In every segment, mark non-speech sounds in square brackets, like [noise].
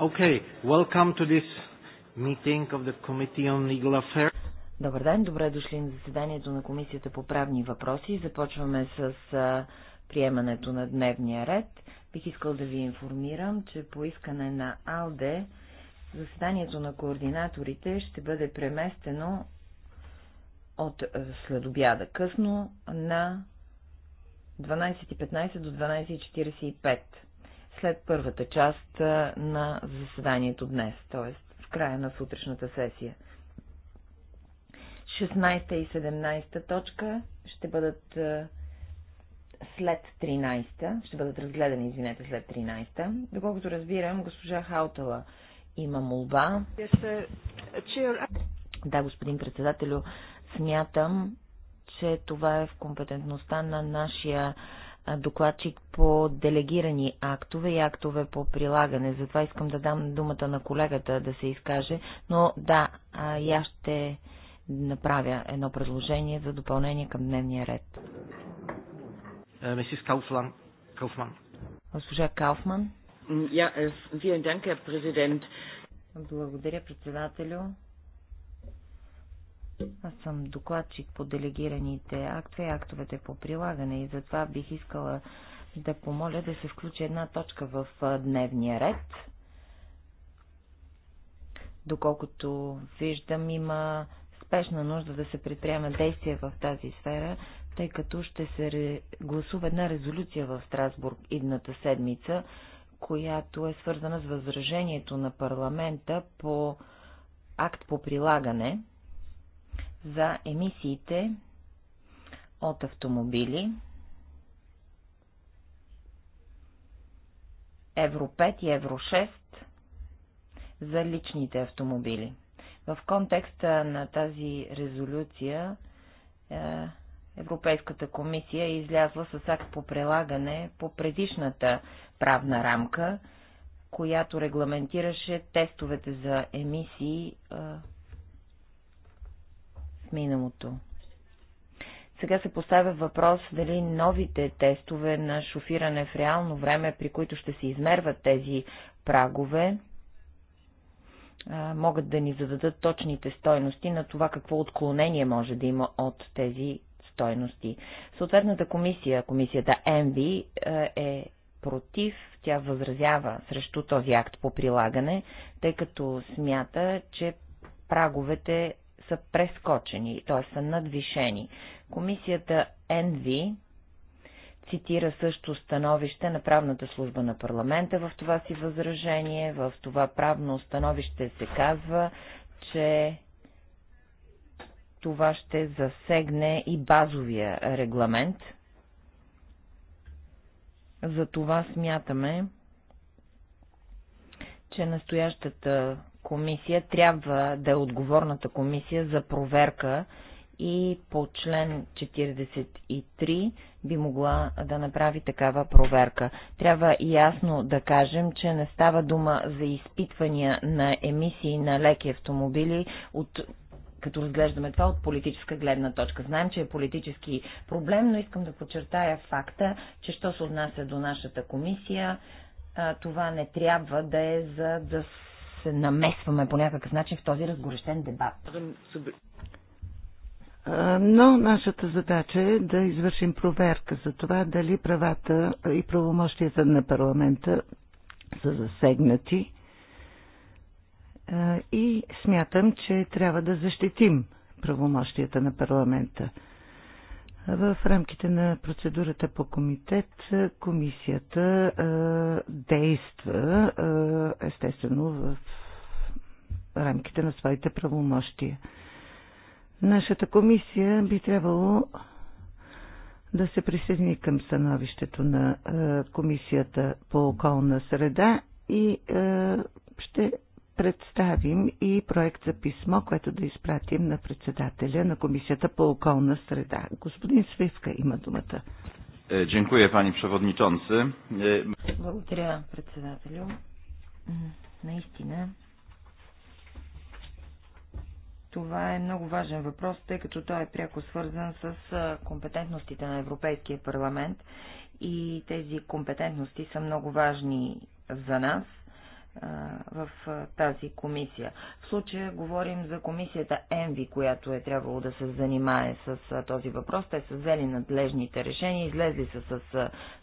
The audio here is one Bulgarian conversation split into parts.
Okay, welcome to this meeting of the Committee on Legal Affairs. Добър ден, добре дошли на заседанието на Комисията по правни въпроси. Започваме с приемането на дневния ред. Бих искал да ви информирам, че по искане на АЛДЕ заседанието на координаторите ще бъде преместено от следобяда късно на 12.15 до 12.45, след първата част на заседанието днес, т.е. в края на сутрешната сесия. 16 и 17 точка ще бъдат след 13, ще бъдат разгледани, извинете, след 13. Доколкото разбирам, госпожа Хаутала има молба. да, господин председателю, смятам, че това е в компетентността на нашия докладчик по делегирани актове и актове по прилагане. Затова искам да дам думата на колегата да се изкаже, но да, и аз ще направя едно предложение за допълнение към дневния ред. Е, Месис Кауфман. Кауфман. Госпожа Кауфман. Е, Благодаря, председателю. Аз съм докладчик по делегираните актове и актовете по прилагане и затова бих искала да помоля да се включи една точка в дневния ред. Доколкото виждам, има спешна нужда да се предприема действия в тази сфера, тъй като ще се гласува една резолюция в Страсбург идната седмица, която е свързана с възражението на парламента по акт по прилагане, за емисиите от автомобили Евро 5 и Евро 6 за личните автомобили. В контекста на тази резолюция е, Европейската комисия е излязла с акт по прилагане по предишната правна рамка, която регламентираше тестовете за емисии е, миналото. Сега се поставя въпрос дали новите тестове на шофиране в реално време, при които ще се измерват тези прагове, могат да ни зададат точните стойности на това какво отклонение може да има от тези стойности. Съответната комисия, комисията МВ е, е против, тя възразява срещу този акт по прилагане, тъй като смята, че праговете са прескочени, т.е. са надвишени. Комисията НВ цитира също становище на правната служба на парламента в това си възражение. В това правно становище се казва, че това ще засегне и базовия регламент. За това смятаме, че настоящата комисия трябва да е отговорната комисия за проверка и по член 43 би могла да направи такава проверка. Трябва ясно да кажем, че не става дума за изпитвания на емисии на леки автомобили от като разглеждаме това от политическа гледна точка. Знаем, че е политически проблем, но искам да подчертая факта, че що се отнася до нашата комисия, това не трябва да е за да се намесваме по някакъв начин в този разгорещен дебат. Но нашата задача е да извършим проверка за това дали правата и правомощията на парламента са засегнати. И смятам, че трябва да защитим правомощията на парламента. В рамките на процедурата по комитет комисията действа естествено в рамките на своите правомощия. Нашата комисия би трябвало да се присъедини към становището на комисията по околна среда и ще представим и проект за писмо, което да изпратим на председателя на Комисията по околна среда. Господин Свивка има думата. Е, дякую, пани Przewodniczący. Е, Благодаря, председателю. Наистина, това е много важен въпрос, тъй като той е пряко свързан с компетентностите на Европейския парламент и тези компетентности са много важни за нас в тази комисия. В случая говорим за комисията ЕНВИ, която е трябвало да се занимае с този въпрос. Те са взели надлежните решения, излезли са с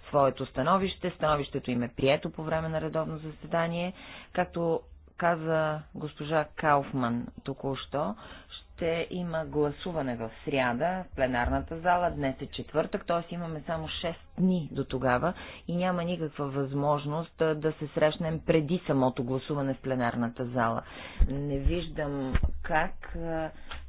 своето становище. Становището им е прието по време на редовно заседание. Както каза госпожа Кауфман току-що, ще има гласуване в сряда в пленарната зала, днес е четвъртък, т.е. имаме само 6 дни до тогава и няма никаква възможност да се срещнем преди самото гласуване в пленарната зала. Не виждам как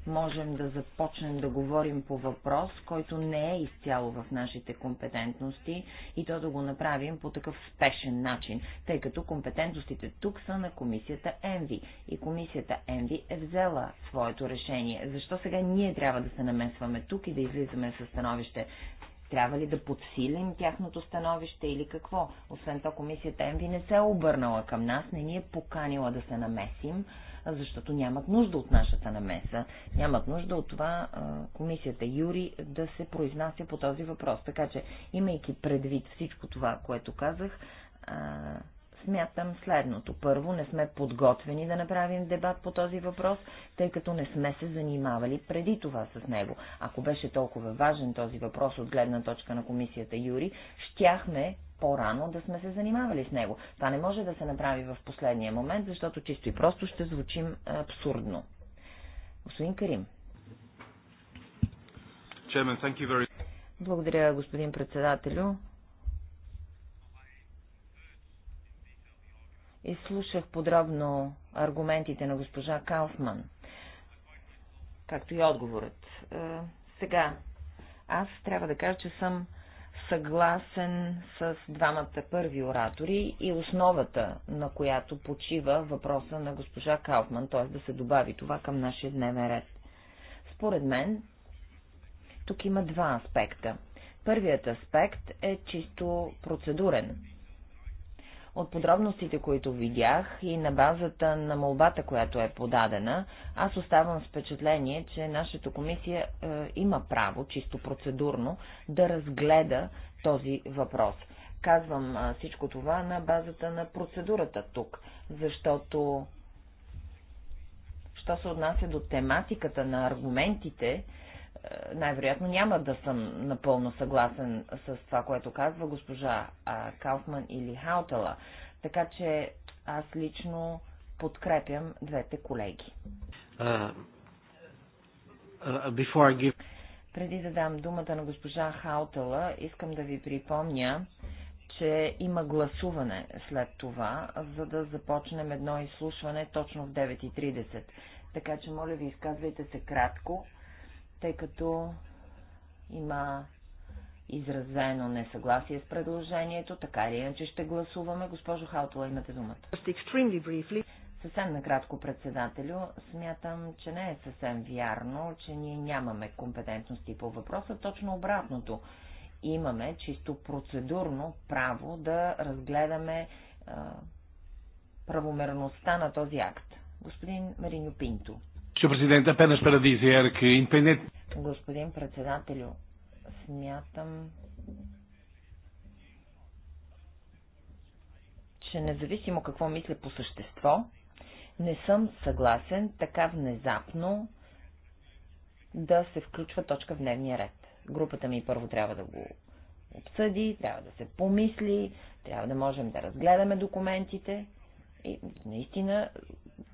можем да започнем да говорим по въпрос, който не е изцяло в нашите компетентности и то да го направим по такъв спешен начин, тъй като компетентностите тук са на комисията ЕНВИ и комисията ЕНВИ е взела своето решение. Защо сега ние трябва да се намесваме тук и да излизаме със становище? Трябва ли да подсилим тяхното становище или какво? Освен това, комисията ЕМВИ не се е обърнала към нас, не ни е поканила да се намесим, защото нямат нужда от нашата намеса. Нямат нужда от това комисията Юри да се произнася по този въпрос. Така че, имайки предвид всичко това, което казах, смятам следното. Първо, не сме подготвени да направим дебат по този въпрос, тъй като не сме се занимавали преди това с него. Ако беше толкова важен този въпрос от гледна точка на комисията Юри, щяхме по-рано да сме се занимавали с него. Това не може да се направи в последния момент, защото чисто и просто ще звучим абсурдно. Господин Карим. Благодаря, господин председателю. Изслушах подробно аргументите на госпожа Кауфман, както и отговорът. Е, сега, аз трябва да кажа, че съм съгласен с двамата първи оратори и основата, на която почива въпроса на госпожа Калфман, т.е. да се добави това към нашия дневен ред. Според мен, тук има два аспекта. Първият аспект е чисто процедурен. От подробностите, които видях и на базата на молбата, която е подадена, аз оставам с впечатление, че нашата комисия е, има право, чисто процедурно, да разгледа този въпрос. Казвам е, всичко това на базата на процедурата тук, защото, що се отнася до тематиката на аргументите, най-вероятно няма да съм напълно съгласен с това, което казва госпожа Кауфман или Хаутала. Така че аз лично подкрепям двете колеги. Uh, uh, give... Преди да дам думата на госпожа Хаутала, искам да ви припомня, че има гласуване след това, за да започнем едно изслушване точно в 9.30. Така че, моля ви, изказвайте се кратко тъй като има изразено несъгласие с предложението, така или иначе ще гласуваме. Госпожо Халтова, имате думата. Съвсем накратко, председателю, смятам, че не е съвсем вярно, че ние нямаме компетентности по въпроса, точно обратното. Имаме чисто процедурно право да разгледаме правомерността на този акт. Господин Мариньо Пинто. Senhor Presidente, apenas para dizer que, independente... Господин председателю, смятам, че независимо какво мисля по същество, не съм съгласен така внезапно да се включва точка в дневния ред. Групата ми първо трябва да го обсъди, трябва да се помисли, трябва да можем да разгледаме документите и наистина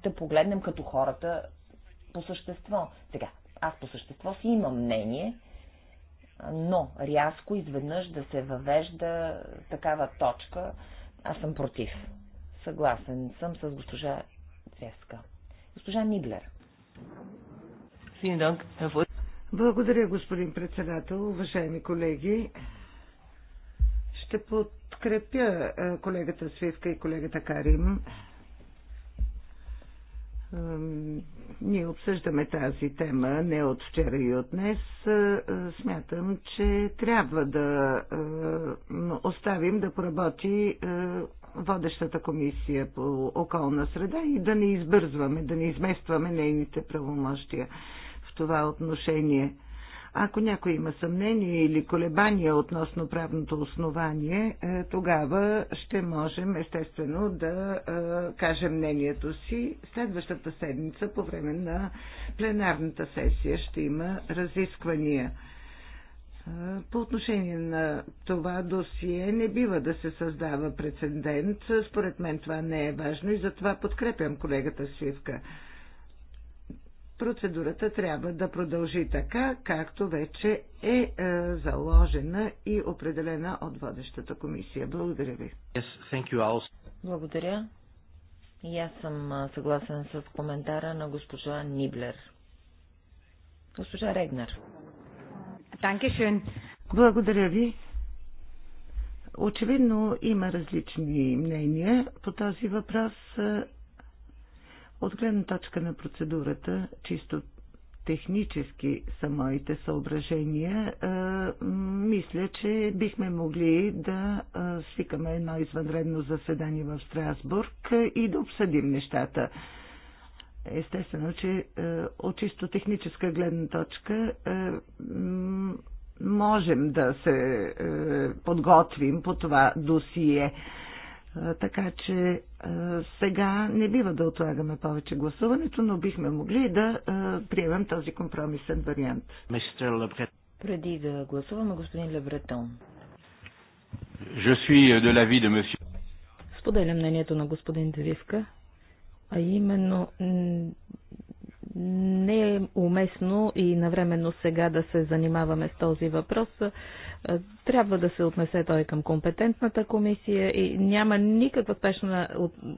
да погледнем като хората по същество. Сега, аз по същество си имам мнение, но рязко изведнъж да се въвежда такава точка, аз съм против. Съгласен съм с госпожа Цеска. Госпожа Ниблер. Благодаря, господин председател. Уважаеми колеги, ще подкрепя е, колегата Свивка и колегата Карим ние обсъждаме тази тема не от вчера и от днес. Смятам, че трябва да оставим да поработи водещата комисия по околна среда и да не избързваме, да не изместваме нейните правомощия в това отношение. Ако някой има съмнение или колебания относно правното основание, е, тогава ще можем естествено да е, кажем мнението си. Следващата седмица по време на пленарната сесия ще има разисквания. Е, по отношение на това досие не бива да се създава прецедент. Според мен това не е важно и затова подкрепям колегата Сивка процедурата трябва да продължи така, както вече е, е, заложена и определена от водещата комисия. Благодаря ви. Yes, Благодаря. И аз съм съгласен с коментара на госпожа Ниблер. Госпожа Регнер. Благодаря ви. Очевидно има различни мнения по този въпрос. От гледна точка на процедурата, чисто технически са моите съображения, е, мисля, че бихме могли да е, свикаме едно извънредно заседание в Страсбург и да обсъдим нещата. Естествено, че е, от чисто техническа гледна точка можем да се подготвим по това досие така че сега не бива да отлагаме повече гласуването, но бихме могли да приемем този компромисен вариант. Преди да гласуваме, господин Лебретон. Споделям мнението на господин Девивка, а именно не е уместно и навременно сега да се занимаваме с този въпрос. Е, трябва да се отнесе той към компетентната комисия и няма никаква спешна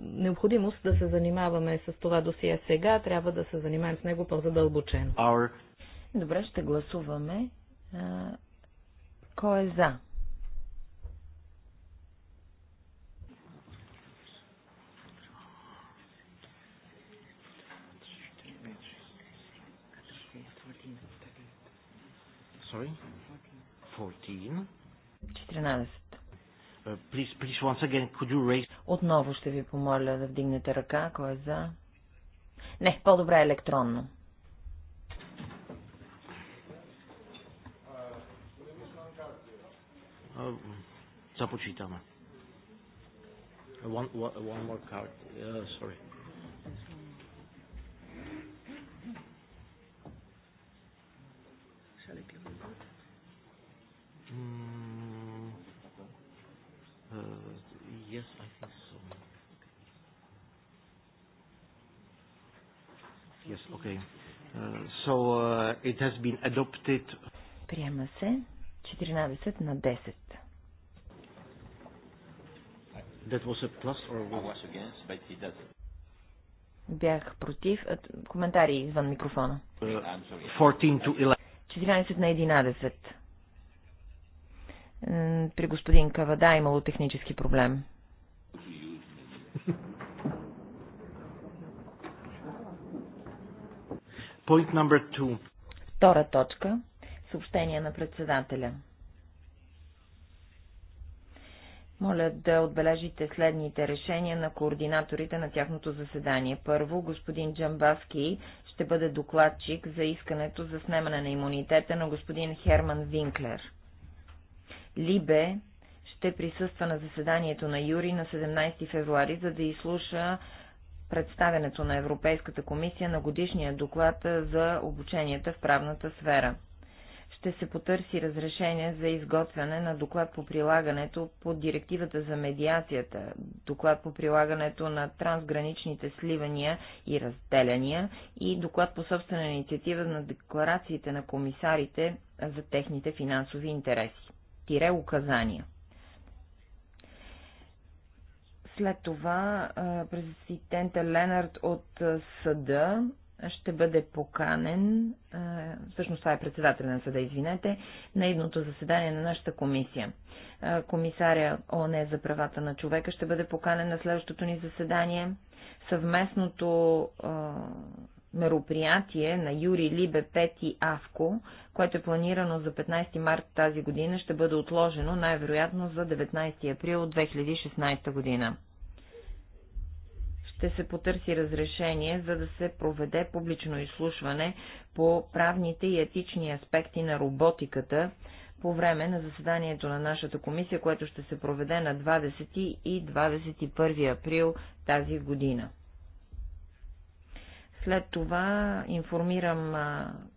необходимост да се занимаваме с това досия сега. Трябва да се занимаем с него по-задълбочено. Our... Добре, ще гласуваме. Кой е за? sorry. 14. 14. Uh, please, please, once again, could you raise... Отново ще ви помоля да вдигнете ръка, ако е за. Не, по-добре е електронно. Uh, започитаме. One, one more card. Uh, sorry. Yes, okay. Uh, so uh, it has been adopted. Приема се 14 на 10. That was a plus or what? I was against, but it Бях против. Е, коментари извън микрофона. 14 uh, на 11. При господин Кавада е имало технически проблем. Point number two. Втора точка. Съобщение на председателя. Моля да отбележите следните решения на координаторите на тяхното заседание. Първо, господин Джамбаски ще бъде докладчик за искането за снемане на имунитета на господин Херман Винклер. Либе ще присъства на заседанието на Юри на 17 февруари, за да изслуша представянето на Европейската комисия на годишния доклад за обученията в правната сфера. Ще се потърси разрешение за изготвяне на доклад по прилагането по директивата за медиацията, доклад по прилагането на трансграничните сливания и разделяния и доклад по собствена инициатива на декларациите на комисарите за техните финансови интереси. Тире указания. След това президента Ленард от съда ще бъде поканен, всъщност това е председателя на съда, извинете, на едното заседание на нашата комисия. Комисаря ОНЕ за правата на човека ще бъде поканен на следващото ни заседание. Съвместното мероприятие на Юри Либе 5 Авко, което е планирано за 15 март тази година, ще бъде отложено най-вероятно за 19 април 2016 година. Ще се потърси разрешение, за да се проведе публично изслушване по правните и етични аспекти на роботиката по време на заседанието на нашата комисия, което ще се проведе на 20 и 21 април тази година. След това информирам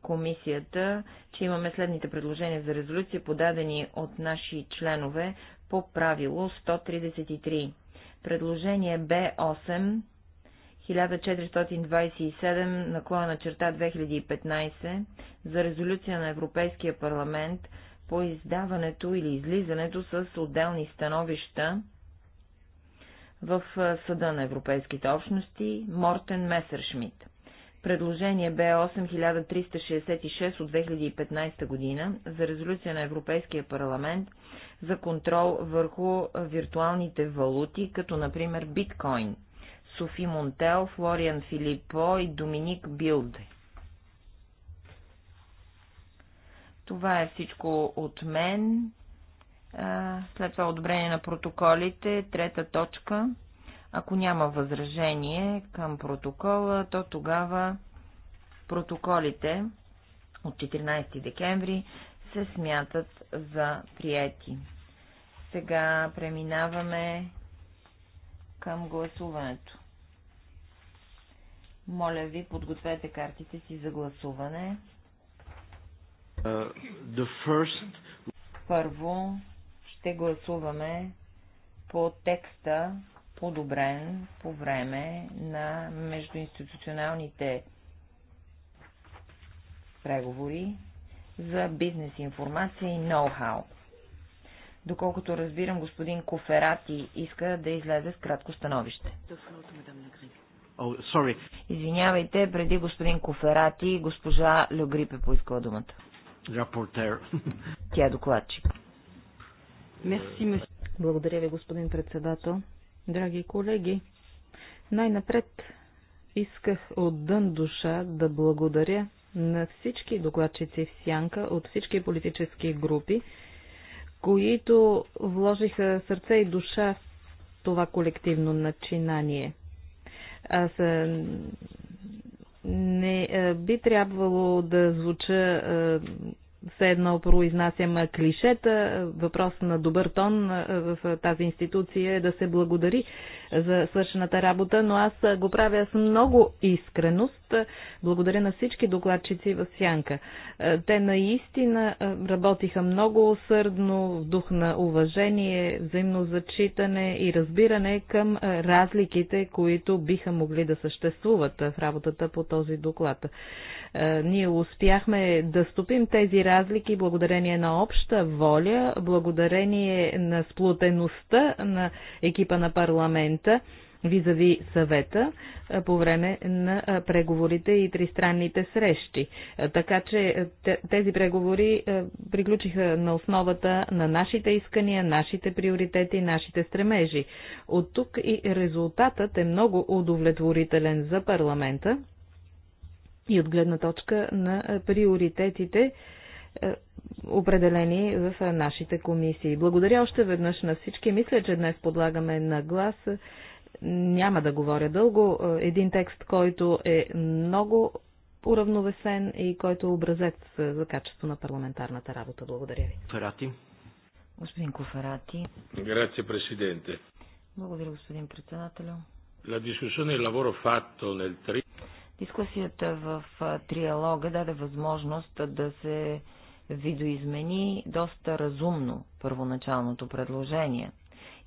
комисията, че имаме следните предложения за резолюция, подадени от наши членове по правило 133. Предложение Б8 1427 наклона черта 2015 за резолюция на Европейския парламент по издаването или излизането с отделни становища в Съда на Европейските общности Мортен Месершмит. Предложение б 8366 от 2015 година за резолюция на Европейския парламент за контрол върху виртуалните валути, като например биткоин. Софи Монтел, Флориан Филипо и Доминик Билде. Това е всичко от мен. След това одобрение на протоколите. Трета точка. Ако няма възражение към протокола, то тогава протоколите от 14 декември се смятат за приети. Сега преминаваме към гласуването. Моля ви, подгответе картите си за гласуване. Uh, the first... Първо ще гласуваме по текста подобрен по време на междуинституционалните преговори за бизнес информация и ноу-хау. Доколкото разбирам, господин Коферати иска да излезе с кратко становище. Извинявайте, преди господин Коферати, госпожа Люгрипе поискала думата. Рапортер. Тя е докладчик. Благодаря ви, господин председател драги колеги, най-напред исках от дън душа да благодаря на всички докладчици в Сянка от всички политически групи, които вложиха сърце и душа в това колективно начинание. Аз не би трябвало да звуча все едно произнасям клишета. Въпрос на добър тон в тази институция е да се благодари за свършената работа, но аз го правя с много искреност. Благодаря на всички докладчици в Сянка. Те наистина работиха много усърдно в дух на уважение, взаимно зачитане и разбиране към разликите, които биха могли да съществуват в работата по този доклад. Ние успяхме да стопим тези разлики благодарение на обща воля, благодарение на сплутеността на екипа на парламент момента визави съвета по време на преговорите и тристранните срещи. Така че тези преговори приключиха на основата на нашите искания, нашите приоритети, нашите стремежи. От тук и резултатът е много удовлетворителен за парламента и от гледна точка на приоритетите, определени в нашите комисии. Благодаря още веднъж на всички. Мисля, че днес подлагаме на глас. Няма да говоря дълго. Един текст, който е много уравновесен и който е образец за качество на парламентарната работа. Благодаря ви. Ферати. Господин Кофарати. Грация, президенте. Благодаря, господин председателю. La discussione e il lavoro fatto nel Дискусията в триалога даде възможност да се видоизмени доста разумно първоначалното предложение.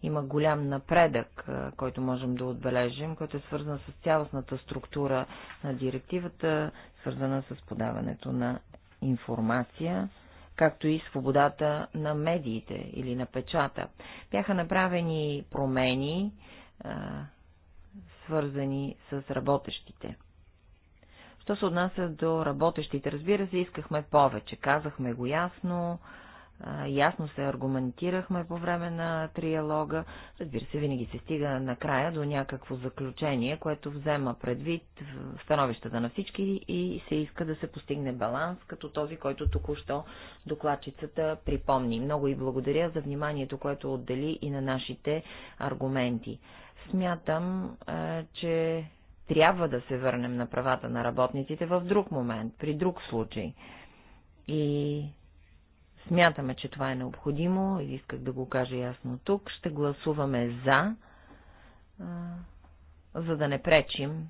Има голям напредък, който можем да отбележим, който е свързан с цялостната структура на директивата, свързана с подаването на информация, както и свободата на медиите или на печата. Бяха направени промени, свързани с работещите. Що се отнася до работещите, разбира се, искахме повече. Казахме го ясно, ясно се аргументирахме по време на триалога. Разбира се, винаги се стига накрая до някакво заключение, което взема предвид становищата на всички и се иска да се постигне баланс, като този, който току-що докладчицата припомни. Много и благодаря за вниманието, което отдели и на нашите аргументи. Смятам, че трябва да се върнем на правата на работниците в друг момент, при друг случай. И смятаме, че това е необходимо, и исках да го кажа ясно тук, ще гласуваме за, за да не пречим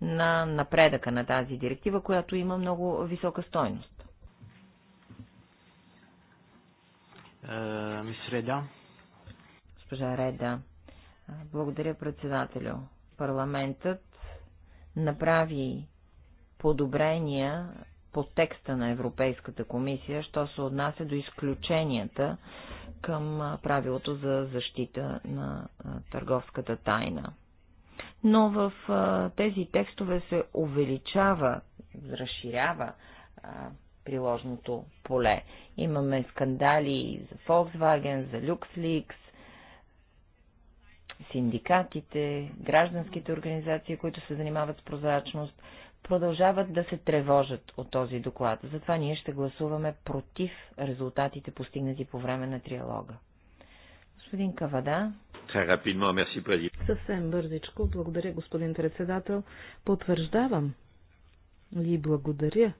на напредъка на тази директива, която има много висока стойност. Е, мис Реда. Госпожа Реда. Благодаря, председателю парламентът направи подобрения по текста на Европейската комисия, що се отнася до изключенията към правилото за защита на търговската тайна. Но в тези текстове се увеличава, разширява приложното поле. Имаме скандали за Volkswagen, за LuxLeaks, синдикатите, гражданските организации, които се занимават с прозрачност, продължават да се тревожат от този доклад. Затова ние ще гласуваме против резултатите, постигнати по време на триалога. Господин Кавада. Съвсем бързичко. Благодаря, господин председател. Потвърждавам и благодаря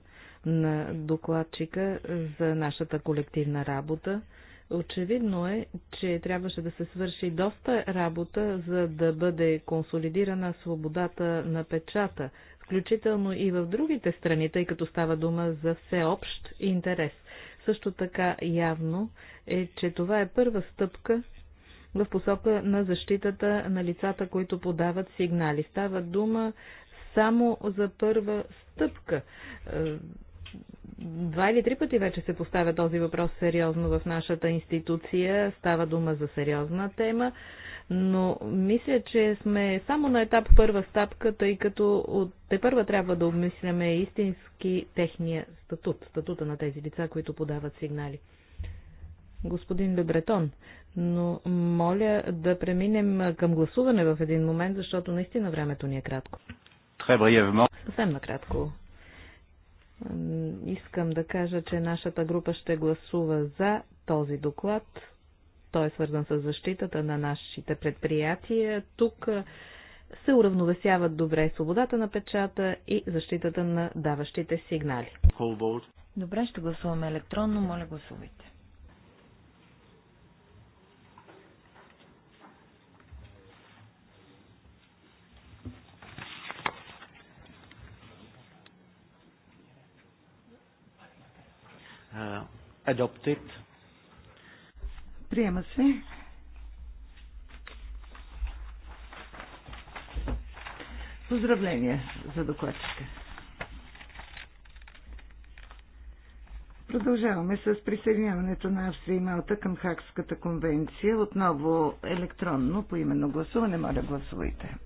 на докладчика за нашата колективна работа. Очевидно е, че трябваше да се свърши доста работа, за да бъде консолидирана свободата на печата, включително и в другите страни, тъй като става дума за всеобщ интерес. Също така явно е, че това е първа стъпка в посока на защитата на лицата, които подават сигнали. Става дума само за първа стъпка. Е, два или три пъти вече се поставя този въпрос сериозно в нашата институция. Става дума за сериозна тема, но мисля, че сме само на етап първа стъпка, тъй като от те първа трябва да обмисляме истински техния статут, статута на тези лица, които подават сигнали. Господин Лебретон, но моля да преминем към гласуване в един момент, защото наистина времето ни е кратко. Съвсем накратко. Искам да кажа, че нашата група ще гласува за този доклад. Той е свързан с защитата на нашите предприятия. Тук се уравновесяват добре свободата на печата и защитата на даващите сигнали. Добре, ще гласуваме електронно. Моля, гласувайте. Е, adopted. Приема се. Поздравления за докладчика. Продължаваме с присъединяването на Австрия и Малта към Хакската конвенция. Отново електронно по именно гласуване. Моля, гласувайте.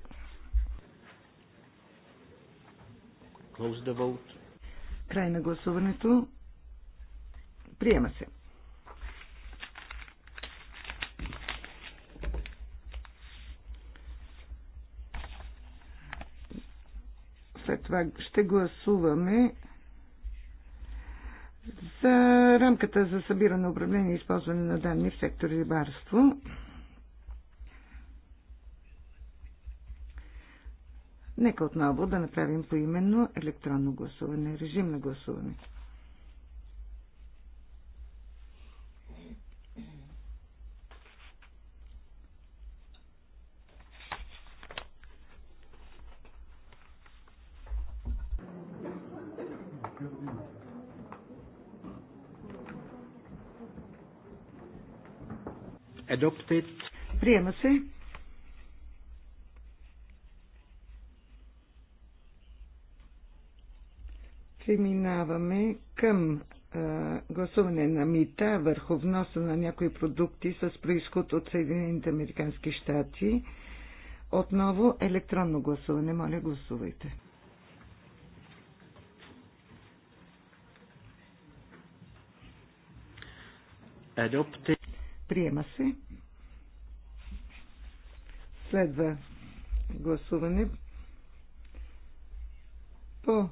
Край на гласуването. Приема се. След това ще гласуваме за рамката за събиране, управление и използване на данни в сектор рибарство. Нека отново да направим поименно електронно гласуване, режим на гласуване. Adopted. Приема се. Преминаваме към а, гласуване на мита върху вноса на някои продукти с происход от Съединените Американски щати. Отново електронно гласуване. Моля, гласувайте. Adopted. Приема се. Следва гласуване по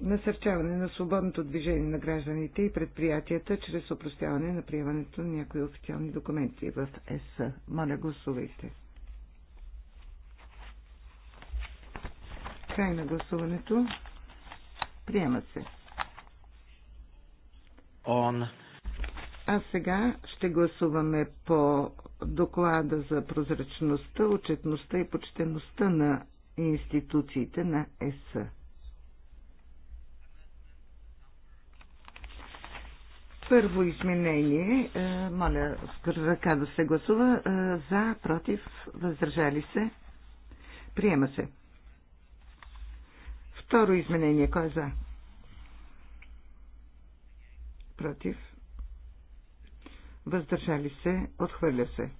насърчаване на свободното движение на гражданите и предприятията чрез опростяване на приемането на някои официални документи в ЕС. Моля, гласувайте. Край на гласуването. Приема се. Он. А сега ще гласуваме по доклада за прозрачността, отчетността и почтеността на институциите на ЕС. Първо изменение, е, моля ръка да се гласува, е, за, против, въздържали се, приема се. Второ изменение. Кой е за? Против. Въздържали се. Отхвърля се.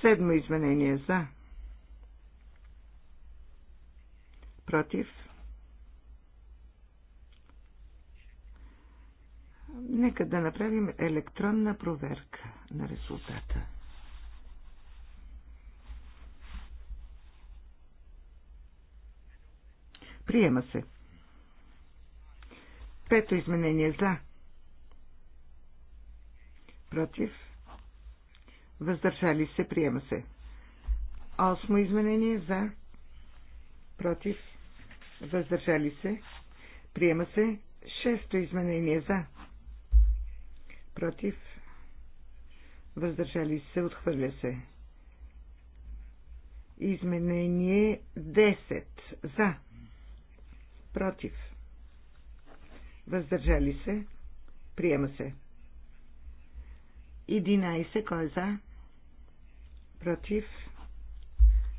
Седмо изменение. За. Против. Нека да направим електронна проверка на резултата. Приема се. Пето изменение за. Против. Въздържали се. Приема се. Осмо изменение за. Против. Въздържали се. Приема се. Шесто изменение за. Против. Въздържали се. Отхвърля се. Изменение 10. За против, въздържали се, приема се. 11. Кой е за? Против,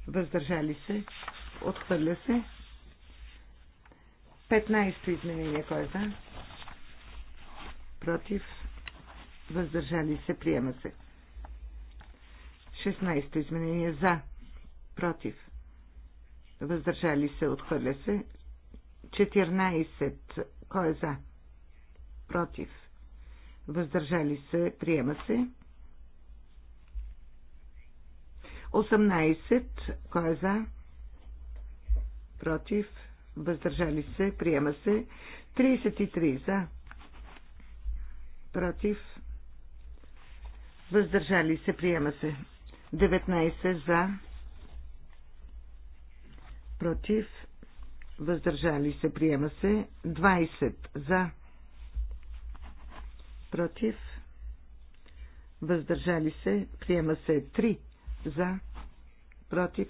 въздържали се, отхвърля се. 15 изменение. Кой е за? Против, въздържали се, приема се. 16 изменение за, против, въздържали се, отхвърля се, 14. Кой е за? Против. Въздържали се. Приема се. 18. Кой е за? Против. Въздържали се. Приема се. 33. За. Против. Въздържали се. Приема се. 19. За. Против въздържали се, приема се. 20 за, против, въздържали се, приема се. 3 за, против,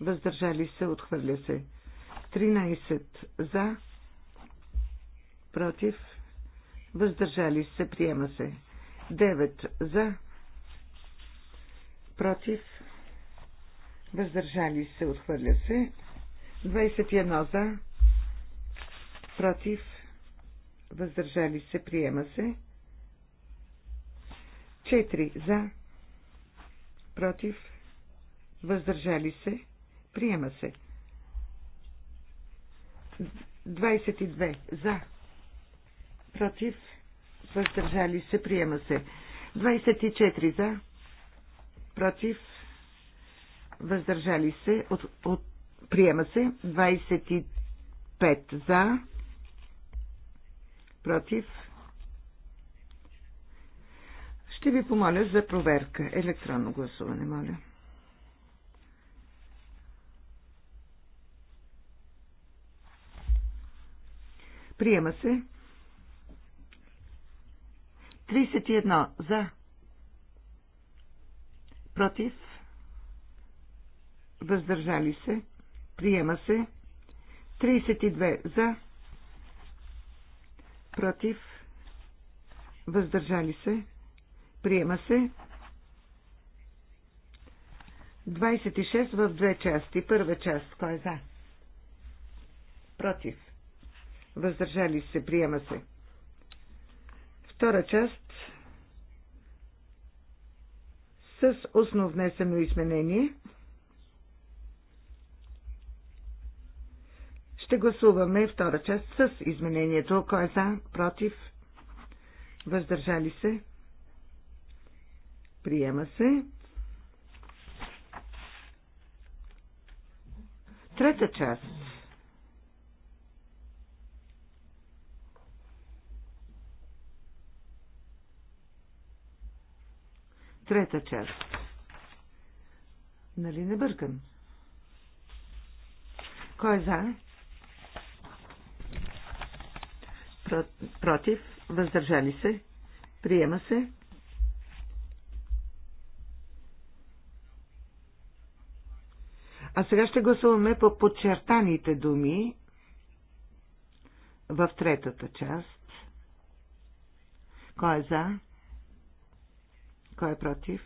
въздържали се, отхвърля се. 13 за, против, въздържали се, приема се. 9 за, против, въздържали се, отхвърля се. 21 за, против, въздържали се, приема се. 4 за, против, въздържали се, приема се. 22 за, против, въздържали се, приема се. 24 за, против, въздържали се, от, от Приема се 25 за, против. Ще ви помоля за проверка. Електронно гласуване, моля. Приема се. 31 за. Против. Въздържали се. Приема се. 32 за. Против. Въздържали се. Приема се. 26 в две части. Първа част. Кой е за? Против. Въздържали се. Приема се. Втора част с основнесено изменение. Ще гласуваме втора част с изменението. Кой е за, против, въздържали се? Приема се. Трета част. Трета част. Нали не бъркам? Кой е за? против, въздържали се, приема се. А сега ще гласуваме по подчертаните думи в третата част. Кой е за? Кой е против?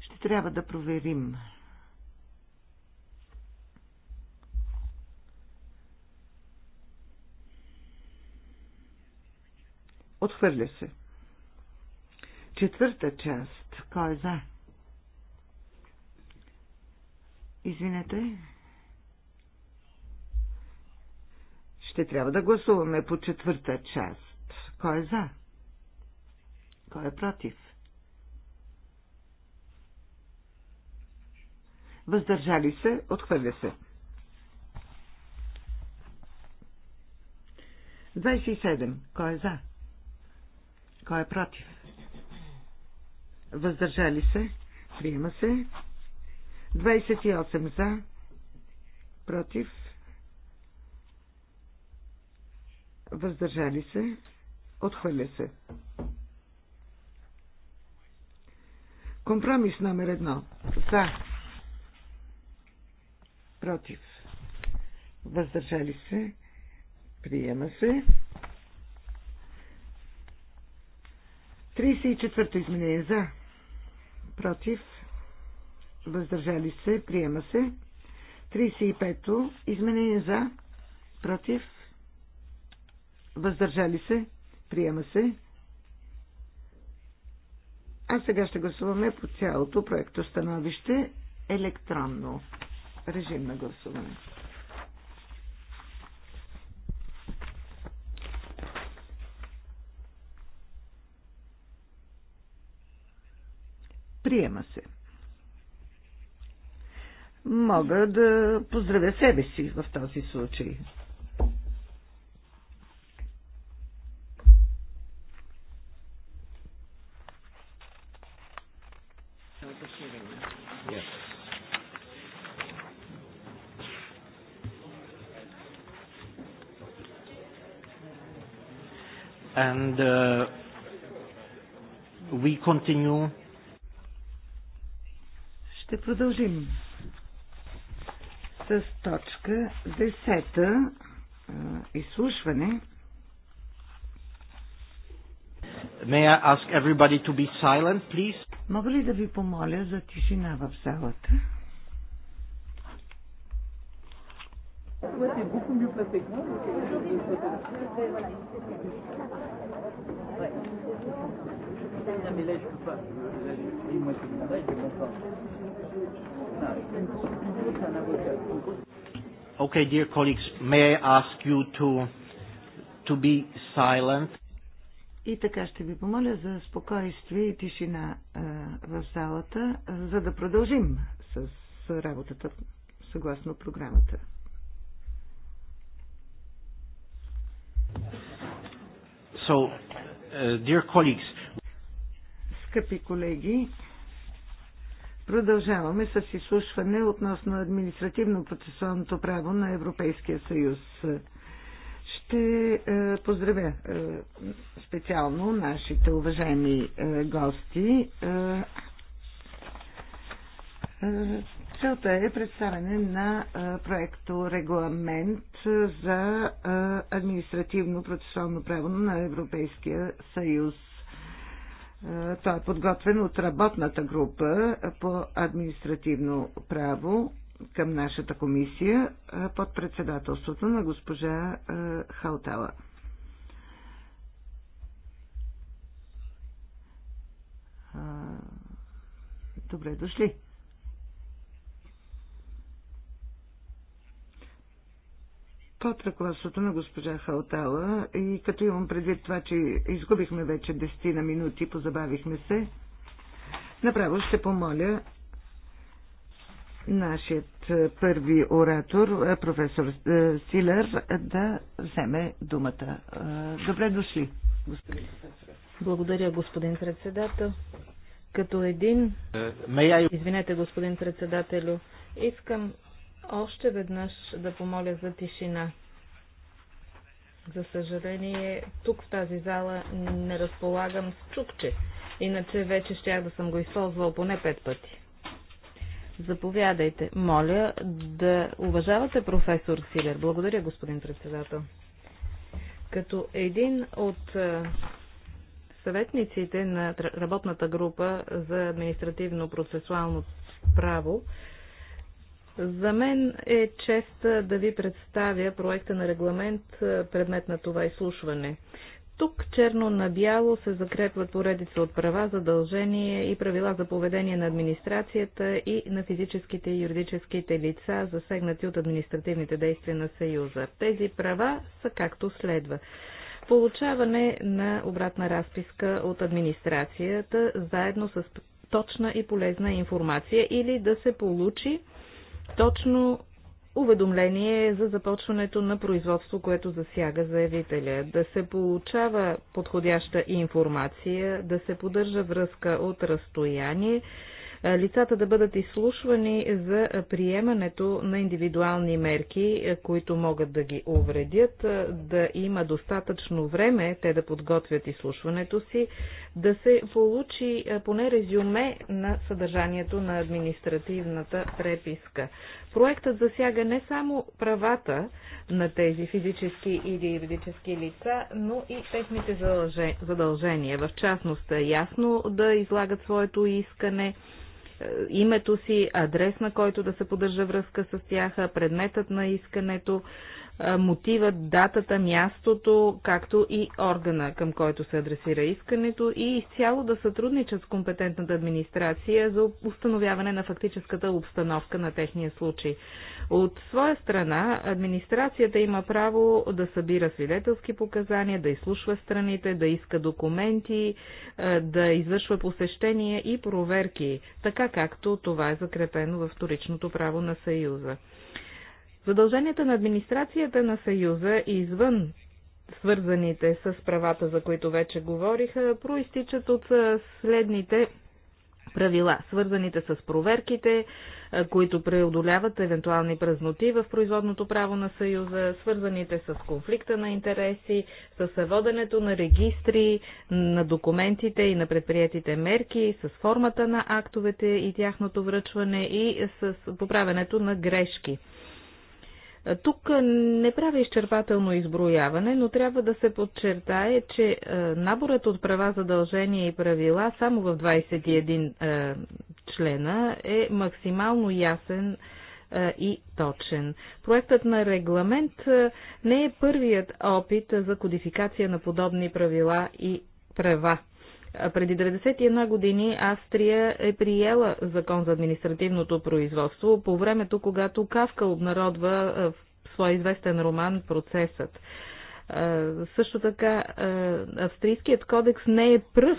Ще трябва да проверим. Отхвърля се. Четвърта част. Кой е за? Извинете. Ще трябва да гласуваме по четвърта част. Кой е за? Кой е против? Въздържали се, отхвърля се. 27. Кой е за? Кой е против? Въздържали се? Приема се. 28 за. Против. Въздържали се. Отхвърля се. Компромис номер едно. За. Против. Въздържали се. Приема се. 34-то изменение за. Против. Въздържали се. Приема се. 35-то изменение за. Против. Въздържали се. Приема се. А сега ще гласуваме по цялото проекто становище електронно. Режим на гласуване. Приема се. Мога да поздравя себе си в този случай. and uh, we continue ще продължим с точка 10 изслушване. May I ask everybody to be silent, please? Мога ли да ви помоля за тишина в залата? Gracias. Okay, dear colleagues, may I ask you to, to be silent? И така ще ви помоля за спокойствие и тишина в залата, за да продължим с, с работата съгласно програмата. So, uh, dear colleagues, Скъпи колеги, продължаваме с изслушване относно административно-процесуалното право на Европейския съюз. Ще е, поздравя е, специално нашите уважаеми е, гости. Целта е представяне на проекто регламент за административно процесуално право на Европейския съюз. Е, той е подготвен от работната група по административно право към нашата комисия е, под председателството на госпожа е, Халтала. Добре дошли! под ръководството на госпожа Халтала и като имам предвид това, че изгубихме вече 10 на минути, позабавихме се, направо ще помоля нашият е, първи оратор, е, професор е, Силер, да вземе думата. Добре дошли, господин Благодаря, господин председател. Като един... Извинете, господин председателю. Искам още веднъж да помоля за тишина. За съжаление, тук в тази зала не разполагам с чукче, иначе вече щях да съм го използвал поне пет пъти. Заповядайте, моля да уважавате професор Силер. Благодаря, господин председател. Като един от съветниците на работната група за административно процесуално право, за мен е чест да ви представя проекта на регламент, предмет на това изслушване. Тук черно на бяло се закрепват поредица от права, задължения и правила за поведение на администрацията и на физическите и юридическите лица, засегнати от административните действия на Съюза. Тези права са както следва. Получаване на обратна разписка от администрацията, заедно с точна и полезна информация или да се получи точно уведомление за започването на производство, което засяга заявителя, да се получава подходяща информация, да се поддържа връзка от разстояние, лицата да бъдат изслушвани за приемането на индивидуални мерки, е, които могат да ги увредят, е, да има достатъчно време те да подготвят изслушването си, да се получи е, поне резюме на съдържанието на административната преписка. Проектът засяга не само правата на тези физически или юридически лица, но и техните задължения. В частност, ясно да излагат своето искане, е, името си, адрес на който да се поддържа връзка с тях, предметът на искането, е, мотивът, датата, мястото, както и органа, към който се адресира искането и изцяло да сътрудничат с компетентната администрация за установяване на фактическата обстановка на техния случай. От своя страна, администрацията има право да събира свидетелски показания, да изслушва страните, да иска документи, е, да извършва посещения и проверки, така както това е закрепено във вторичното право на Съюза. Задълженията на администрацията на Съюза извън свързаните с правата, за които вече говориха, проистичат от е, следните правила, свързаните с проверките, които преодоляват евентуални празноти в производното право на Съюза, свързаните с конфликта на интереси, с воденето на регистри, на документите и на предприятите мерки, с формата на актовете и тяхното връчване и с поправенето на грешки. Тук не правя изчерпателно изброяване, но трябва да се подчертае, че е, наборът от права, задължения и правила само в 21 е, члена е максимално ясен е, и точен. Проектът на регламент не е първият опит за кодификация на подобни правила и права. Преди 91 години Австрия е приела закон за административното производство по времето, когато Кавка обнародва е, в своя известен роман «Процесът». Е, също така, е, австрийският кодекс не е пръв.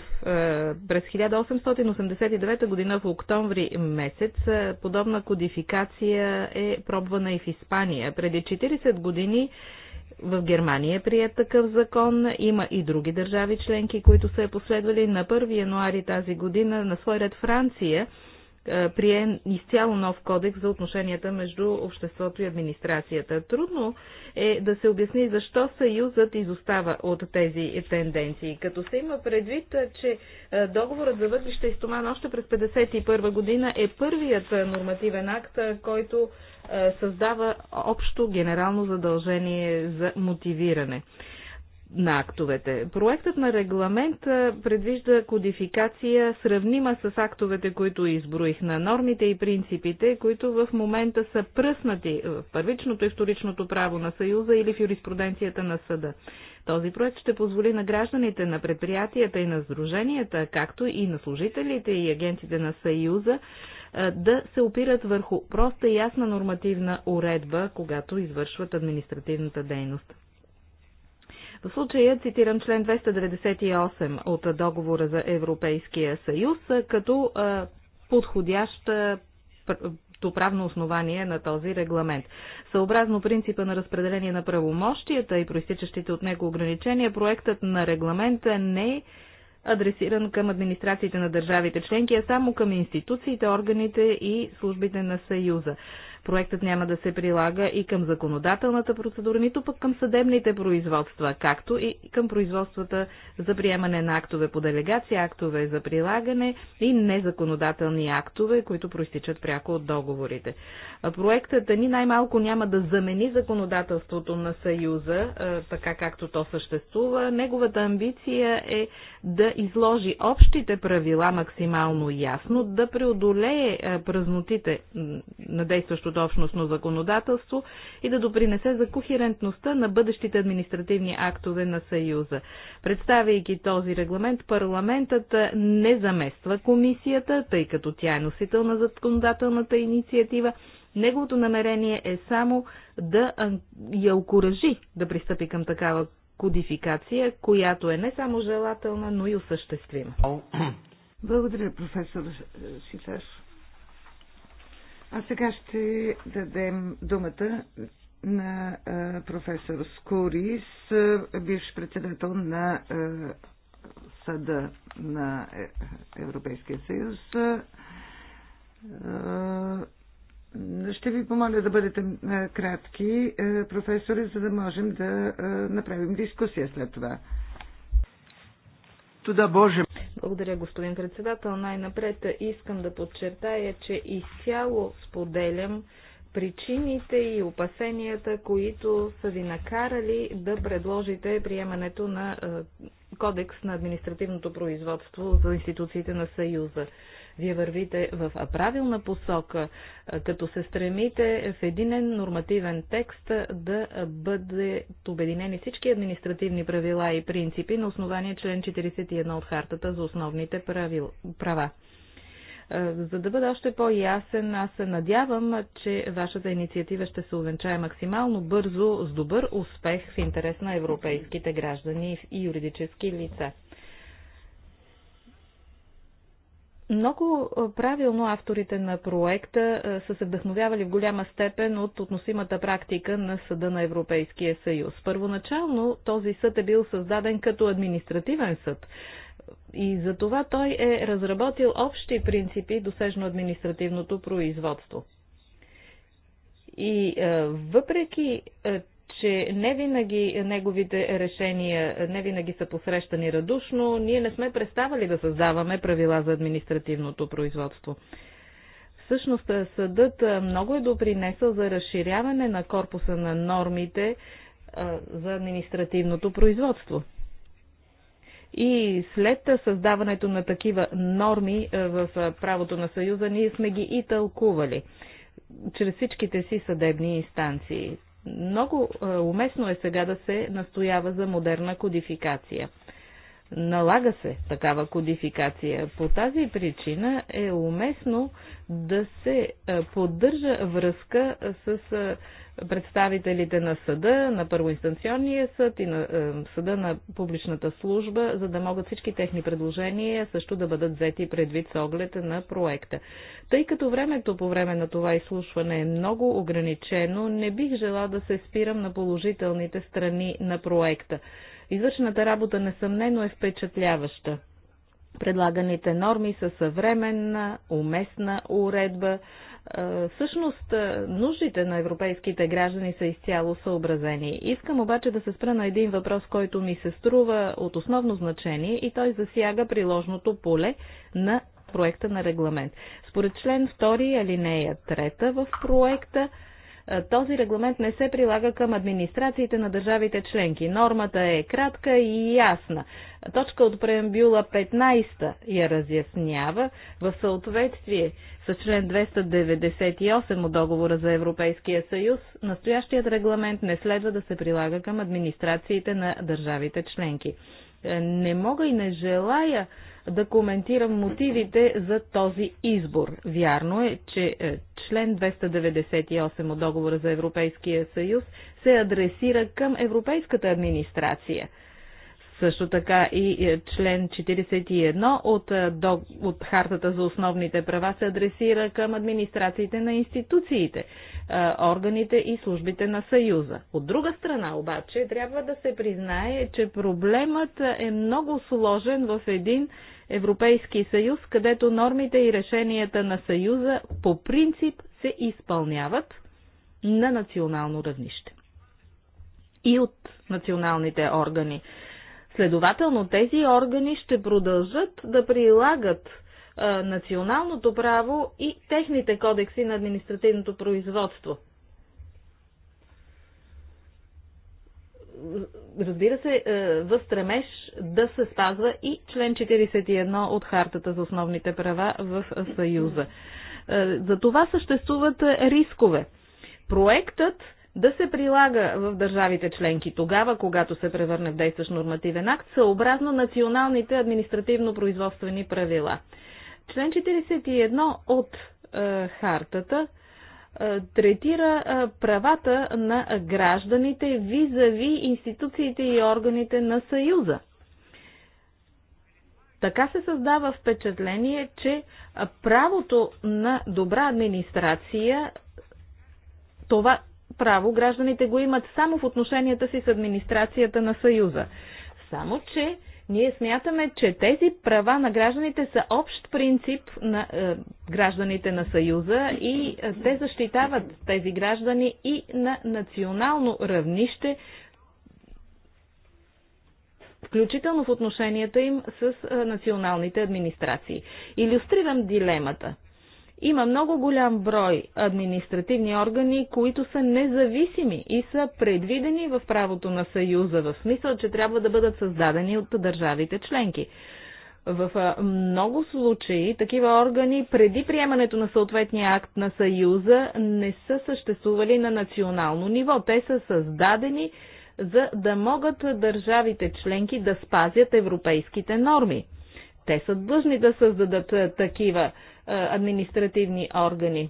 През 1889 година в октомври месец подобна кодификация е пробвана и в Испания. Преди 40 години в Германия е прият такъв закон, има и други държави членки, които са е последвали. На 1 януари тази година на свой ред Франция е, прие изцяло нов кодекс за отношенията между обществото и администрацията. Трудно е да се обясни защо Съюзът изостава от тези тенденции, като се има предвид, че е, договорът за въглища и стоман още през 1951 година е първият нормативен акт, е, който е, създава общо генерално задължение за мотивиране на актовете. Проектът на регламент е, предвижда кодификация сравнима с актовете, които изброих на нормите и принципите, които в момента са пръснати в първичното и вторичното право на Съюза или в юриспруденцията на съда. Този проект ще позволи на гражданите, на предприятията и на сдруженията, както и на служителите и агентите на Съюза да се опират върху проста и ясна нормативна уредба, когато извършват административната дейност. В случая цитирам член 298 от договора за Европейския съюз като подходящ правно основание на този регламент. Съобразно принципа на разпределение на правомощията и проистичащите от него ограничения, проектът на регламента не е адресиран към администрациите на държавите членки, а само към институциите, органите и службите на Съюза. Проектът няма да се прилага и към законодателната процедура, нито пък към съдебните производства, както и към производствата за приемане на актове по делегация, актове за прилагане и незаконодателни актове, които проистичат пряко от договорите. Проектът ни най-малко няма да замени законодателството на Съюза, така както то съществува. Неговата амбиция е да изложи общите правила максимално ясно, да преодолее празнотите на действащото европейското общностно законодателство и да допринесе за кохерентността на бъдещите административни актове на Съюза. Представяйки този регламент, парламентът не замества комисията, тъй като тя е носител на законодателната инициатива, Неговото намерение е само да я окоръжи да пристъпи към такава кодификация, която е не само желателна, но и осъществима. Благодаря, професор Сифеш. А сега ще дадем думата на професор Скорис, бивш председател на Съда на е, Европейския съюз. Ще ви помоля да бъдете кратки, професори, за да можем да направим дискусия след това. Туда Боже. Благодаря, господин председател. Най-напред искам да подчертая, че изцяло споделям причините и опасенията, които са ви накарали да предложите приемането на е, Кодекс на административното производство за институциите на Съюза. Вие вървите в правилна посока, е, като се стремите в единен нормативен текст да бъдат обединени всички административни правила и принципи на основание член 41 от Хартата за основните правил, права. Е, за да бъда още по-ясен, аз се надявам, че вашата инициатива ще се увенчае максимално бързо с добър успех в интерес на европейските граждани и юридически лица. Много правилно авторите на проекта са се вдъхновявали в голяма степен от относимата практика на Съда на Европейския съюз. Първоначално този съд е бил създаден като административен съд и за това той е разработил общи принципи досежно административното производство. И въпреки, че не винаги неговите решения не винаги са посрещани радушно. Ние не сме преставали да създаваме правила за административното производство. Всъщност съдът много е допринесъл за разширяване на корпуса на нормите за административното производство. И след създаването на такива норми в правото на Съюза, ние сме ги и тълкували чрез всичките си съдебни инстанции много е, уместно е сега да се настоява за модерна кодификация. Налага се такава кодификация. По тази причина е уместно да се е, поддържа връзка с е, представителите на съда, на първоинстанционния съд и на е, съда на публичната служба, за да могат всички техни предложения също да бъдат взети предвид с оглед на проекта. Тъй като времето по време на това изслушване е много ограничено, не бих желал да се спирам на положителните страни на проекта. Извършената работа несъмнено е впечатляваща. Предлаганите норми са съвременна, уместна уредба. Е, всъщност, е, нуждите на европейските граждани са изцяло съобразени. Искам обаче да се спра на един въпрос, който ми се струва от основно значение и той засяга приложното поле на проекта на регламент. Според член 2 алинея 3 в проекта е, този регламент не се прилага към администрациите на държавите членки. Нормата е кратка и ясна. Точка от преамбюла 15 я разяснява в съответствие с член 298 от договора за Европейския съюз. Настоящият регламент не следва да се прилага към администрациите на държавите членки. Е, не мога и не желая да коментирам мотивите за този избор. Вярно е, че е, член 298 от договора за Европейския съюз се адресира към Европейската администрация. Също така и е, член 41 от, е, от Хартата за основните права се адресира към администрациите на институциите, органите и службите на Съюза. От друга страна обаче трябва да се признае, че проблемът е много сложен в един Европейски съюз, където нормите и решенията на съюза по принцип се изпълняват на национално равнище и от националните органи. Следователно, тези органи ще продължат да прилагат националното право и техните кодекси на административното производство. разбира се, е, в стремеж да се спазва и член 41 от Хартата за основните права в Съюза. Е, за това съществуват рискове. Проектът да се прилага в държавите членки тогава, когато се превърне в действащ нормативен акт, съобразно националните административно-производствени правила. Член 41 от е, хартата е, третира е, правата на гражданите визави институциите и органите на Съюза. Така се създава впечатление, че правото на добра администрация, това право гражданите го имат само в отношенията си с администрацията на Съюза. Само, че ние смятаме, че тези права на гражданите са общ принцип на е, гражданите на Съюза и е, те защитават тези граждани и на национално равнище, включително в отношенията им с е, националните администрации. Илюстрирам дилемата. Има много голям брой административни органи, които са независими и са предвидени в правото на Съюза, в смисъл, че трябва да бъдат създадени от държавите членки. В много случаи такива органи преди приемането на съответния акт на Съюза не са съществували на национално ниво. Те са създадени за да могат държавите членки да спазят европейските норми. Те са длъжни да създадат такива е, административни органи.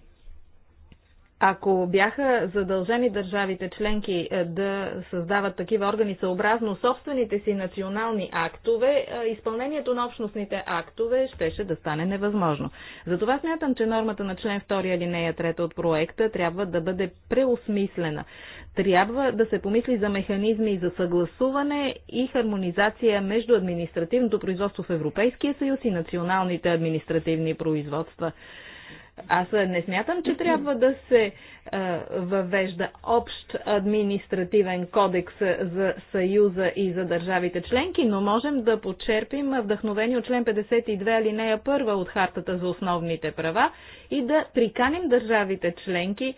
Ако бяха задължени държавите членки е, да създават такива органи съобразно собствените си национални актове, е, изпълнението на общностните актове щеше да стане невъзможно. Затова смятам, че нормата на член 2 алинея 3 от проекта трябва да бъде преосмислена трябва да се помисли за механизми за съгласуване и хармонизация между административното производство в Европейския съюз и националните административни производства. Аз не смятам, че трябва да се а, е, въвежда общ административен кодекс за Съюза и за държавите членки, но можем да почерпим вдъхновение от член 52 алинея 1 от Хартата за основните права и да приканим държавите членки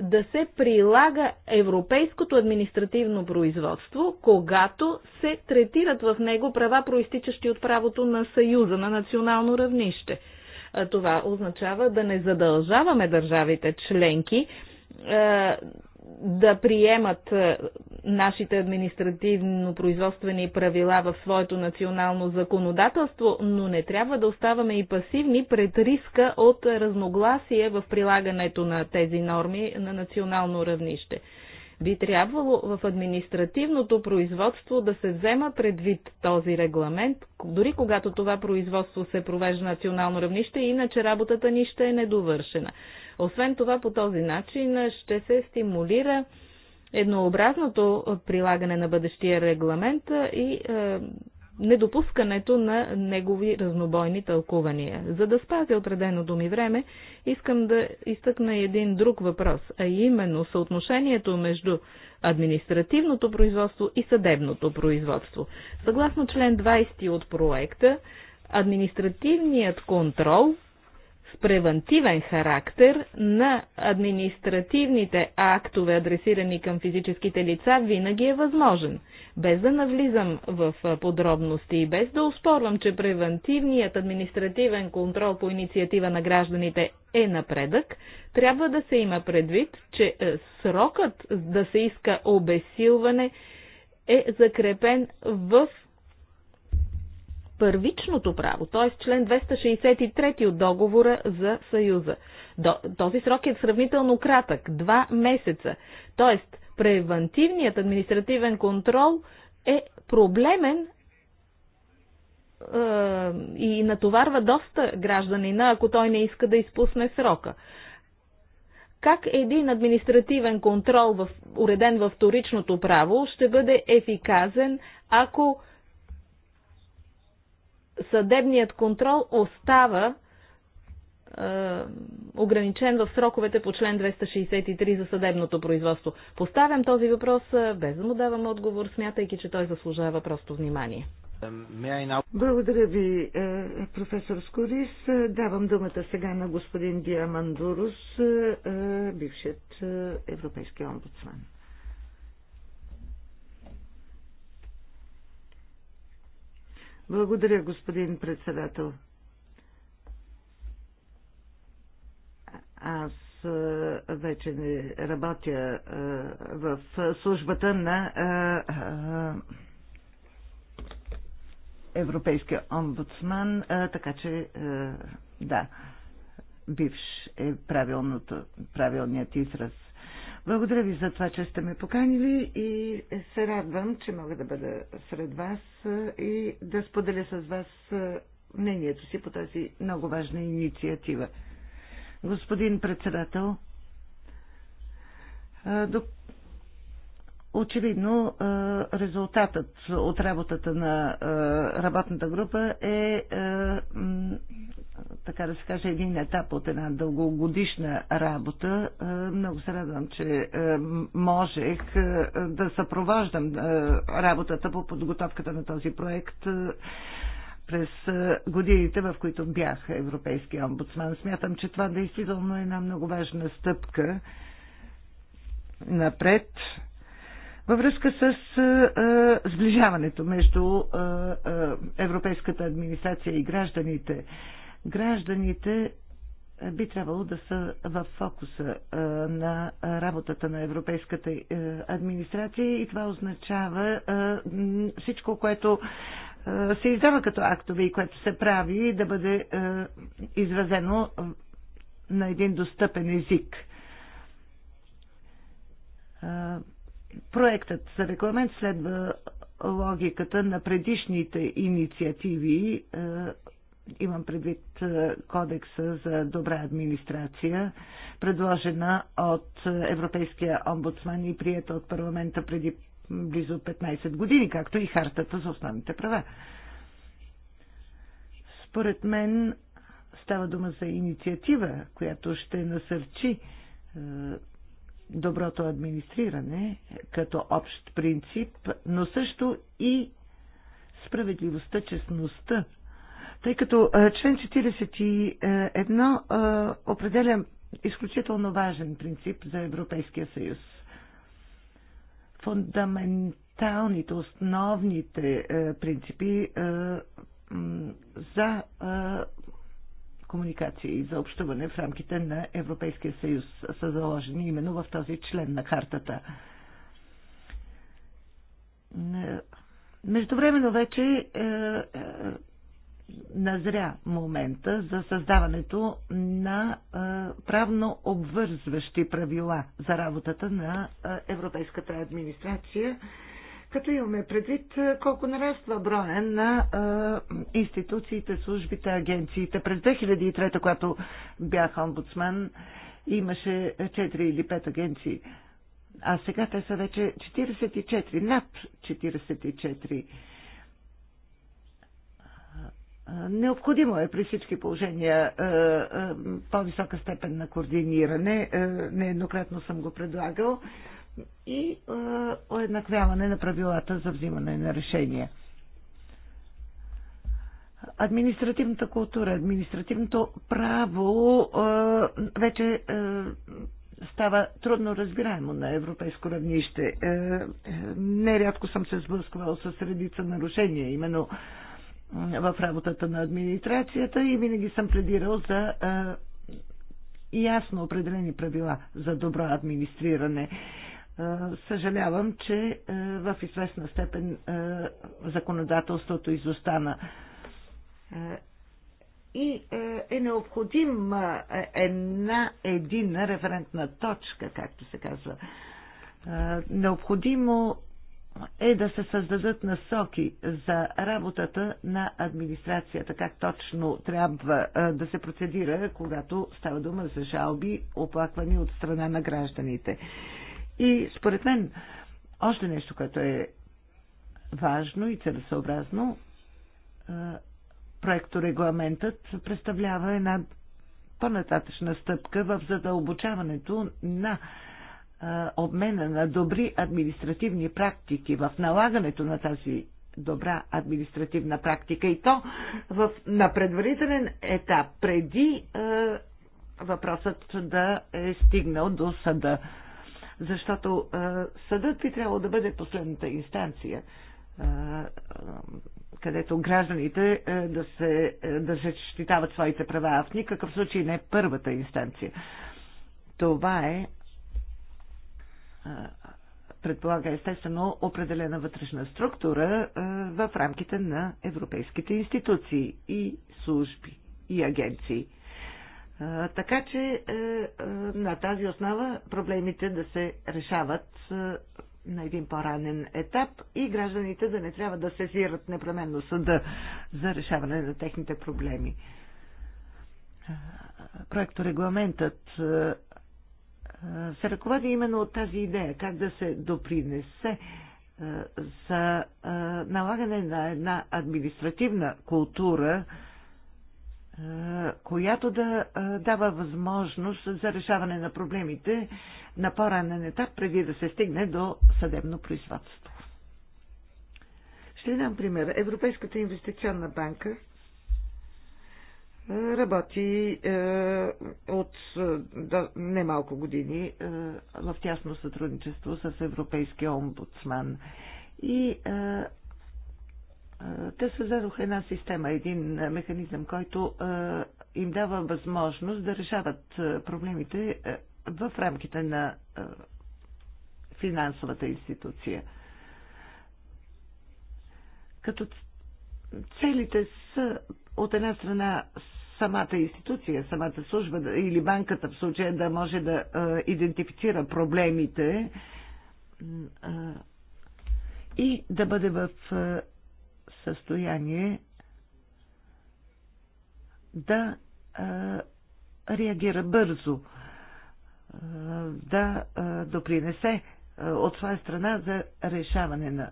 да се прилага европейското административно производство, когато се третират в него права, проистичащи от правото на Съюза на национално равнище. Това означава да не задължаваме държавите членки да приемат е, нашите административно-производствени правила в своето национално законодателство, но не трябва да оставаме и пасивни пред риска от разногласие в прилагането на тези норми на национално равнище. Би трябвало в административното производство да се взема предвид този регламент, дори когато това производство се провежда на национално равнище, иначе работата ни ще е недовършена. Освен това, по този начин ще се стимулира еднообразното прилагане на бъдещия регламент и е, недопускането на негови разнобойни тълкувания. За да спазя отреденото ми време, искам да изтъкна един друг въпрос, а именно съотношението между административното производство и съдебното производство. Съгласно член 20 от проекта, административният контрол превентивен характер на административните актове, адресирани към физическите лица, винаги е възможен. Без да навлизам в подробности и без да успорвам, че превентивният административен контрол по инициатива на гражданите е напредък, трябва да се има предвид, че срокът да се иска обесилване е закрепен в първичното право, т.е. член 263 от договора за Съюза. Този срок е сравнително кратък – два месеца. Т.е. превентивният административен контрол е проблемен е, и натоварва доста гражданина, ако той не иска да изпусне срока как един административен контрол, в, уреден във вторичното право, ще бъде ефиказен, ако съдебният контрол остава е, ограничен в сроковете по член 263 за съдебното производство. Поставям този въпрос е, без да му давам отговор, смятайки, че той заслужава просто внимание. Благодаря ви, е, професор Скорис. Давам думата сега на господин Диамандурус, бившият европейски омбудсман. Благодаря, господин председател. Аз вече не работя в службата на Европейския омбудсман, така че да, бивш е правилното, правилният израз. Благодаря ви за това, че сте ме поканили и се радвам, че мога да бъда сред вас и да споделя с вас мнението си по тази много важна инициатива. Господин председател, очевидно резултатът от работата на работната група е така да се каже, един етап от една дългогодишна работа. Е, много се радвам, че е, можех е, да съпровождам работата по подготовката на този проект през годините, в които бях европейски омбудсман. Смятам, че това действително е една много важна стъпка напред във връзка с а, сближаването между а, а, европейската администрация и гражданите. А, гражданите е, би трябвало да са в фокуса е, на работата на европейската е, администрация и това означава всичко, което се издава като актове и което се прави да бъде изразено на един достъпен език. Проектът за регламент следва логиката на предишните инициативи Имам предвид е, кодекса за добра администрация, предложена от Европейския омбудсман и прията от парламента преди близо 15 години, както и хартата за основните права. Според мен става дума за инициатива, която ще насърчи е, доброто администриране като общ принцип, но също и справедливостта, честността тъй като член 41 определя изключително важен принцип за Европейския съюз. Фундаменталните, основните принципи за комуникация и за общуване в рамките на Европейския съюз са заложени именно в този член на картата. Междувременно вече е, е, назря момента за създаването на правно обвързващи правила за работата на Европейската администрация, като имаме предвид колко нараства броя на институциите, службите, агенциите. През 2003, когато бях омбудсман, имаше 4 или 5 агенции. А сега те са вече 44, над 44. Необходимо е при всички положения е, е, по-висока степен на координиране. Е, нееднократно съм го предлагал и уеднаквяване на правилата за взимане на решения. Административната култура, административното право вече става трудно разбираемо на европейско равнище. Нерядко съм се сблъсквал с редица нарушения, именно в работата на администрацията и винаги съм пледирал за ясно определени правила за добро администриране. Съжалявам, че в известна степен законодателството изостана. И е необходима една единна референтна точка, както се казва. Необходимо е да се създадат насоки за работата на администрацията, как точно трябва да се процедира, когато става дума за жалби, оплаквани от страна на гражданите. И според мен, още нещо, което е важно и целесообразно, проекторегламентът представлява една по-нататъчна стъпка в задълбочаването на обмена на добри административни практики, в налагането на тази добра административна практика и то в, на предварителен етап, преди е, въпросът да е стигнал до съда. Защото е, съдът би трябвало да бъде последната инстанция, е, е, където гражданите е, да, се, е, да защитават своите права, а в никакъв случай не е първата инстанция. Това е предполага естествено определена вътрешна структура в рамките на европейските институции и служби и агенции. Така че е, е, на тази основа проблемите да се решават е, на един по-ранен етап и гражданите да не трябва да сезират непременно съда за решаване на техните проблеми. Проекторегламентът се ръководи именно от тази идея, как да се допринесе е, за е, налагане на една административна култура, е, която да дава възможност за решаване на проблемите на по-ранен етап, преди да се стигне до съдебно производство. Ще дам пример. Европейската инвестиционна банка е, работи е, от е, да, немалко години е, в тясно сътрудничество с Европейския омбудсман. И е, е, те създадоха една система, един механизъм, който е, им дава възможност да решават е, проблемите е, в рамките на е, финансовата институция. Като целите са от една страна самата институция, самата служба или банката в случая да може да идентифицира проблемите и да бъде в състояние да реагира бързо, да допринесе от своя страна за решаване на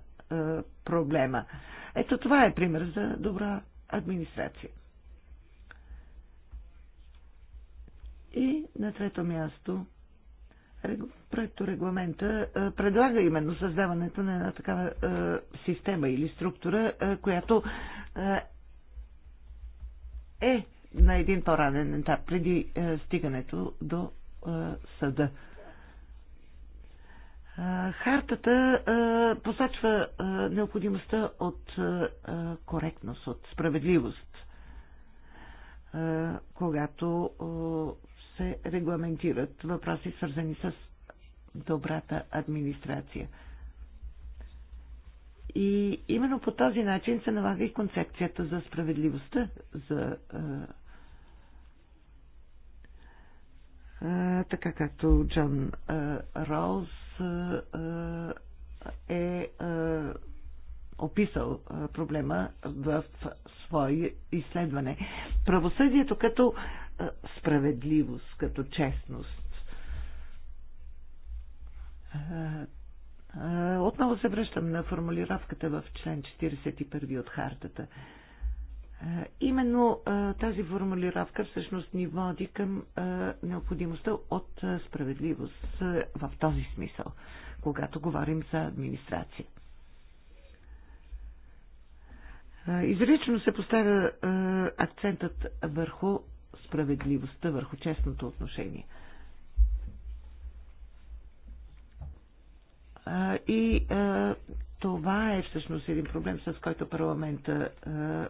проблема. Ето това е пример за добра администрация. И на трето място проекторегламента е, предлага именно създаването на една такава е, система или структура, е, която е на един по-ранен етап, преди стигането до съда. Хартата посочва необходимостта от коректност, от справедливост, когато се регламентират въпроси, свързани с добрата администрация. И именно по този начин се налага и концепцията за справедливостта, за така както Джон Роуз е, е описал е, проблема в свое изследване. Правосъдието като е, справедливост, като честност. Отново се връщам на формулировката в член 41 от хартата – Именно тази формулировка всъщност ни води към необходимостта от справедливост в този смисъл, когато говорим за администрация. Изрично се поставя акцентът върху справедливостта, върху честното отношение. И това е всъщност един проблем, с който парламента е, е,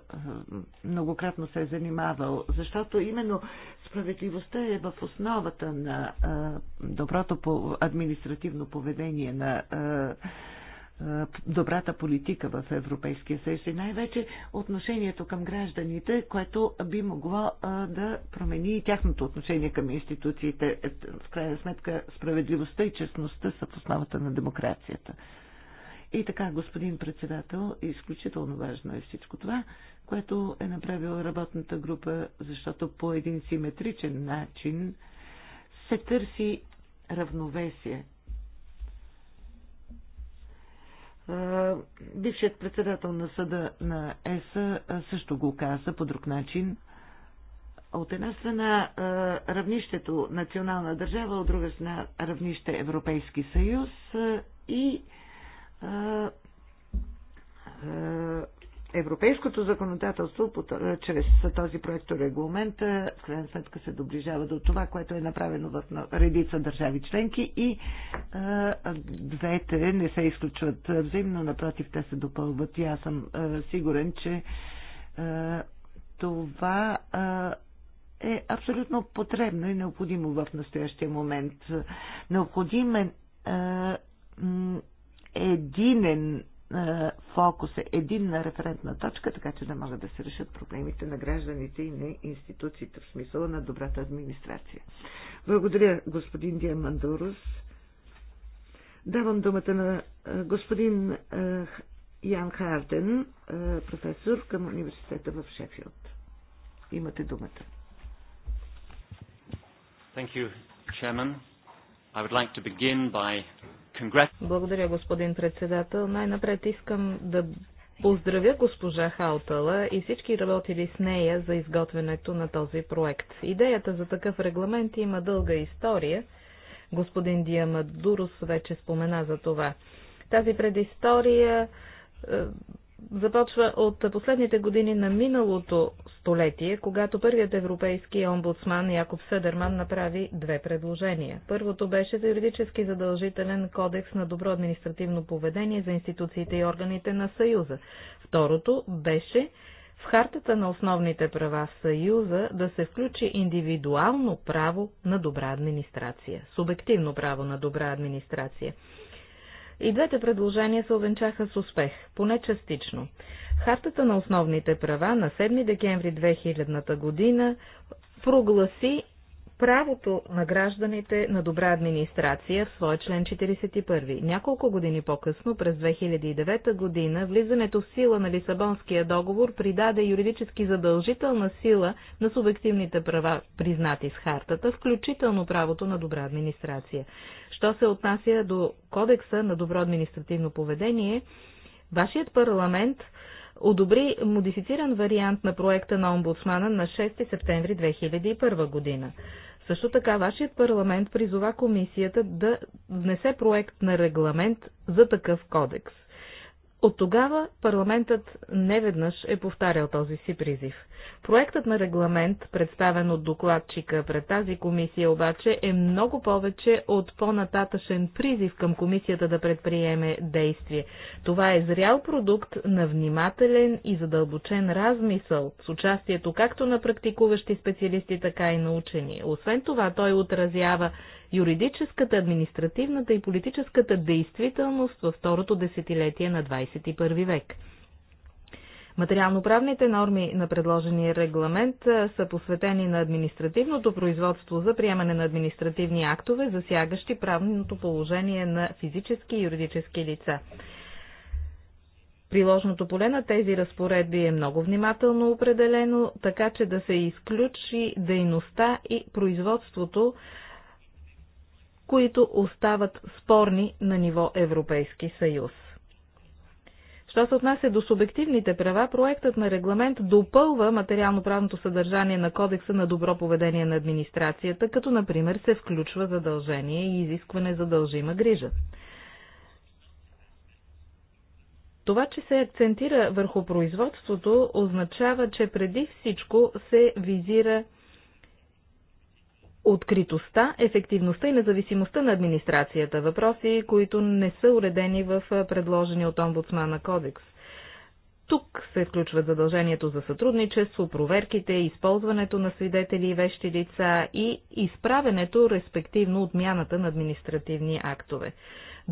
многократно се е занимавал, защото именно справедливостта е в основата на е, доброто административно поведение на добрата политика в Европейския съюз и най-вече отношението към гражданите, което би могло да промени и тяхното отношение към институциите. В крайна сметка справедливостта и честността са в основата на демокрацията. И така, господин председател, изключително важно е всичко това, което е направила работната група, защото по един симетричен начин се търси равновесие. Бившият председател на съда на ЕСА също го каза по друг начин. От една страна равнището национална държава, от друга страна равнище Европейски съюз и европейското законодателство чрез този проект регламент в крайна сметка се доближава до това, което е направено в редица държави членки и двете не се изключват взаимно, напротив, те се допълват и аз съм сигурен, че това е абсолютно потребно и необходимо в настоящия момент. Необходим е единен фокус, единна референтна точка, така че да могат да се решат проблемите на гражданите и на институциите в смисъла на добрата администрация. Благодаря, господин Диамандурус. Давам думата на господин Ян Харден, професор към университета в Шефилд. Имате думата. Thank you, Chairman. I would like to begin by благодаря, господин председател. Най-напред искам да поздравя госпожа Хаутала и всички работили с нея за изготвянето на този проект. Идеята за такъв регламент има дълга история. Господин Диамадурус вече спомена за това. Тази предистория е, започва от последните години на миналото столетие, когато първият европейски омбудсман Якоб Седерман направи две предложения. Първото беше за юридически задължителен кодекс на добро административно поведение за институциите и органите на Съюза. Второто беше в хартата на основните права в Съюза да се включи индивидуално право на добра администрация, субективно право на добра администрация. И двете предложения се увенчаха с успех, поне частично. Хартата на основните права на 7 декември 2000 година прогласи правото на гражданите на добра администрация в своя член 41. Няколко години по-късно, през 2009 година, влизането в сила на Лисабонския договор придаде юридически задължителна сила на субективните права, признати с хартата, включително правото на добра администрация. Що се отнася до кодекса на добро административно поведение, вашият парламент одобри модифициран вариант на проекта на омбудсмана на 6 септември 2001 година. Също така, вашият парламент призова комисията да внесе проект на регламент за такъв кодекс – от тогава парламентът неведнъж е повтарял този си призив. Проектът на регламент, представен от докладчика пред тази комисия обаче, е много повече от по нататъшен призив към комисията да предприеме действие. Това е зрял продукт на внимателен и задълбочен размисъл с участието както на практикуващи специалисти, така и на учени. Освен това, той отразява юридическата, административната и политическата действителност във второто десетилетие на 21 век. Материалноправните норми на предложения регламент са посветени на административното производство за приемане на административни актове, засягащи правното положение на физически и юридически лица. Приложното поле на тези разпоредби е много внимателно определено, така че да се изключи дейността и производството които остават спорни на ниво Европейски съюз. Що се отнася до субективните права, проектът на регламент допълва материално-правното съдържание на Кодекса на добро поведение на администрацията, като например се включва задължение и изискване за дължима грижа. Това, че се акцентира върху производството, означава, че преди всичко се визира откритостта, ефективността и независимостта на администрацията. Въпроси, които не са уредени в предложения от омбудсмана кодекс. Тук се включват задължението за сътрудничество, проверките, използването на свидетели и вещи лица и изправенето, респективно отмяната на административни актове.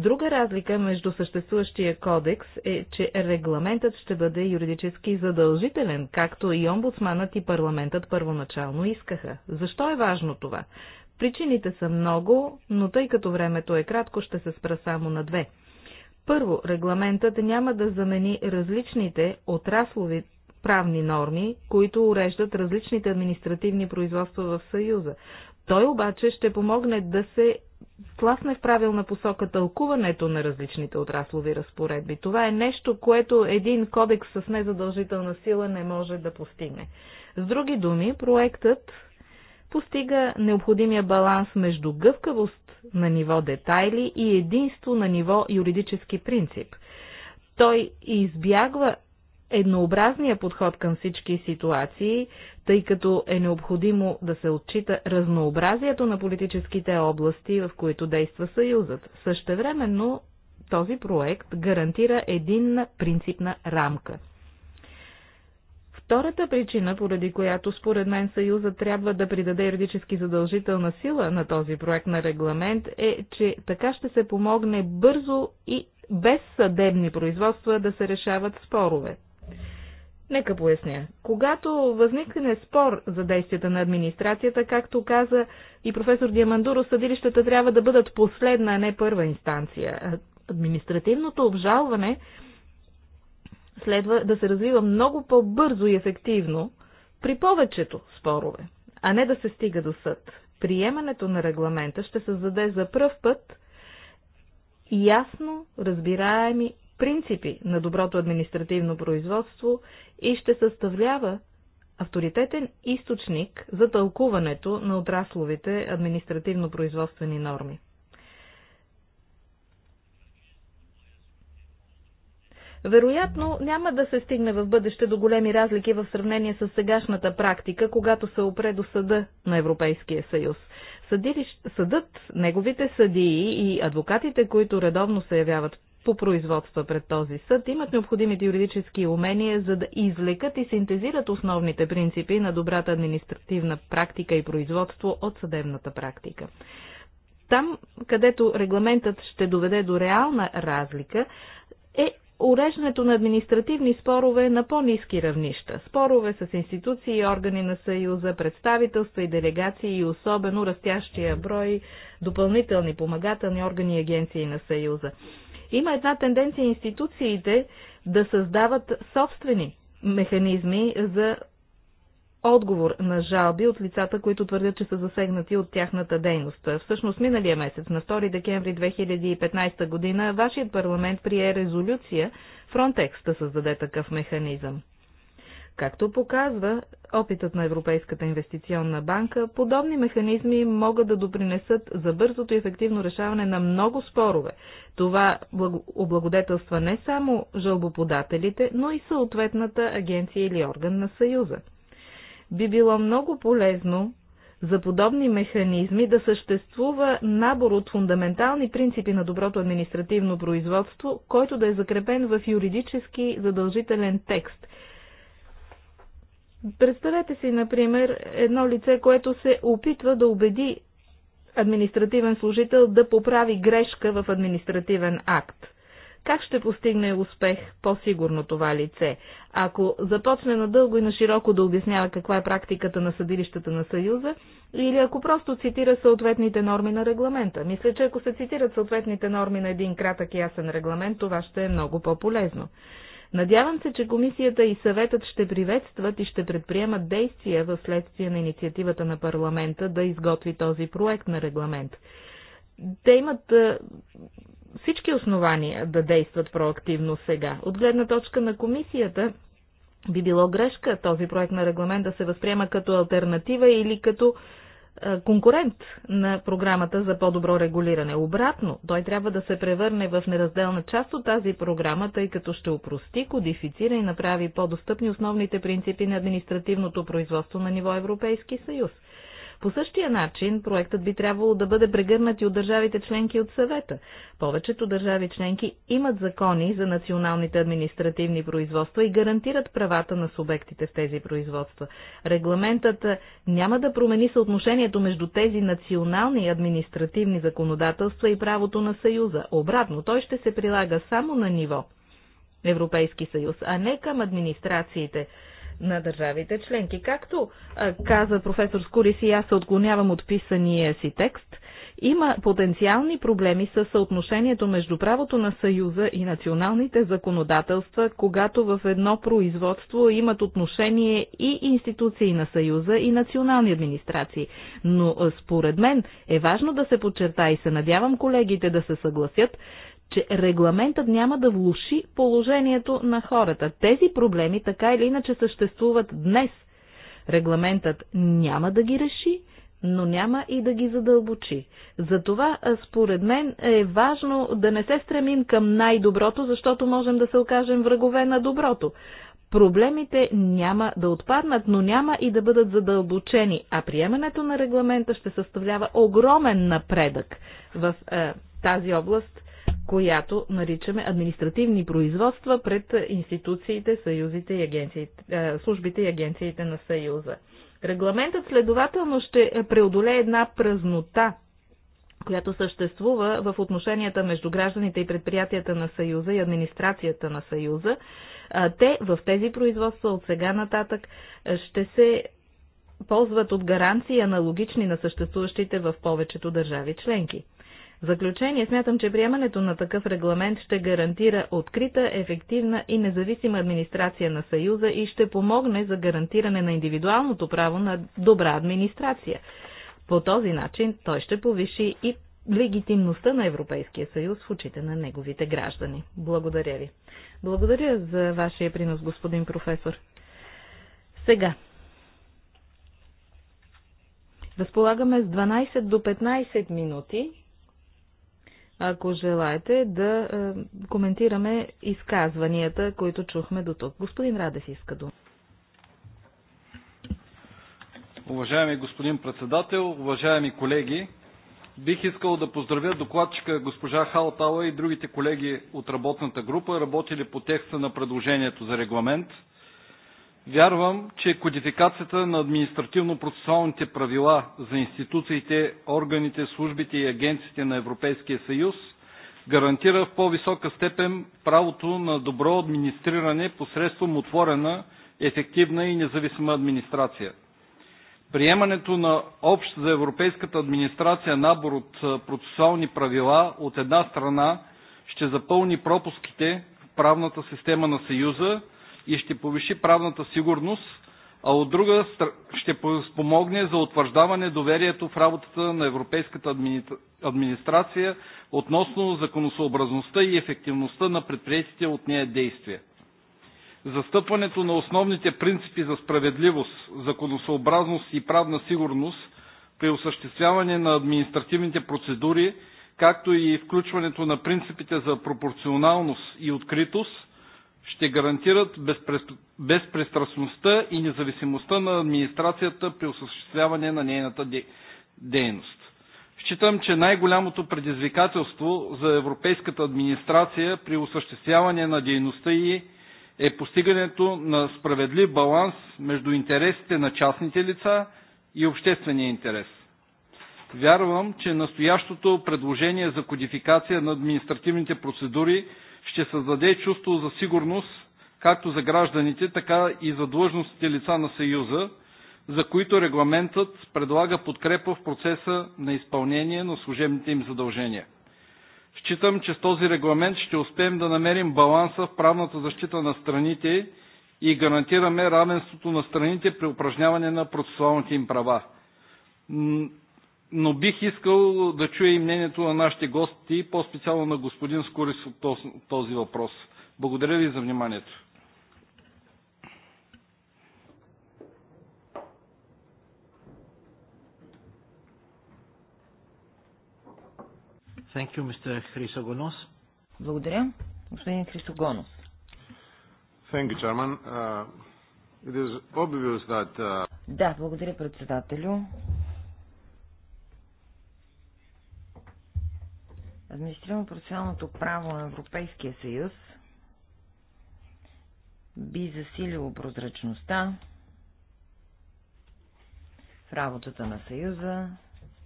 Друга разлика между съществуващия кодекс е, че регламентът ще бъде юридически задължителен, както и омбудсманът и парламентът първоначално искаха. Защо е важно това? Причините са много, но тъй като времето е кратко, ще се спра само на две. Първо, регламентът няма да замени различните отраслови правни норми, които уреждат различните административни производства в Съюза. Той обаче ще помогне да се тласне в правилна посока тълкуването на различните отраслови разпоредби. Това е нещо, което един кодекс с незадължителна сила не може да постигне. С други думи, проектът постига необходимия баланс между гъвкавост на ниво детайли и единство на ниво юридически принцип. Той избягва еднообразния подход към всички ситуации, тъй като е необходимо да се отчита разнообразието на политическите области, в които действа Съюзът. Същевременно този проект гарантира единна принципна рамка. Втората причина, поради която според мен Съюза трябва да придаде юридически задължителна сила на този проект на регламент е, че така ще се помогне бързо и без съдебни производства да се решават спорове. Нека поясня. Когато възникне спор за действията на администрацията, както каза и професор Диамандуро, съдилищата трябва да бъдат последна, а не първа инстанция. Административното обжалване следва да се развива много по-бързо и ефективно при повечето спорове, а не да се стига до съд. Приемането на регламента ще създаде за пръв път ясно разбираеми принципи на доброто административно производство и ще съставлява авторитетен източник за тълкуването на отрасловите административно-производствени норми. Вероятно няма да се стигне в бъдеще до големи разлики в сравнение с сегашната практика, когато се опре до съда на Европейския съюз. Съдилищ, съдът, неговите съдии и адвокатите, които редовно се явяват по производства пред този съд имат необходимите юридически умения, за да извлекат и синтезират основните принципи на добрата административна практика и производство от съдебната практика. Там, където регламентът ще доведе до реална разлика, е уреждането на административни спорове на по-низки равнища. Спорове с институции и органи на Съюза, представителства и делегации и особено растящия брой допълнителни помагателни органи и агенции на Съюза. Има една тенденция институциите да създават собствени механизми за отговор на жалби от лицата, които твърдят, че са засегнати от тяхната дейност. Всъщност, миналия месец, на 2 декември 2015 година, вашият парламент прие резолюция Фронтекс да създаде такъв механизъм. Както показва опитът на Европейската инвестиционна банка, подобни механизми могат да допринесат за бързото и ефективно решаване на много спорове. Това облагодетелства не само жалбоподателите, но и съответната агенция или орган на Съюза. Би било много полезно за подобни механизми да съществува набор от фундаментални принципи на доброто административно производство, който да е закрепен в юридически задължителен текст – Представете си, например, едно лице, което се опитва да убеди административен служител да поправи грешка в административен акт. Как ще постигне успех по-сигурно това лице? Ако започне надълго и на широко да обяснява каква е практиката на съдилищата на Съюза, или ако просто цитира съответните норми на регламента. Мисля, че ако се цитират съответните норми на един кратък и ясен регламент, това ще е много по-полезно. Надявам се, че комисията и съветът ще приветстват и ще предприемат действия в следствие на инициативата на парламента да изготви този проект на регламент. Те имат всички основания да действат проактивно сега. От гледна точка на комисията, би било грешка този проект на регламент да се възприема като альтернатива или като е, конкурент на програмата за по-добро регулиране. Обратно, той трябва да се превърне в неразделна част от тази програма, тъй като ще упрости, кодифицира и направи по-достъпни основните принципи на административното производство на ниво Европейски съюз. По същия начин проектът би трябвало да бъде прегърнат и от държавите членки от съвета. Повечето държави членки имат закони за националните административни производства и гарантират правата на субектите в тези производства. Регламентът няма да промени съотношението между тези национални административни законодателства и правото на Съюза. Обратно, той ще се прилага само на ниво Европейски съюз, а не към администрациите на държавите членки. Както е, каза професор Скорис и аз се отклонявам от писания си текст, има потенциални проблеми с съотношението между правото на Съюза и националните законодателства, когато в едно производство имат отношение и институции на Съюза и национални администрации. Но е, според мен е важно да се подчерта и се надявам колегите да се съгласят, че регламентът няма да влуши положението на хората. Тези проблеми така или иначе съществуват днес. Регламентът няма да ги реши, но няма и да ги задълбочи. Затова, според мен, е важно да не се стремим към най-доброто, защото можем да се окажем врагове на доброто. Проблемите няма да отпаднат, но няма и да бъдат задълбочени, а приемането на регламента ще съставлява огромен напредък в е, тази област която наричаме административни производства пред институциите, съюзите и агенциите, е, службите и агенциите на Съюза. Регламентът следователно ще преодолее една празнота, която съществува в отношенията между гражданите и предприятията на Съюза и администрацията на Съюза. Те в тези производства от сега нататък е, ще се ползват от гаранции аналогични на съществуващите в повечето държави членки. В заключение смятам, че приемането на такъв регламент ще гарантира открита, ефективна и независима администрация на Съюза и ще помогне за гарантиране на индивидуалното право на добра администрация. По този начин той ще повиши и легитимността на Европейския съюз в очите на неговите граждани. Благодаря ви. Благодаря за вашия принос, господин професор. Сега. Разполагаме с 12 до 15 минути ако желаете, да е, коментираме изказванията, които чухме до тук. Господин Радев иска дума. Уважаеми господин председател, уважаеми колеги, бих искал да поздравя докладчика госпожа Халтала и другите колеги от работната група, работили по текста на предложението за регламент – Вярвам, че кодификацията на административно-процесуалните правила за институциите, органите, службите и агенциите на Европейския съюз гарантира в по-висока степен правото на добро администриране посредством отворена, ефективна и независима администрация. Приемането на общ за европейската администрация набор от процесуални правила от една страна ще запълни пропуските в правната система на Съюза, и ще повиши правната сигурност, а от друга ще спомогне за утвърждаване доверието в работата на европейската администрация относно законосообразността и ефективността на предприятите от нея действия. Застъпването на основните принципи за справедливост, законосообразност и правна сигурност при осъществяване на административните процедури, както и включването на принципите за пропорционалност и откритост – ще гарантират безпристрастността и независимостта на администрацията при осъществяване на нейната дейност. Считам, че най-голямото предизвикателство за европейската администрация при осъществяване на дейността й е постигането на справедлив баланс между интересите на частните лица и обществения интерес. Вярвам, че настоящото предложение за кодификация на административните процедури ще създаде чувство за сигурност както за гражданите, така и за длъжностите лица на Съюза, за които регламентът предлага подкрепа в процеса на изпълнение на служебните им задължения. Считам, че с този регламент ще успеем да намерим баланса в правната защита на страните и гарантираме равенството на страните при упражняване на процесуалните им права но бих искал да чуя и мнението на нашите гости, по-специално на господин Скорис от този въпрос. Благодаря ви за вниманието. Thank you, Mr. Хрисогонос. Благодаря. Господин Хрисогонос. Thank you, Chairman. Uh, it is obvious that... Uh... Да, благодаря председателю. Административно-процесуалното право на Европейския съюз би засилило прозрачността в работата на Съюза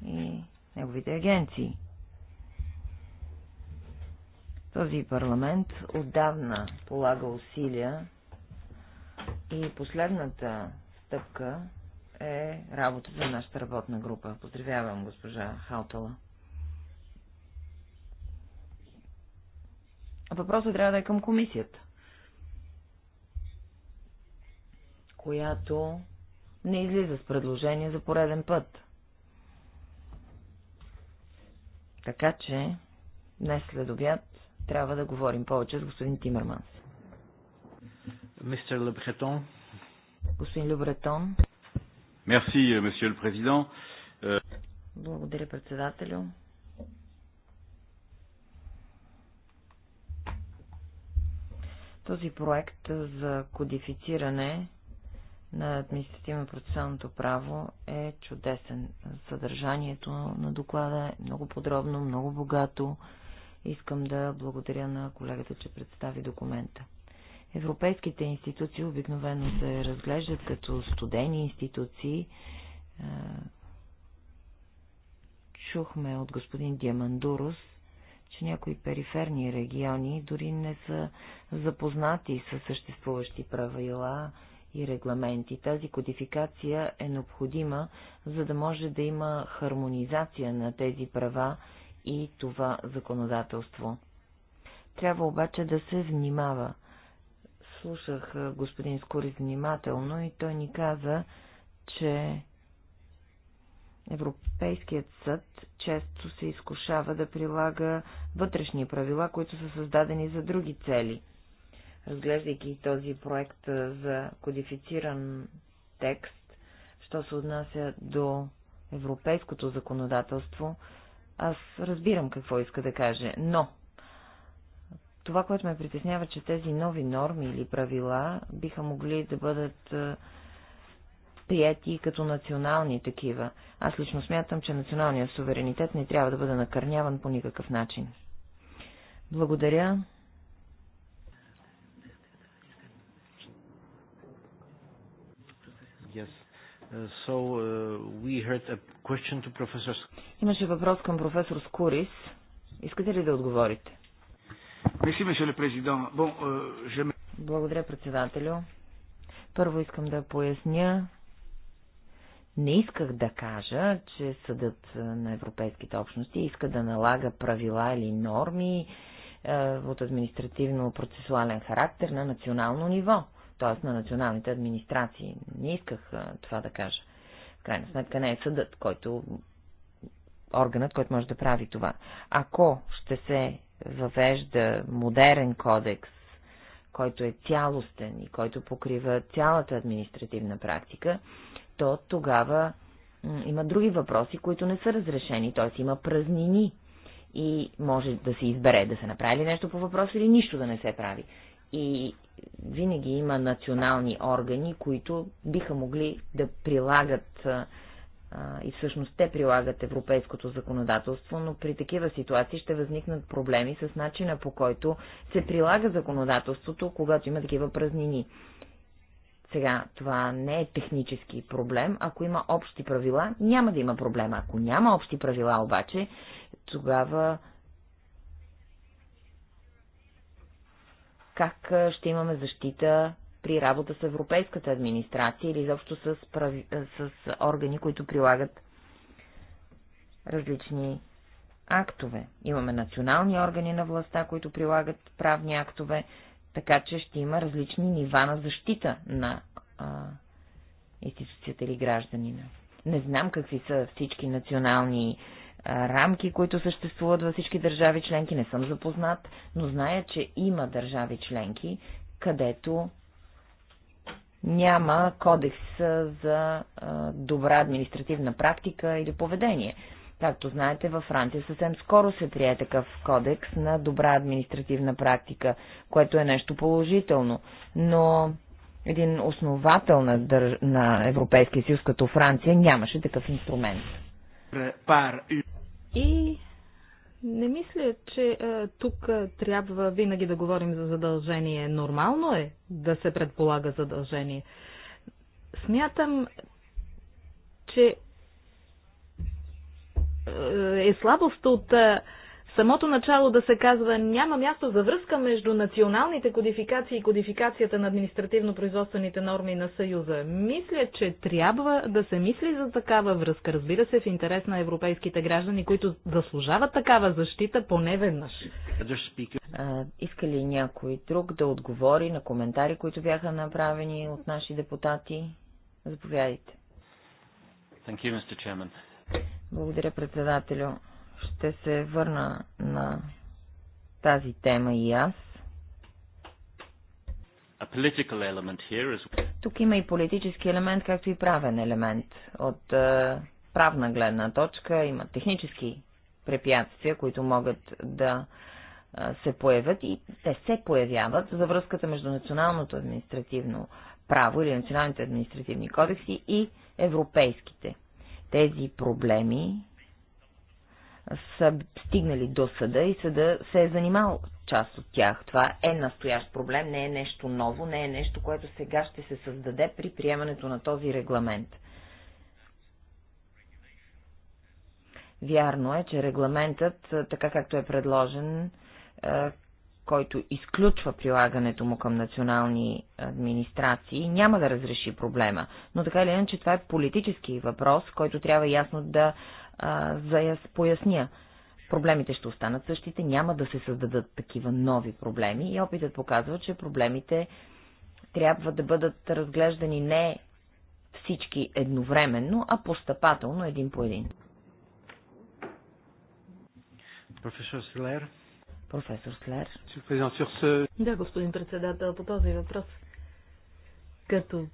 и неговите агенции. Този парламент отдавна полага усилия и последната стъпка е работата на нашата работна група. Поздравявам госпожа Халтала. Въпросът трябва да е към комисията, която не излиза с предложение за пореден път. Така че, днес след обяд, трябва да говорим повече с господин Тимърманс. Мистер Лебретон. Господин Лебретон. Мерси, месье президент. Благодаря, председателю. Този проект за кодифициране на административно-процесуалното право е чудесен. Съдържанието на доклада е много подробно, много богато. Искам да благодаря на колегата, че представи документа. Европейските институции обикновено се разглеждат като студени институции. Е, чухме от господин Диамандурус, че някои периферни региони дори не са запознати с съществуващи правила и регламенти. Тази кодификация е необходима, за да може да има хармонизация на тези права и това законодателство. Трябва обаче да се внимава. Слушах господин Скорис внимателно и той ни каза, че Европейският съд често се изкушава да прилага вътрешни правила, които са създадени за други цели. Разглеждайки този проект за кодифициран текст, що се отнася до европейското законодателство, аз разбирам какво иска да каже, но това, което ме притеснява, че тези нови норми или правила биха могли да бъдат прияти като национални такива. Аз лично смятам, че националният суверенитет не трябва да бъде накърняван по никакъв начин. Благодаря. Yes. Uh, so, uh, we heard a question to professor... Имаше въпрос към професор Скурис. Искате ли да отговорите? Merci, monsieur le Bon, uh, je... Благодаря, председателю. Първо искам да поясня, не исках да кажа, че съдът на европейските общности иска да налага правила или норми от административно-процесуален характер на национално ниво, т.е. на националните администрации. Не исках това да кажа. В крайна сметка не е съдът, който органът, който може да прави това. Ако ще се въвежда модерен кодекс, който е цялостен и който покрива цялата административна практика, то тогава има други въпроси, които не са разрешени, т.е. има празнини и може да се избере да се направи нещо по въпроса или нищо да не се прави. И винаги има национални органи, които биха могли да прилагат и всъщност те прилагат европейското законодателство, но при такива ситуации ще възникнат проблеми с начина по който се прилага законодателството, когато има такива празнини. Сега, това не е технически проблем. Ако има общи правила, няма да има проблема. Ако няма общи правила обаче, тогава как ще имаме защита при работа с европейската администрация или заобщо с, прави... с органи, които прилагат различни актове. Имаме национални органи на властта, които прилагат правни актове, така че ще има различни нива на защита на а, институцията или гражданина. Не знам какви са всички национални а, рамки, които съществуват във всички държави членки, не съм запознат, но зная, че има държави членки, където няма кодекс за а, добра административна практика или поведение. Както знаете, във Франция съвсем скоро се прие такъв кодекс на добра административна практика, което е нещо положително. Но един основател на, държ... на Европейския съюз като Франция нямаше такъв инструмент. И не мисля, че а, тук а, трябва винаги да говорим за задължение. Нормално е да се предполага задължение. Смятам, че е, е слабост от е, самото начало да се казва няма място за връзка между националните кодификации и кодификацията на административно-производствените норми на Съюза. Мисля, че трябва да се мисли за такава връзка, разбира се, в интерес на европейските граждани, които заслужават такава защита поне веднъж. иска ли някой друг да отговори на коментари, които бяха направени от наши депутати? Заповядайте. Thank you, Mr. Chairman. Благодаря, председателю. Ще се върна на тази тема и аз. Is... Тук има и политически елемент, както и правен елемент. От е, правна гледна точка има технически препятствия, които могат да е, се появят и те се появяват за връзката между националното административно право или националните административни кодекси и европейските тези проблеми са стигнали до съда и съда се е занимал част от тях. Това е настоящ проблем, не е нещо ново, не е нещо, което сега ще се създаде при приемането на този регламент. Вярно е, че регламентът, така както е предложен, който изключва прилагането му към национални администрации, няма да разреши проблема. Но така или иначе това е политически въпрос, който трябва ясно да а, заяс, поясня. Проблемите ще останат същите, няма да се създадат такива нови проблеми и опитът показва, че проблемите трябва да бъдат разглеждани не всички едновременно, а постъпателно един по един. Професор Силер професор Слер. Да, господин председател, по този въпрос. Като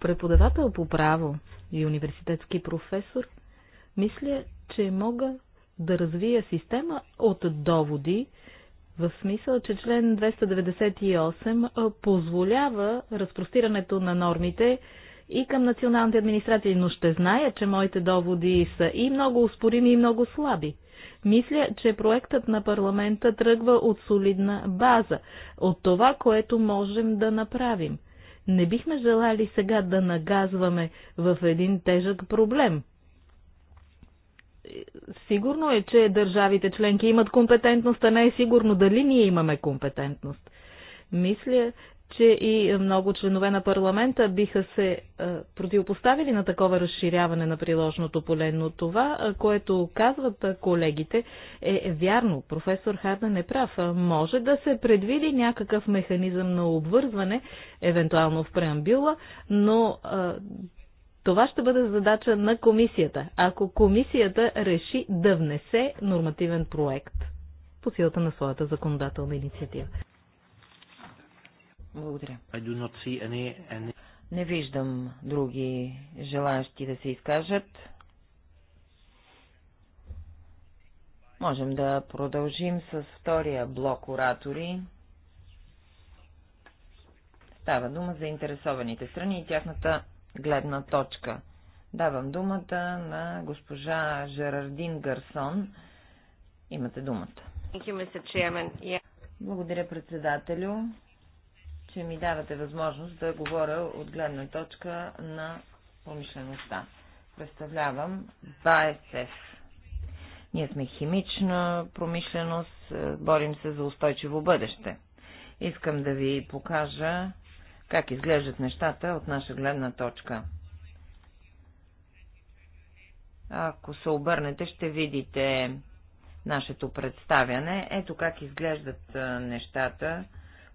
преподавател по право и университетски професор, мисля, че мога да развия система от доводи, в смисъл, че член 298 позволява разпростирането на нормите и към националните администрации, но ще зная, че моите доводи са и много успорими, и много слаби. Мисля, че проектът на парламента тръгва от солидна база, от това, което можем да направим. Не бихме желали сега да нагазваме в един тежък проблем. Сигурно е, че държавите членки имат компетентност, а не е сигурно дали ние имаме компетентност. Мисля, че и много членове на парламента биха се е, противопоставили на такова разширяване на приложното поле, но това, е, което казват е, колегите, е вярно. Професор Харден е прав. Може да се предвиди някакъв механизъм на обвързване, евентуално в преамбюла, но това ще бъде задача на комисията, ако комисията реши да внесе нормативен проект по силата на своята законодателна инициатива. Благодаря. Any, any... Не виждам други желаящи да се изкажат. Можем да продължим с втория блок оратори. Става дума за интересованите страни и тяхната гледна точка. Давам думата на госпожа Жерардин Гарсон. Имате думата. Благодаря, председателю че ми давате възможност да говоря от гледна точка на промишлеността. Представлявам БАЕСЕФ. Ние сме химична промишленост, е, борим се за устойчиво бъдеще. Искам да ви покажа как изглеждат нещата от наша гледна точка. Ако се обърнете, ще видите нашето представяне. Ето как изглеждат е, нещата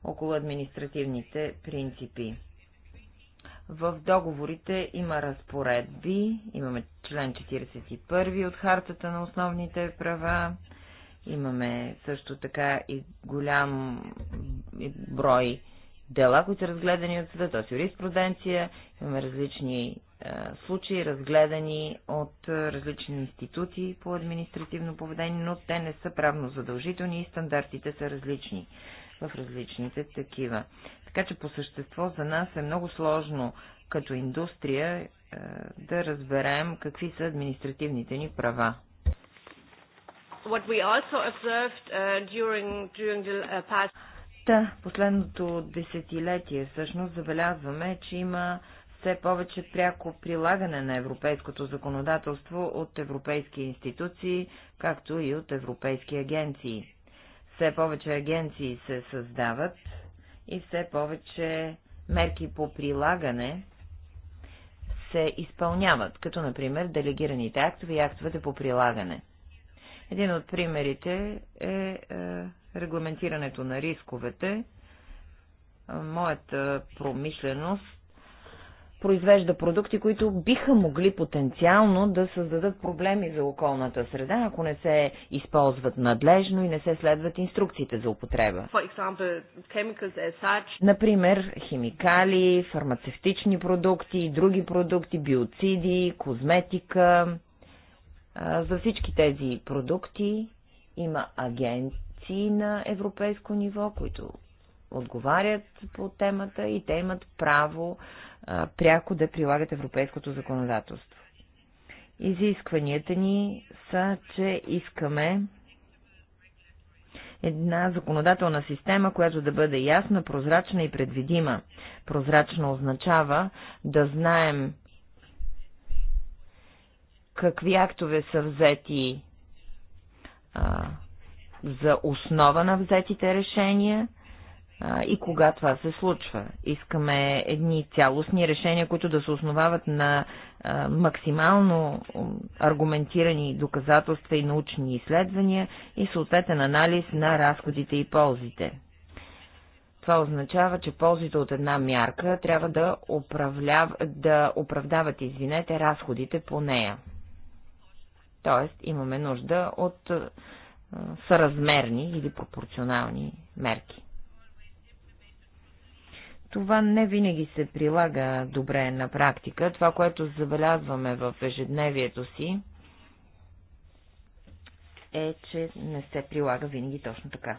около административните принципи. В договорите има разпоредби, имаме член 41 от Хартата на основните права, имаме също така и голям брой дела, които са разгледани от съда, т.е. юриспруденция, имаме различни е, случаи, разгледани от е, различни институти по административно поведение, но те не са правно задължителни и стандартите са различни в различните такива. Така че по същество за нас е много сложно като индустрия е, да разберем какви са административните ни права. What we also observed uh, during, during the е, past... Да, последното десетилетие всъщност забелязваме, че има все повече пряко прилагане на европейското законодателство от европейски институции, както и от европейски агенции. Все повече агенции се създават и все повече мерки по прилагане се изпълняват, като например делегираните актове и актовете по прилагане. Един от примерите е, е регламентирането на рисковете. Моята промишленост произвежда продукти, които биха могли потенциално да създадат проблеми за околната среда, ако не се използват надлежно и не се следват инструкциите за употреба. Например, химикали, фармацевтични продукти, други продукти, биоциди, козметика. За всички тези продукти има агенции на европейско ниво, които отговарят по темата и те имат право а, пряко да прилагат европейското законодателство. Изискванията ни са, че искаме една законодателна система, която да бъде ясна, прозрачна и предвидима. Прозрачно означава да знаем какви актове са взети а, за основа на взетите решения, а, и кога това се случва. Искаме едни цялостни решения, които да се основават на а, максимално аргументирани доказателства и научни изследвания и съответен анализ на разходите и ползите. Това означава, че ползите от една мярка трябва да, управляв... да оправдават, извинете, разходите по нея. Тоест, имаме нужда от съразмерни или пропорционални мерки. Това не винаги се прилага добре на практика. Това, което забелязваме в ежедневието си, е, че не се прилага винаги точно така.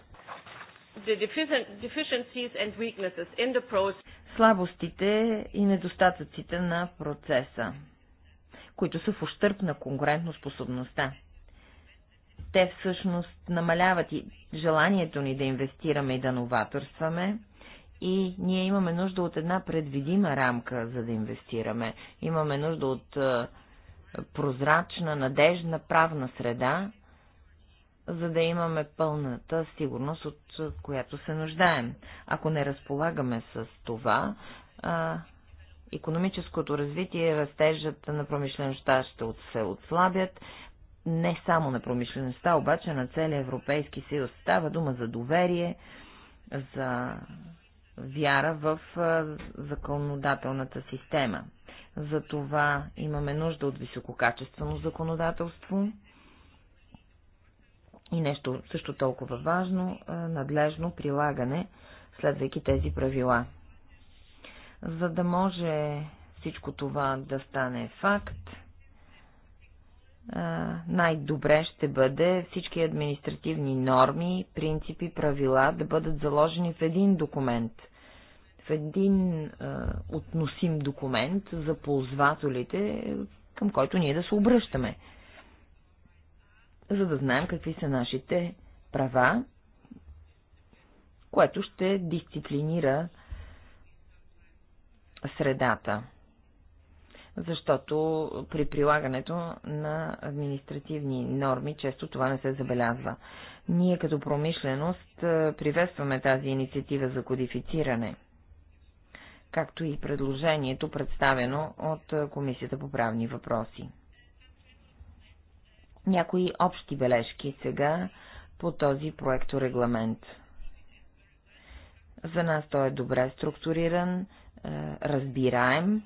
Слабостите и недостатъците на процеса, които са в ущърп на конкурентоспособността. Те всъщност намаляват и желанието ни да инвестираме и да новаторстваме, и ние имаме нужда от една предвидима рамка, за да инвестираме. Имаме нужда от е, прозрачна, надежна правна среда, за да имаме пълната сигурност, от е, която се нуждаем. Ако не разполагаме с това, а, е, економическото развитие и растежът на промишлеността ще се отслабят, не само на промишлеността, обаче на целия Европейски съюз. Става дума за доверие, за вяра в законодателната система. Затова имаме нужда от висококачествено законодателство и нещо също толкова важно надлежно прилагане, следвайки тези правила. За да може всичко това да стане факт, най-добре ще бъде всички административни норми, принципи, правила да бъдат заложени в един документ, в един а, относим документ за ползвателите, към който ние да се обръщаме, за да знаем какви са нашите права, което ще дисциплинира средата защото при прилагането на административни норми често това не се забелязва. Ние като промишленост е, приветстваме тази инициатива за кодифициране, както и предложението, представено от е, Комисията по правни въпроси. Някои общи бележки сега по този проекторегламент. За нас той е добре структуриран, е, разбираем,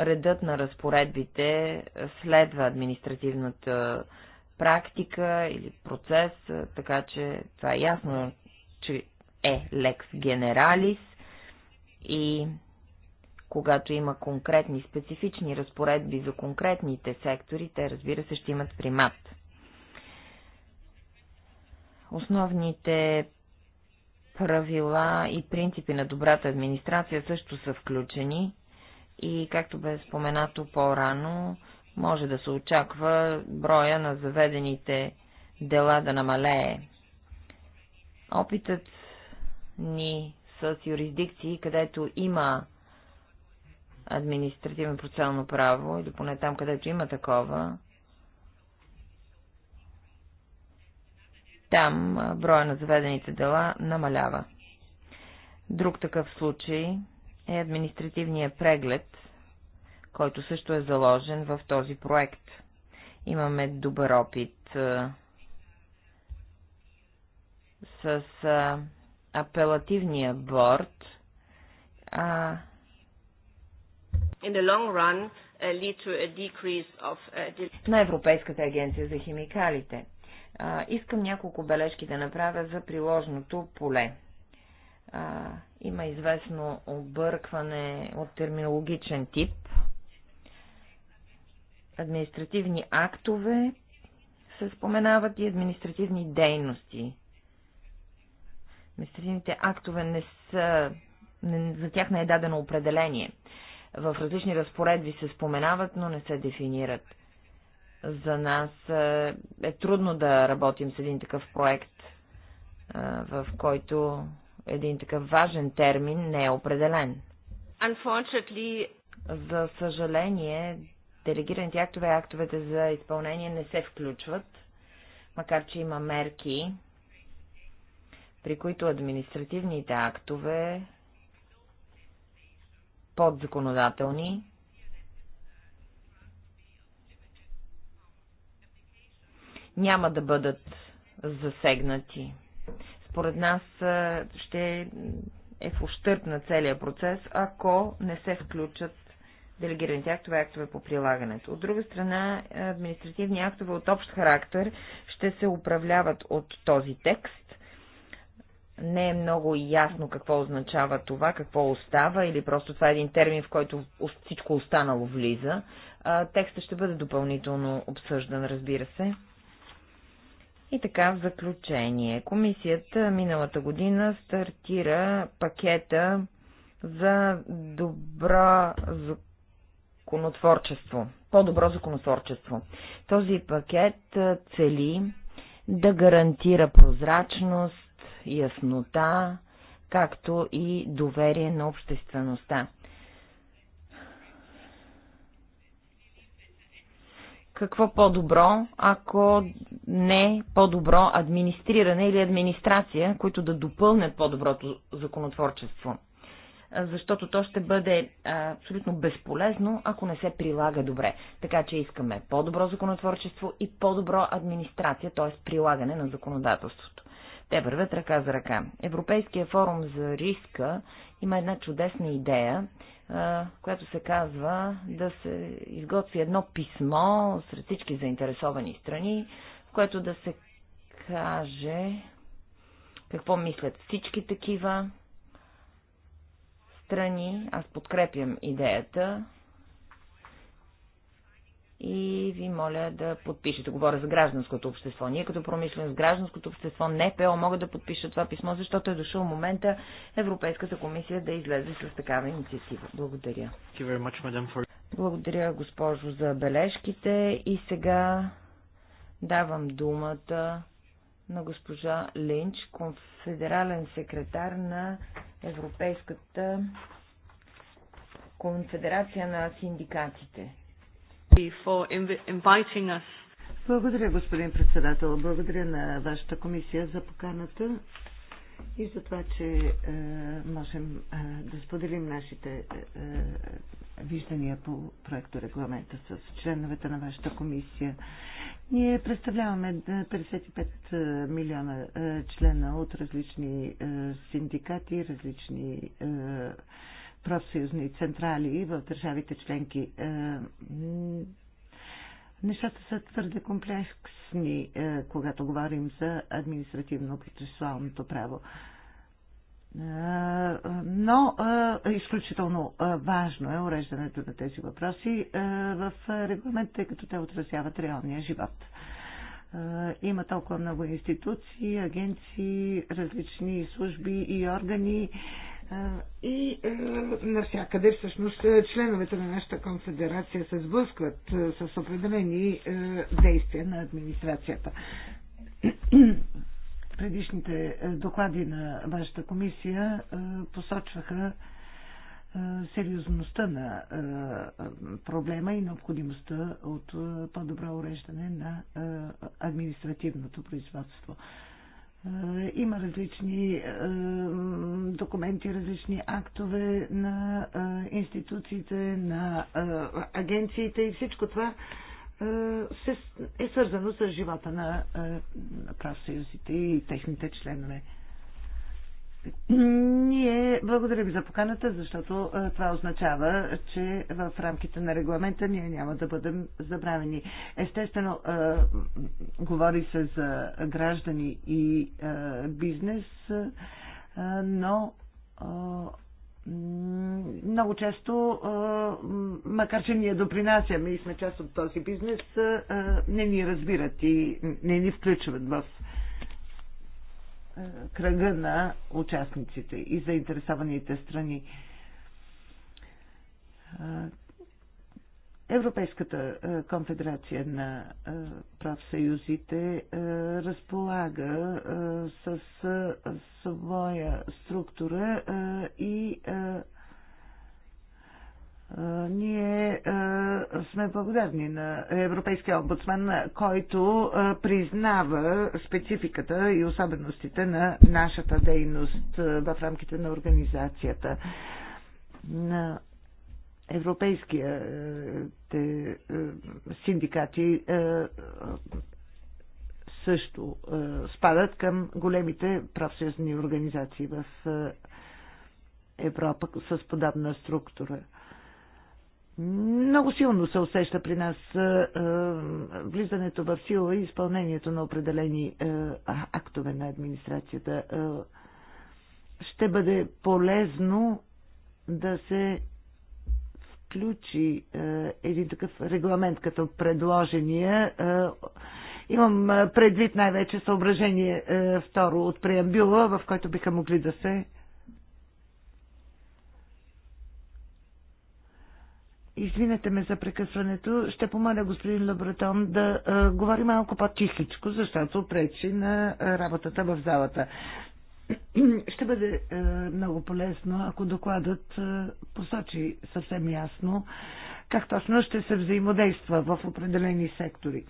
редът на разпоредбите следва административната практика или процес, така че това е ясно, че е лекс генералис и когато има конкретни специфични разпоредби за конкретните сектори, те разбира се ще имат примат. Основните правила и принципи на добрата администрация също са включени и, както бе споменато по-рано, може да се очаква броя на заведените дела да намалее. Опитът ни с юрисдикции, където има административно процелно право, или поне там, където има такова, там броя на заведените дела намалява. Друг такъв случай е административният преглед, който също е заложен в този проект. Имаме добър опит с апелативния борт. А... In the long run, uh, lead to a decrease of... Uh, на Европейската агенция за химикалите. А, искам няколко бележки да направя за приложното поле а, има известно объркване от терминологичен тип. Административни актове се споменават и административни дейности. Административните актове не са, не, за тях не е дадено определение. В различни разпоредби се споменават, но не се дефинират. За нас е трудно да работим с един такъв проект, в който един такъв важен термин не е определен. За съжаление, делегираните актове и актовете за изпълнение не се включват, макар че има мерки, при които административните актове подзаконодателни няма да бъдат засегнати според нас ще е в ущърп на целия процес, ако не се включат делегираните актове, актове по прилагането. От друга страна, административни актове от общ характер ще се управляват от този текст. Не е много ясно какво означава това, какво остава или просто това е един термин, в който всичко останало влиза. Текстът ще бъде допълнително обсъждан, разбира се. И така, в заключение, комисията миналата година стартира пакета за добро законотворчество, по-добро законотворчество. Този пакет цели да гарантира прозрачност, яснота, както и доверие на обществеността. какво по-добро, ако не по-добро администриране или администрация, които да допълнят по-доброто законотворчество. Защото то ще бъде абсолютно безполезно, ако не се прилага добре. Така че искаме по-добро законотворчество и по-добро администрация, т.е. прилагане на законодателството. Те вървят ръка за ръка. Европейския форум за риска има една чудесна идея която се казва да се изготви едно писмо сред всички заинтересовани страни, в което да се каже какво мислят всички такива страни. Аз подкрепям идеята и ви моля да подпишете. Говоря за гражданското общество. Ние като промислено с гражданското общество, НПО могат да подпишат това писмо, защото е дошъл момента Европейската комисия да излезе с такава инициатива. Благодаря. Благодаря, госпожо, за бележките. И сега давам думата на госпожа Линч, конфедерален секретар на Европейската конфедерация на синдикатите. Благодаря, господин председател. Благодаря на вашата комисия за поканата и за това, че е, можем е, да споделим нашите е, е виждания по проекто регламента с членовете на вашата комисия. Ние представляваме 55 е, е, милиона е, члена от различни е, синдикати, различни е, профсъюзни централи в държавите членки. Е, нещата са твърде комплексни, е, когато говорим за административно-процесуалното право. Е, но изключително важно е уреждането на тези въпроси в регламент, тъй като те отразяват реалния живот. Има толкова много институции, агенции, различни служби и органи, и е, навсякъде всъщност членовете на нашата конфедерация се сблъскват с определени е, действия на администрацията. [clears throat] Предишните доклади на вашата комисия е, посочваха сериозността на проблема и необходимостта от по-добро уреждане на административното производство. Е, има различни е, документи, различни актове на е, институциите, на агенциите и всичко това е свързано с живота на профсъюзите и техните членове. Ние благодаря ви за поканата, защото е, това означава, че в рамките на регламента ние няма да бъдем забравени. Естествено, е, говори се за граждани и е, бизнес, но много често, макар че ние допринасяме и сме част от този бизнес, не ни разбират и не ни включват в кръга на участниците и заинтересованите страни. Европейската конфедерация на правсъюзите разполага с своя структура и ние сме благодарни на Европейския омбудсман, който признава спецификата и особеностите на нашата дейност в рамките на организацията. На европейските синдикати също спадат към големите профсъюзни организации в Европа с подобна структура много силно се усеща при нас влизането в сила и изпълнението на определени актове на администрацията. Ще бъде полезно да се включи един такъв регламент като предложения. Имам предвид най-вече съображение второ от преамбюла, в който биха могли да се Извинете ме за прекъсването. Ще помоля господин Лабратон да а, говори малко по-тихичко, защото пречи на работата в залата. [clears throat] Ще бъде а, много полезно, ако докладът а, посочи съвсем ясно как точно ще се взаимодейства в определени сектори.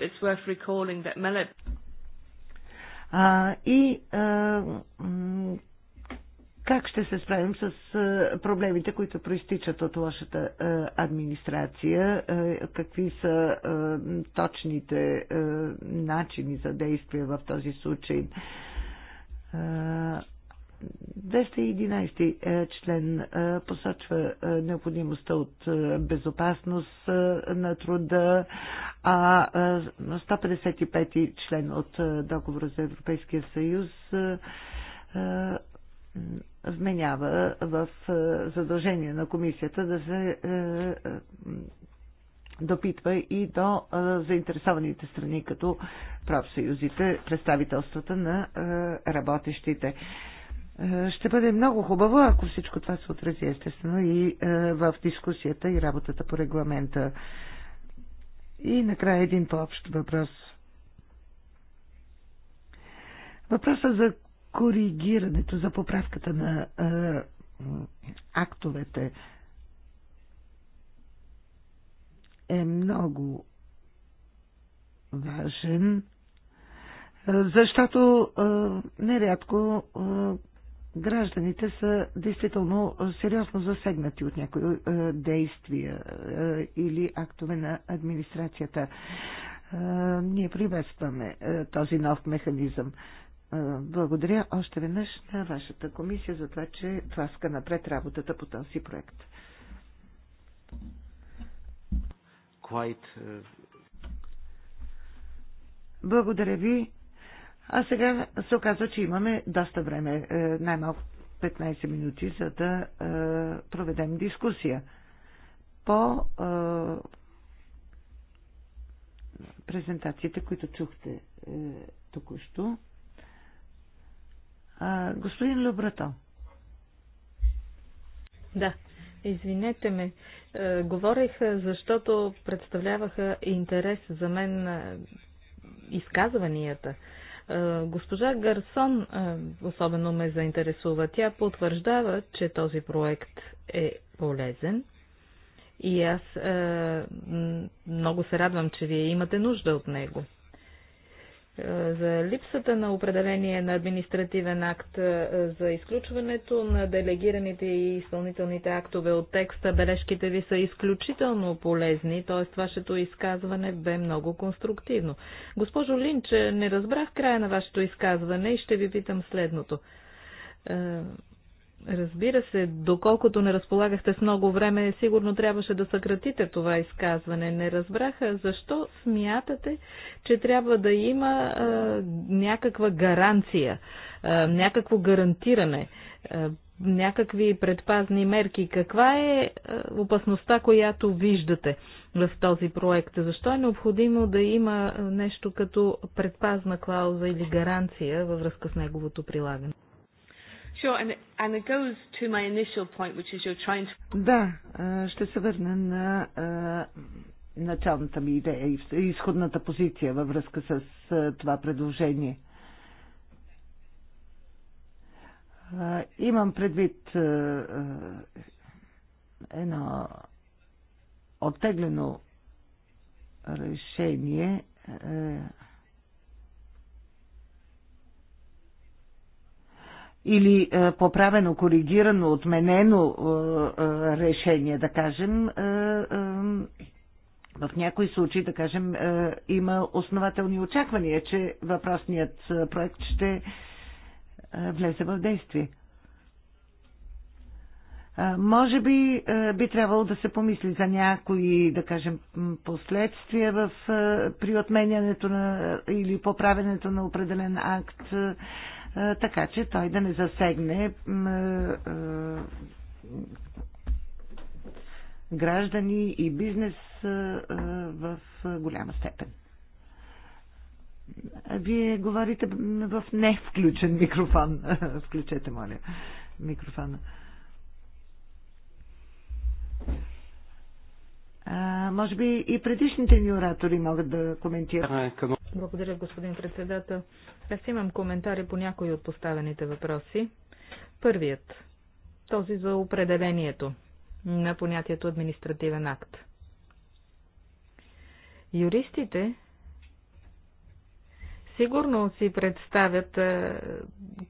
It's worth recalling that а, и а, как ще се справим с проблемите, които проистичат от лошата администрация, какви са точните начини за действие в този случай. 211 член посочва необходимостта от безопасност на труда, а 155 член от договора за Европейския съюз вменява в е, задължение на комисията да се е, е, допитва и до заинтересованите страни, като профсъюзите, представителствата на работещите. Ще бъде много хубаво, ако всичко това се отрази естествено и в дискусията и работата по регламента. И накрая един по-общ въпрос. Въпросът за коригирането, за поправката на а, актовете е много важен, защото а, нерядко а, гражданите са действително сериозно засегнати от някои а, действия а, или актове на администрацията. А, ние приветстваме а, този нов механизъм. А, благодаря още веднъж на вашата комисия за това, че тласка напред работата по този проект. Quite... Е, благодаря ви. А сега се оказва, че имаме доста време, е, най-малко 15 минути, за да е, проведем дискусия по презентациите, които чухте току-що. А, господин Любрато. Да, извинете ме. Е, Говорих, е, защото представляваха интерес за мен е, изказванията. Госпожа Гарсон особено ме заинтересува. Тя потвърждава, че този проект е полезен. И аз много се радвам, че вие имате нужда от него за липсата на определение на административен акт, за изключването на делегираните и изпълнителните актове от текста, бележките ви са изключително полезни, т.е. вашето изказване бе много конструктивно. Госпожо Линч, не разбрах края на вашето изказване и ще ви питам следното. Разбира се, доколкото не разполагахте с много време, сигурно трябваше да съкратите това изказване. Не разбраха защо смятате, че трябва да има а, някаква гаранция, а, някакво гарантиране, а, някакви предпазни мерки. Каква е опасността, която виждате в този проект? Защо е необходимо да има нещо като предпазна клауза или гаранция във връзка с неговото прилагане? Sure, and, and it goes to my initial point, which is you're trying to... Да, ще се върна на началната ми идея и изходната позиция във връзка с това предложение. Имам предвид едно оттеглено решение или е, поправено, коригирано, отменено е, е, решение, да кажем, в някои случаи, да кажем, има основателни очаквания, че въпросният проект ще влезе в действие. Може би би трябвало да се помисли за някои, да кажем, последствия в, при отменянето на, или поправенето на определен акт така че той да не засегне граждани и бизнес в голяма степен. Вие говорите в не включен микрофон. [laughs] Включете, моля, микрофона. А, може би и предишните ни оратори могат да коментират. Е, благодаря, господин председател. Аз имам коментари по някои от поставените въпроси. Първият. Този за определението на понятието административен акт. Юристите сигурно си представят е,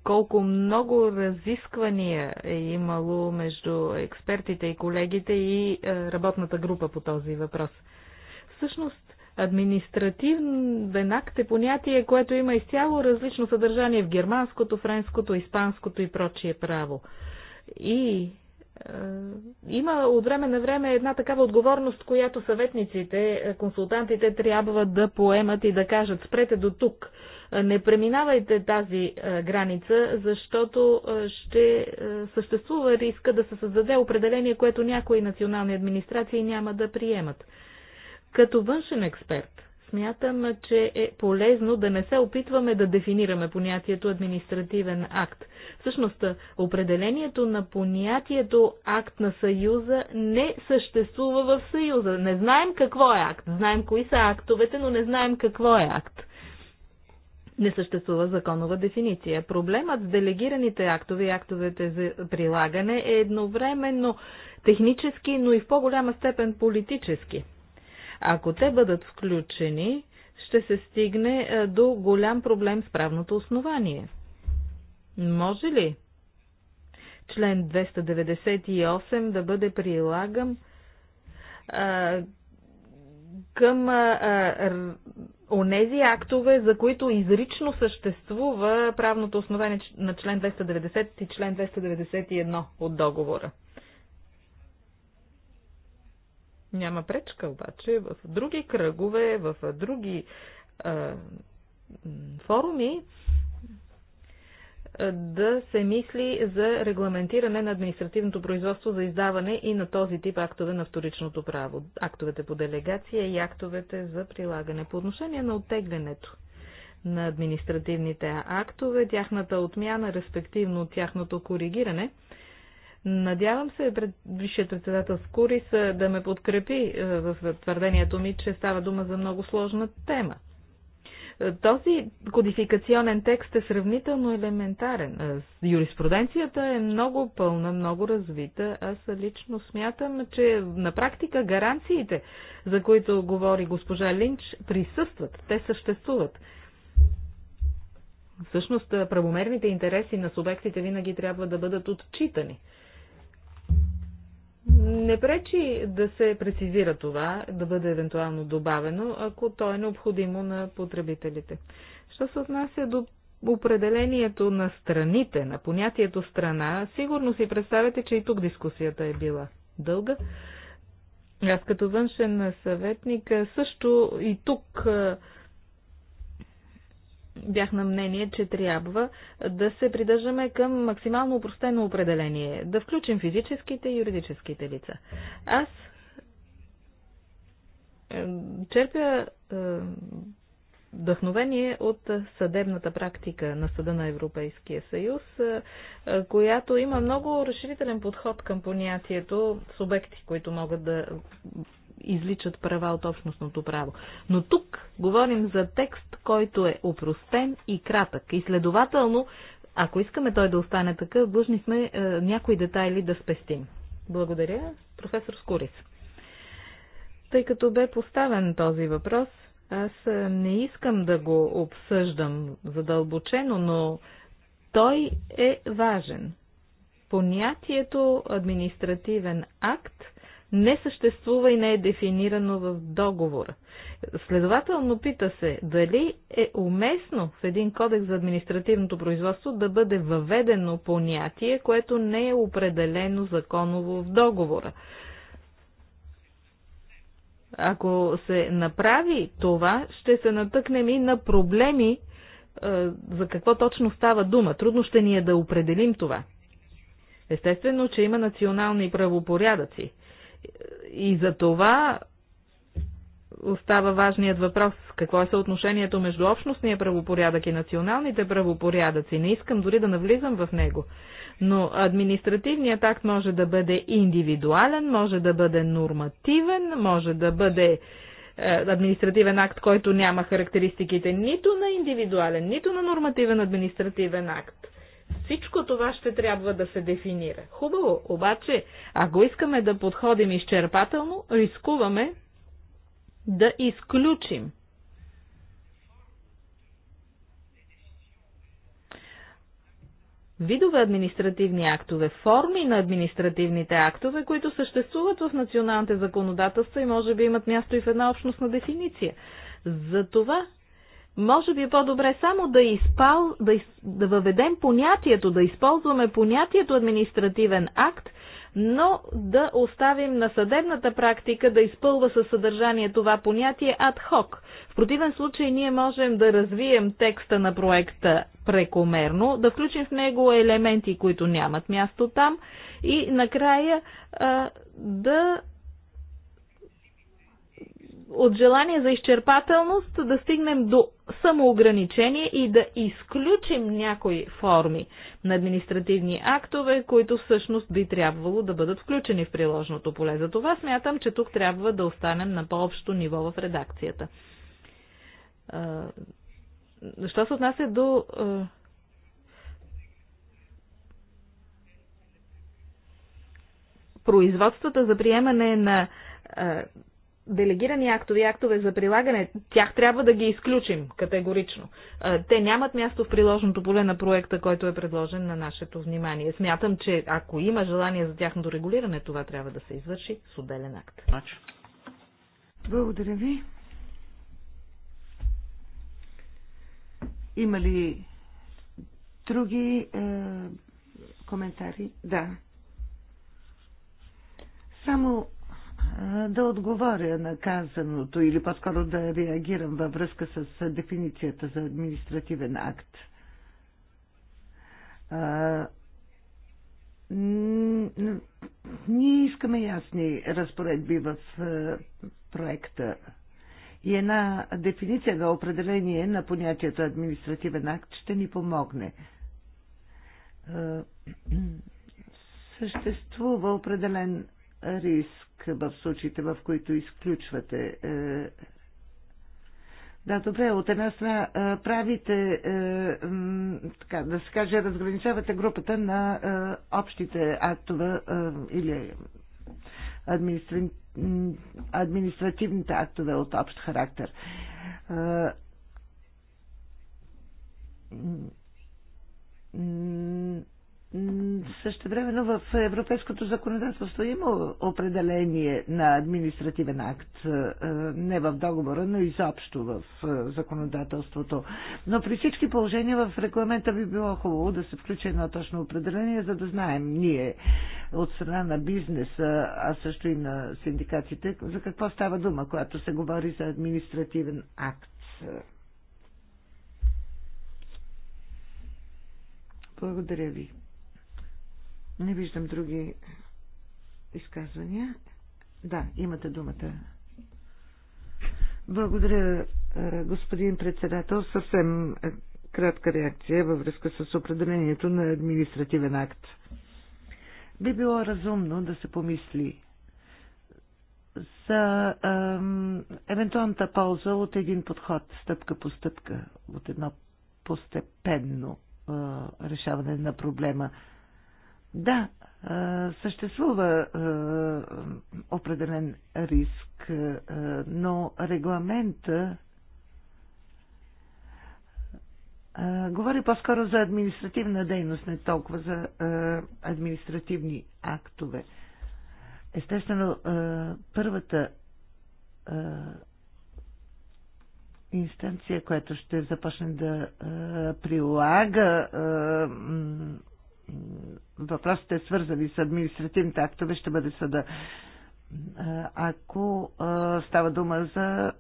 колко много разисквания е имало между експертите и колегите и е, работната група по този въпрос. Всъщност, Административен акт е понятие, което има изцяло различно съдържание в германското, френското, испанското и прочие право. И е, има от време на време една такава отговорност, която съветниците, е, консултантите трябва да поемат и да кажат спрете до тук. Не преминавайте тази е, граница, защото ще съществува риска да се създаде определение, което някои национални администрации няма да приемат. Като външен експерт смятам, че е полезно да не се опитваме да дефинираме понятието административен акт. Всъщност, определението на понятието акт на Съюза не съществува в Съюза. Не знаем какво е акт. Знаем кои са актовете, но не знаем какво е акт. Не съществува законова дефиниция. Проблемът с делегираните актове и актовете за прилагане е едновременно технически, но и в по-голяма степен политически. Ако те бъдат включени, ще се стигне е, до голям проблем с правното основание. Може ли член 298 да бъде прилаган а, е, към е, онези актове, за които изрично съществува правното основание на член 290 и член 291 от договора? Няма пречка обаче в други кръгове, в други а, форуми да се мисли за регламентиране на административното производство за издаване и на този тип актове на вторичното право, актовете по делегация и актовете за прилагане. По отношение на оттеглянето на административните актове, тяхната отмяна, респективно тяхното коригиране – Надявам се пред висшия председател Скурис е, да ме подкрепи е, в твърдението ми, че става дума за много сложна тема. Е, този кодификационен текст е сравнително елементарен. Юриспруденцията е много пълна, много развита. Аз лично смятам, че на практика гаранциите, за които говори госпожа Линч, присъстват. Те съществуват. Всъщност, правомерните интереси на субектите винаги трябва да бъдат отчитани. Не пречи да се прецизира това, да бъде евентуално добавено, ако то е необходимо на потребителите. Що се отнася до определението на страните, на понятието страна, сигурно си представяте, че и тук дискусията е била дълга. Аз като външен съветник също и тук бях на мнение, че трябва да се придържаме към максимално упростено определение, да включим физическите и юридическите лица. Аз е, черпя е, вдъхновение от съдебната практика на Съда на Европейския съюз, е, която има много разширителен подход към понятието субекти, които могат да изличат права от общностното право. Но тук говорим за текст, който е опростен и кратък. И следователно, ако искаме той да остане такъв, длъжни сме е, някои детайли да спестим. Благодаря, професор Скурис. Тъй като бе поставен този въпрос, аз е, не искам да го обсъждам задълбочено, но той е важен. Понятието административен акт не съществува и не е дефинирано в договора. Следователно пита се дали е уместно в един кодекс за административното производство да бъде въведено понятие, което не е определено законово в договора. Ако се направи това, ще се натъкнем и на проблеми, е, за какво точно става дума. Трудно ще ни е да определим това. Естествено, че има национални правопорядъци. И за това остава важният въпрос. Какво е съотношението между общностния правопорядък и националните правопорядъци? Не искам дори да навлизам в него. Но административният акт може да бъде индивидуален, може да бъде нормативен, може да бъде е, административен акт, който няма характеристиките нито на индивидуален, нито на нормативен административен акт. Всичко това ще трябва да се дефинира. Хубаво, обаче, ако искаме да подходим изчерпателно, рискуваме да изключим видове административни актове, форми на административните актове, които съществуват в националните законодателства и може би имат място и в една общностна дефиниция. За това може би е по-добре само да, изпал, да, из, да въведем понятието, да използваме понятието административен акт, но да оставим на съдебната практика да изпълва със съдържание това понятие адхок. В противен случай ние можем да развием текста на проекта прекомерно, да включим в него елементи, които нямат място там и накрая а, да от желание за изчерпателност да стигнем до самоограничение и да изключим някои форми на административни актове, които всъщност би трябвало да бъдат включени в приложното поле. За това смятам, че тук трябва да останем на по-общо ниво в редакцията. Що се отнася до производствата за приемане на делегирани актови, актове за прилагане, тях трябва да ги изключим категорично. Те нямат място в приложното поле на проекта, който е предложен на нашето внимание. Смятам, че ако има желание за тяхното регулиране, това трябва да се извърши с отделен акт. Благодаря ви. Има ли други е, коментари? Да. Само да отговоря на казаното или по-скоро да реагирам във връзка с дефиницията за административен акт. Ние искаме ясни разпоредби в проекта. И една дефиниция на определение на понятието административен акт ще ни помогне. [clears throat] Съществува определен риск в случаите, в които изключвате. Е, да, добре, от една страна е, правите, е, така, да се каже, разграничавате групата на общите актове или административните актове от общ характер също но в европейското законодателство има определение на административен акт, е, не в договора, но изобщо в е, законодателството. Но при всички положения в регламента би било хубаво да се включи едно точно определение, за да знаем ние от страна на бизнеса, а също и на синдикатите, за какво става дума, когато се говори за административен акт. Благодаря ви. Не виждам други изказвания. Да, имате думата. Благодаря, е, господин председател. Съвсем е, кратка реакция във връзка с определението на административен акт. Би било разумно да се помисли за ем, евентуалната полза от един подход, стъпка по стъпка, от едно постепенно е, решаване на проблема. Да, е, съществува е, определен риск, е, но регламента говори по-скоро за административна дейност, не толкова за административни актове. Естествено, първата инстанция, която ще започне да прилага въпросите свързани с административните актове ще бъде съда. Ако става дума за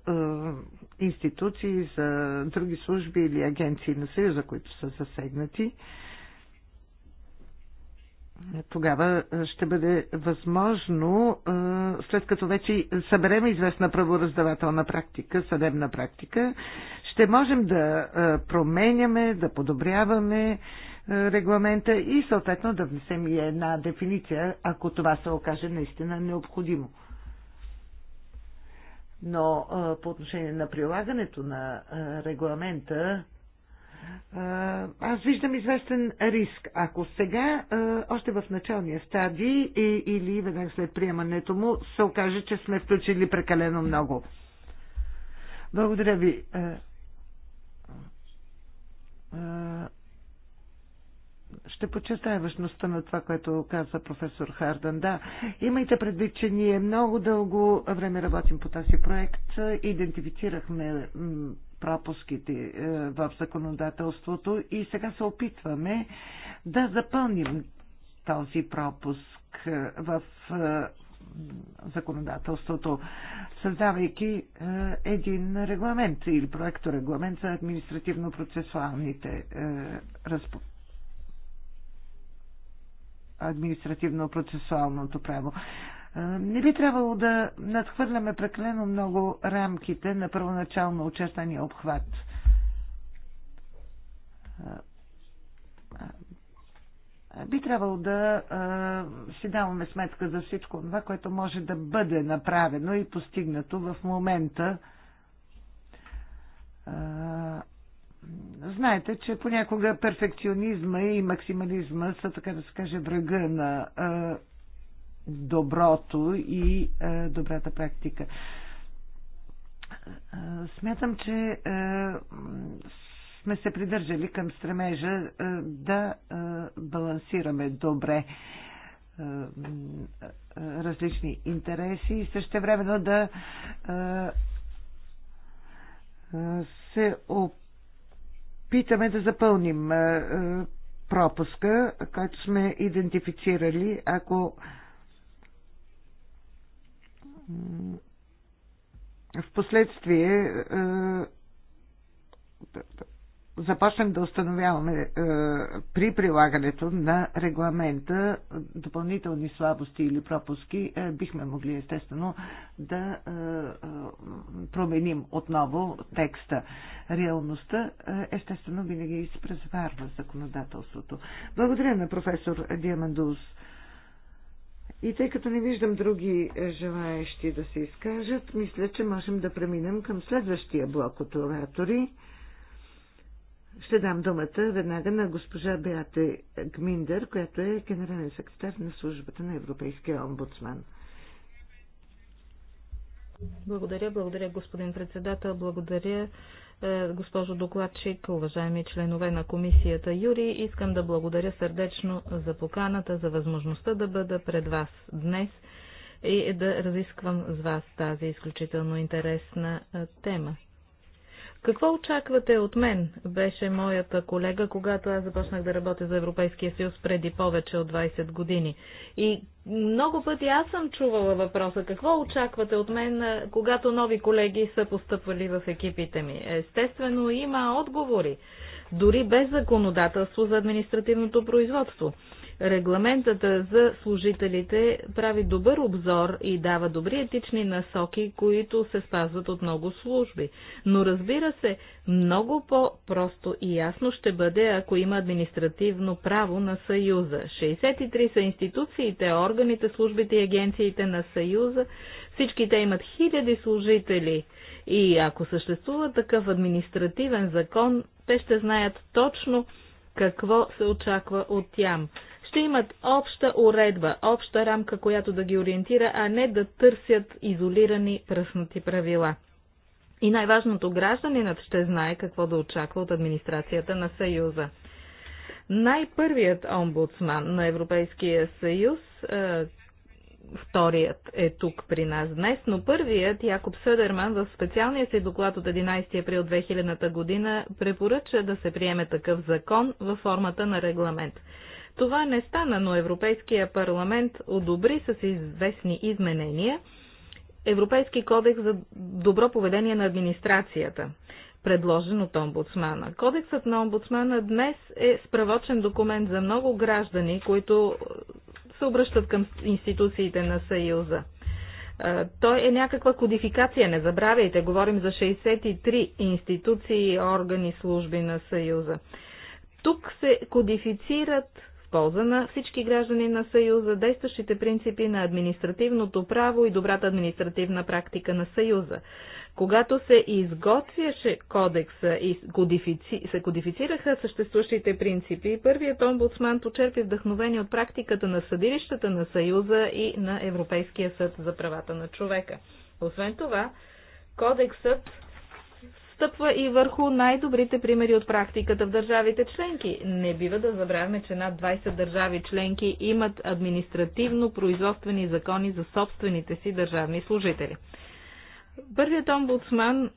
институции, за други служби или агенции на Съюза, които са засегнати, тогава ще бъде възможно, след като вече съберем известна правораздавателна практика, съдебна практика, ще можем да променяме, да подобряваме регламента и съответно да внесем и една дефиниция, ако това се окаже наистина необходимо. Но по отношение на прилагането на регламента, аз виждам известен риск. Ако сега, още в началния стадий или веднага след приемането му, се окаже, че сме включили прекалено много. Благодаря ви ще почертая важността на това, което каза професор Хардан. Да, имайте предвид, че ние много дълго време работим по тази проект. Идентифицирахме пропуските е, в законодателството и сега се опитваме да запълним този пропуск е, в е, законодателството, създавайки един регламент или проекторегламент за административно-процесуалните разпоредби административно-процесуалното право. Не би трябвало да надхвърляме прекалено много рамките на първоначално очертания обхват. Би трябвало да си даваме сметка за всичко това, което може да бъде направено и постигнато в момента Знаете, че понякога перфекционизма и максимализма са, така да се каже, врага на а, доброто и а, добрата практика. А, смятам, че а, сме се придържали към стремежа а, да а, балансираме добре а, различни интереси и също времено да а, се опитаме Питаме да запълним е, е, пропуска, който сме идентифицирали, ако в последствие е, започнем да установяваме е, при прилагането на регламента допълнителни слабости или пропуски, е, бихме могли естествено да е, е променим отново текста. Реалността е, естествено винаги изпрезварва законодателството. Благодаря на професор Диамандус. И тъй като не виждам други е, желаещи да се изкажат, мисля, че можем да преминем към следващия блок от оратори. Ще дам думата веднага на госпожа Беате Гминдер, която е генерален секретар на службата на Европейския омбудсман. Благодаря, благодаря господин председател, благодаря е, госпожо докладчик, уважаеми членове на комисията Юри, искам да благодаря сърдечно за поканата, за възможността да бъда пред вас днес и да разисквам с вас тази изключително интересна е, тема. Какво очаквате от мен, беше моята колега, когато аз започнах да работя за Европейския съюз преди повече от 20 години. И много пъти аз съм чувала въпроса, какво очаквате от мен, когато нови колеги са постъпвали в екипите ми. Естествено, има отговори, дори без законодателство за административното производство. Регламентът за служителите прави добър обзор и дава добри етични насоки, които се спазват от много служби. Но разбира се, много по-просто и ясно ще бъде, ако има административно право на Съюза. 63 са институциите, органите, службите и агенциите на Съюза. Всички те имат хиляди служители. И ако съществува такъв административен закон, те ще знаят точно какво се очаква от тям ще имат обща уредба, обща рамка, която да ги ориентира, а не да търсят изолирани пръснати правила. И най-важното, гражданинът ще знае какво да очаква от администрацията на Съюза. Най-първият омбудсман на Европейския съюз, вторият е тук при нас днес, но първият, Якоб Съдерман, в специалния си доклад от 11 април 2000 година препоръча да се приеме такъв закон във формата на регламент. Това не стана, но Европейския парламент одобри с известни изменения Европейски кодекс за добро поведение на администрацията, предложен от омбудсмана. Кодексът на омбудсмана днес е справочен документ за много граждани, които се обръщат към институциите на Съюза. Той е някаква кодификация, не забравяйте, говорим за 63 институции, органи, служби на Съюза. Тук се кодифицират полза на всички граждани на Съюза, действащите принципи на административното право и добрата административна практика на Съюза. Когато се изготвяше кодекса и кодифици... се кодифицираха съществуващите принципи, първият омбудсман почерпи вдъхновение от практиката на съдилищата на Съюза и на Европейския съд за правата на човека. Освен това, кодексът стъпва и върху най-добрите примери от практиката в държавите членки. Не бива да забравяме, че над 20 държави членки имат административно-производствени закони за собствените си държавни служители. Първият омбудсман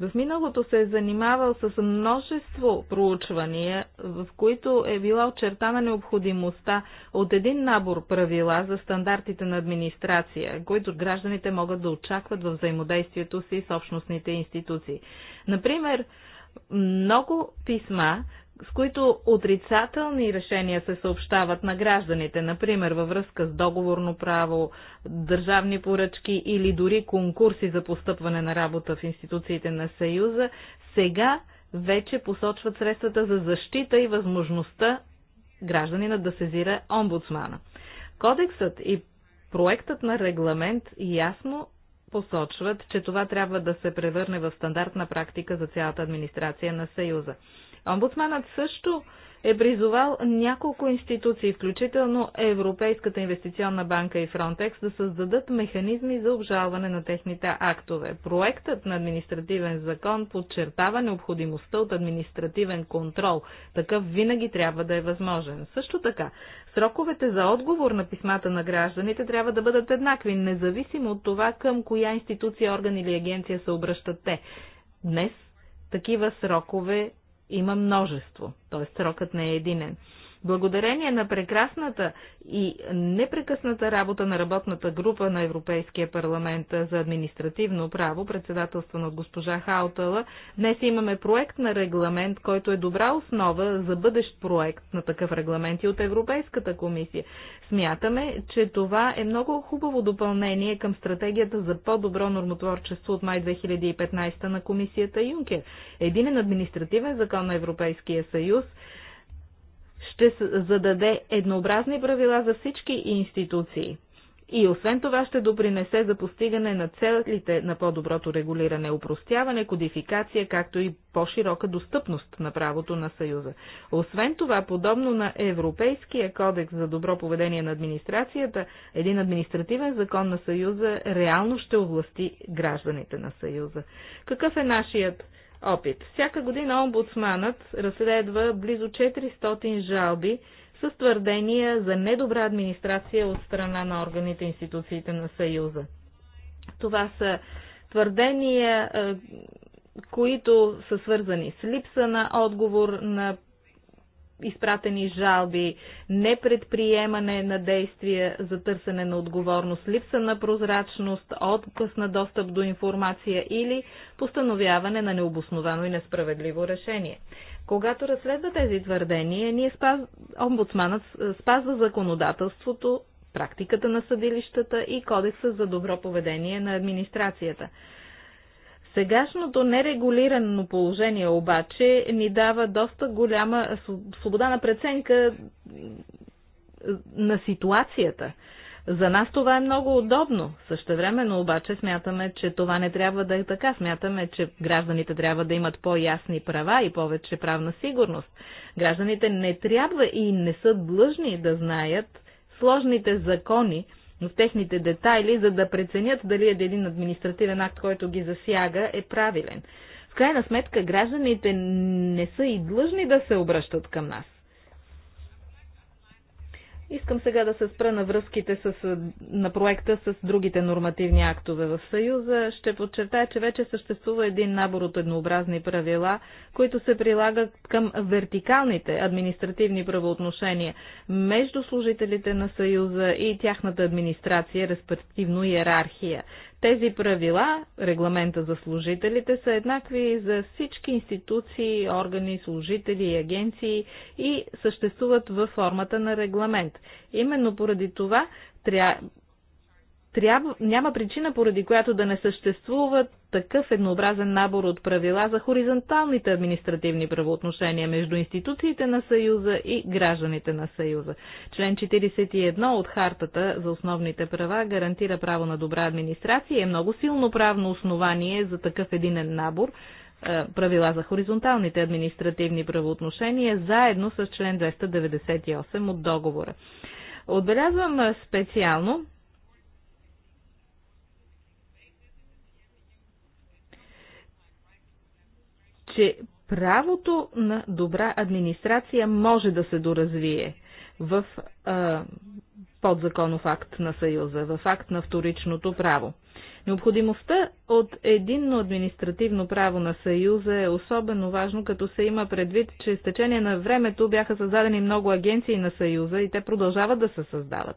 в миналото се е занимавал с множество проучвания, в които е била очертана необходимостта от един набор правила за стандартите на администрация, които гражданите могат да очакват в взаимодействието си с общностните институции. Например, много писма с които отрицателни решения се съобщават на гражданите, например във връзка с договорно право, държавни поръчки или дори конкурси за постъпване на работа в институциите на Съюза, сега вече посочват средствата за защита и възможността гражданина да сезира омбудсмана. Кодексът и проектът на регламент ясно посочват, че това трябва да се превърне в стандартна практика за цялата администрация на Съюза. Омбудсманът също е призовал няколко институции, включително Европейската инвестиционна банка и Фронтекс, да създадат механизми за обжалване на техните актове. Проектът на административен закон подчертава необходимостта от административен контрол. Такъв винаги трябва да е възможен. Също така, сроковете за отговор на писмата на гражданите трябва да бъдат еднакви, независимо от това към коя институция, орган или агенция се обръщат те. Днес такива срокове има множество, т.е. срокът не е единен. Благодарение на прекрасната и непрекъсната работа на работната група на Европейския парламент за административно право, председателствана от госпожа Хаутала, днес имаме проект на регламент, който е добра основа за бъдещ проект на такъв регламент и от Европейската комисия. Смятаме, че това е много хубаво допълнение към стратегията за по-добро нормотворчество от май 2015 на комисията Юнкер. Един административен закон на Европейския съюз ще зададе еднообразни правила за всички институции. И освен това ще допринесе за постигане на целите на по-доброто регулиране, упростяване, кодификация, както и по-широка достъпност на правото на Съюза. Освен това, подобно на Европейския кодекс за добро поведение на администрацията, един административен закон на Съюза реално ще овласти гражданите на Съюза. Какъв е нашият опит. Всяка година омбудсманът разследва близо 400 жалби с твърдения за недобра администрация от страна на органите и институциите на Съюза. Това са твърдения, е, които са свързани с липса на отговор на изпратени жалби, непредприемане на действия за търсене на отговорност, липса на прозрачност, отказ на достъп до информация или постановяване на необосновано и несправедливо решение. Когато разследва тези твърдения, ние спаз... омбудсманът спазва законодателството, практиката на съдилищата и кодекса за добро поведение на администрацията. Сегашното нерегулирано положение обаче ни дава доста голяма свобода на преценка на ситуацията. За нас това е много удобно. Същевременно обаче смятаме, че това не трябва да е така. Смятаме, че гражданите трябва да имат по-ясни права и повече правна сигурност. Гражданите не трябва и не са длъжни да знаят сложните закони, но в техните детайли, за да преценят дали е един административен акт, който ги засяга, е правилен. В крайна сметка гражданите не са и длъжни да се обръщат към нас. Искам сега да се спра на връзките с, на проекта с другите нормативни актове в Съюза. Ще подчертая, че вече съществува един набор от еднообразни правила, които се прилагат към вертикалните административни правоотношения между служителите на Съюза и тяхната администрация, респективно иерархия. Тези правила, регламента за служителите, са еднакви за всички институции, органи, служители и агенции и съществуват във формата на регламент. Именно поради това трябва, няма причина, поради която да не съществува такъв еднообразен набор от правила за хоризонталните административни правоотношения между институциите на Съюза и гражданите на Съюза. Член 41 от Хартата за основните права гарантира право на добра администрация и е много силно правно основание за такъв единен набор е, правила за хоризонталните административни правоотношения, заедно с член 298 от договора. Отбелязвам е, специално, че правото на добра администрация може да се доразвие в а, подзаконов акт на Съюза, в акт на вторичното право. Необходимостта от единно административно право на Съюза е особено важно, като се има предвид, че с течение на времето бяха създадени много агенции на Съюза и те продължават да се създават.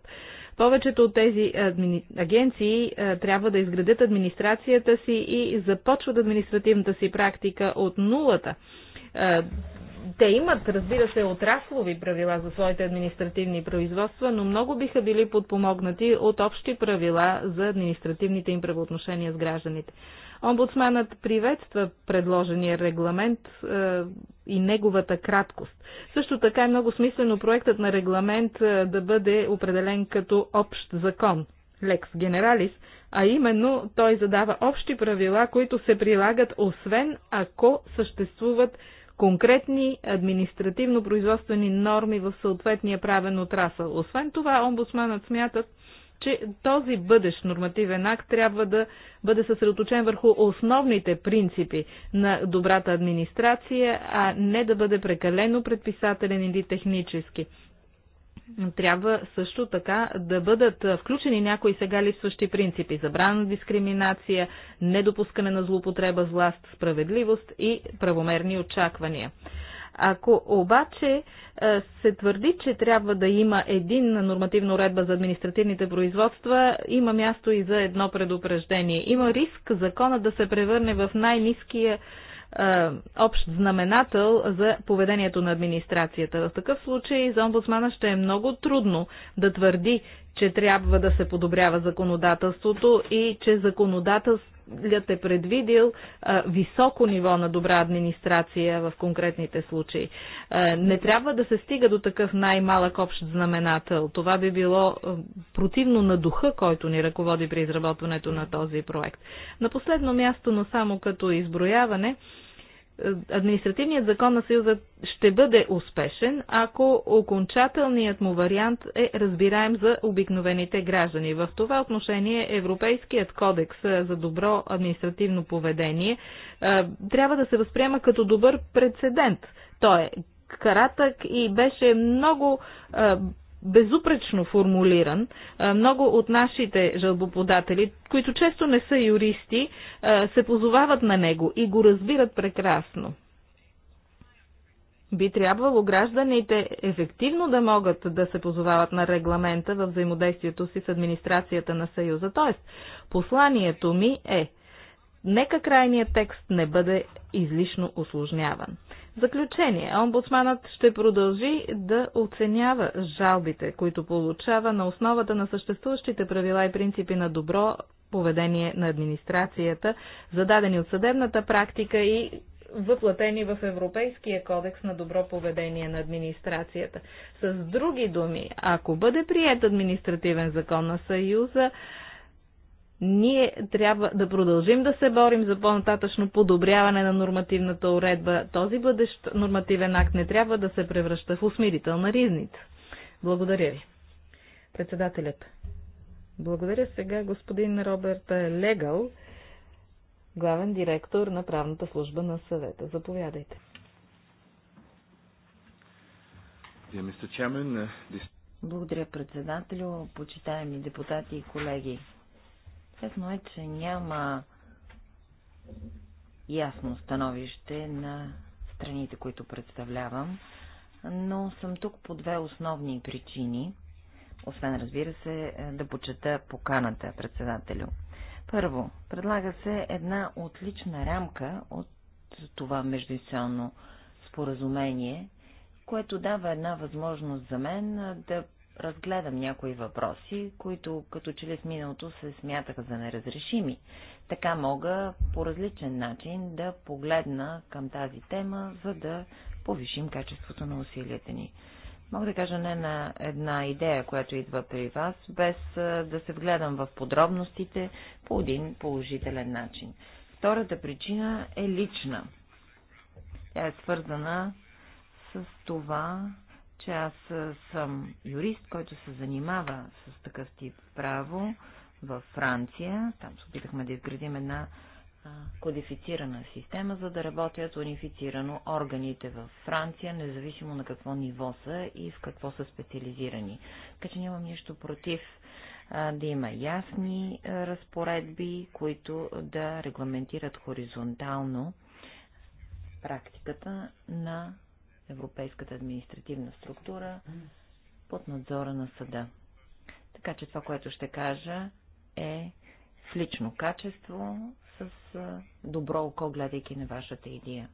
Повечето от тези админи... агенции е, трябва да изградят администрацията си и започват административната си практика от нулата. Е, те имат, разбира се, отраслови правила за своите административни производства, но много биха били подпомогнати от общи правила за административните им правоотношения с гражданите. Омбудсманът приветства предложения регламент е, и неговата краткост. Също така е много смислено проектът на регламент е, да бъде определен като общ закон, лекс генералис, а именно той задава общи правила, които се прилагат освен ако съществуват конкретни административно-производствени норми в съответния правен отрасъл. Освен това, омбудсманът смятат, че този бъдещ нормативен акт трябва да бъде съсредоточен върху основните принципи на добрата администрация, а не да бъде прекалено предписателен или технически. Трябва също така да бъдат включени някои сега липсващи принципи – забрана дискриминация, недопускане на злоупотреба с власт, справедливост и правомерни очаквания. Ако обаче е, се твърди, че трябва да има един нормативна уредба за административните производства, има място и за едно предупреждение. Има риск закона да се превърне в най-низкия е, общ знаменател за поведението на администрацията. В такъв случай за омбудсмана ще е много трудно да твърди, че трябва да се подобрява законодателството и че законодателството Председателят е предвидил високо ниво на добра администрация в конкретните случаи. Не трябва да се стига до такъв най-малък общ знаменател. Това би било противно на духа, който ни ръководи при изработването на този проект. На последно място, но само като изброяване, административният закон на Съюза ще бъде успешен, ако окончателният му вариант е разбираем за обикновените граждани. В това отношение Европейският кодекс за добро административно поведение трябва да се възприема като добър прецедент. Той е кратък и беше много безупречно формулиран. Е, много от нашите жалбоподатели, които често не са юристи, е, се позовават на него и го разбират прекрасно. Би трябвало гражданите ефективно да могат да се позовават на регламента в взаимодействието си с администрацията на Съюза. Тоест, посланието ми е Нека крайният текст не бъде излишно осложняван. Заключение. Омбудсманът ще продължи да оценява жалбите, които получава на основата на съществуващите правила и принципи на добро поведение на администрацията, зададени от съдебната практика и въплатени в Европейския кодекс на добро поведение на администрацията. С други думи, ако бъде прият административен закон на Съюза, ние трябва да продължим да се борим за по-нататъчно подобряване на нормативната уредба. Този бъдещ нормативен акт не трябва да се превръща в усмирител на ризница. Благодаря ви. Председателят. Благодаря сега господин Роберт Легал, главен директор на правната служба на съвета. Заповядайте. Uh, Благодаря председателю, почитаеми депутати и колеги. Ясно е, че няма ясно становище на страните, които представлявам, но съм тук по две основни причини, освен разбира се е, да почета поканата председателю. Първо, предлага се една отлична рамка от това междуинституционно споразумение, което дава една възможност за мен е, да разгледам някои въпроси, които като че ли в миналото се смятаха за неразрешими. Така мога по различен начин да погледна към тази тема, за да повишим качеството на усилията ни. Мога да кажа не на една идея, която идва при вас, без да се вгледам в подробностите по един положителен начин. Втората причина е лична. Тя е свързана с това, че аз съм юрист, който се занимава с такъв тип право във Франция. Там се опитахме да изградим една кодифицирана система, за да работят унифицирано органите в Франция, независимо на какво ниво са и в какво са специализирани. Така че нямам нищо против да има ясни разпоредби, които да регламентират хоризонтално практиката на европейската административна структура под надзора на съда. Така че това, което ще кажа е в лично качество с добро око, гледайки на вашата идея.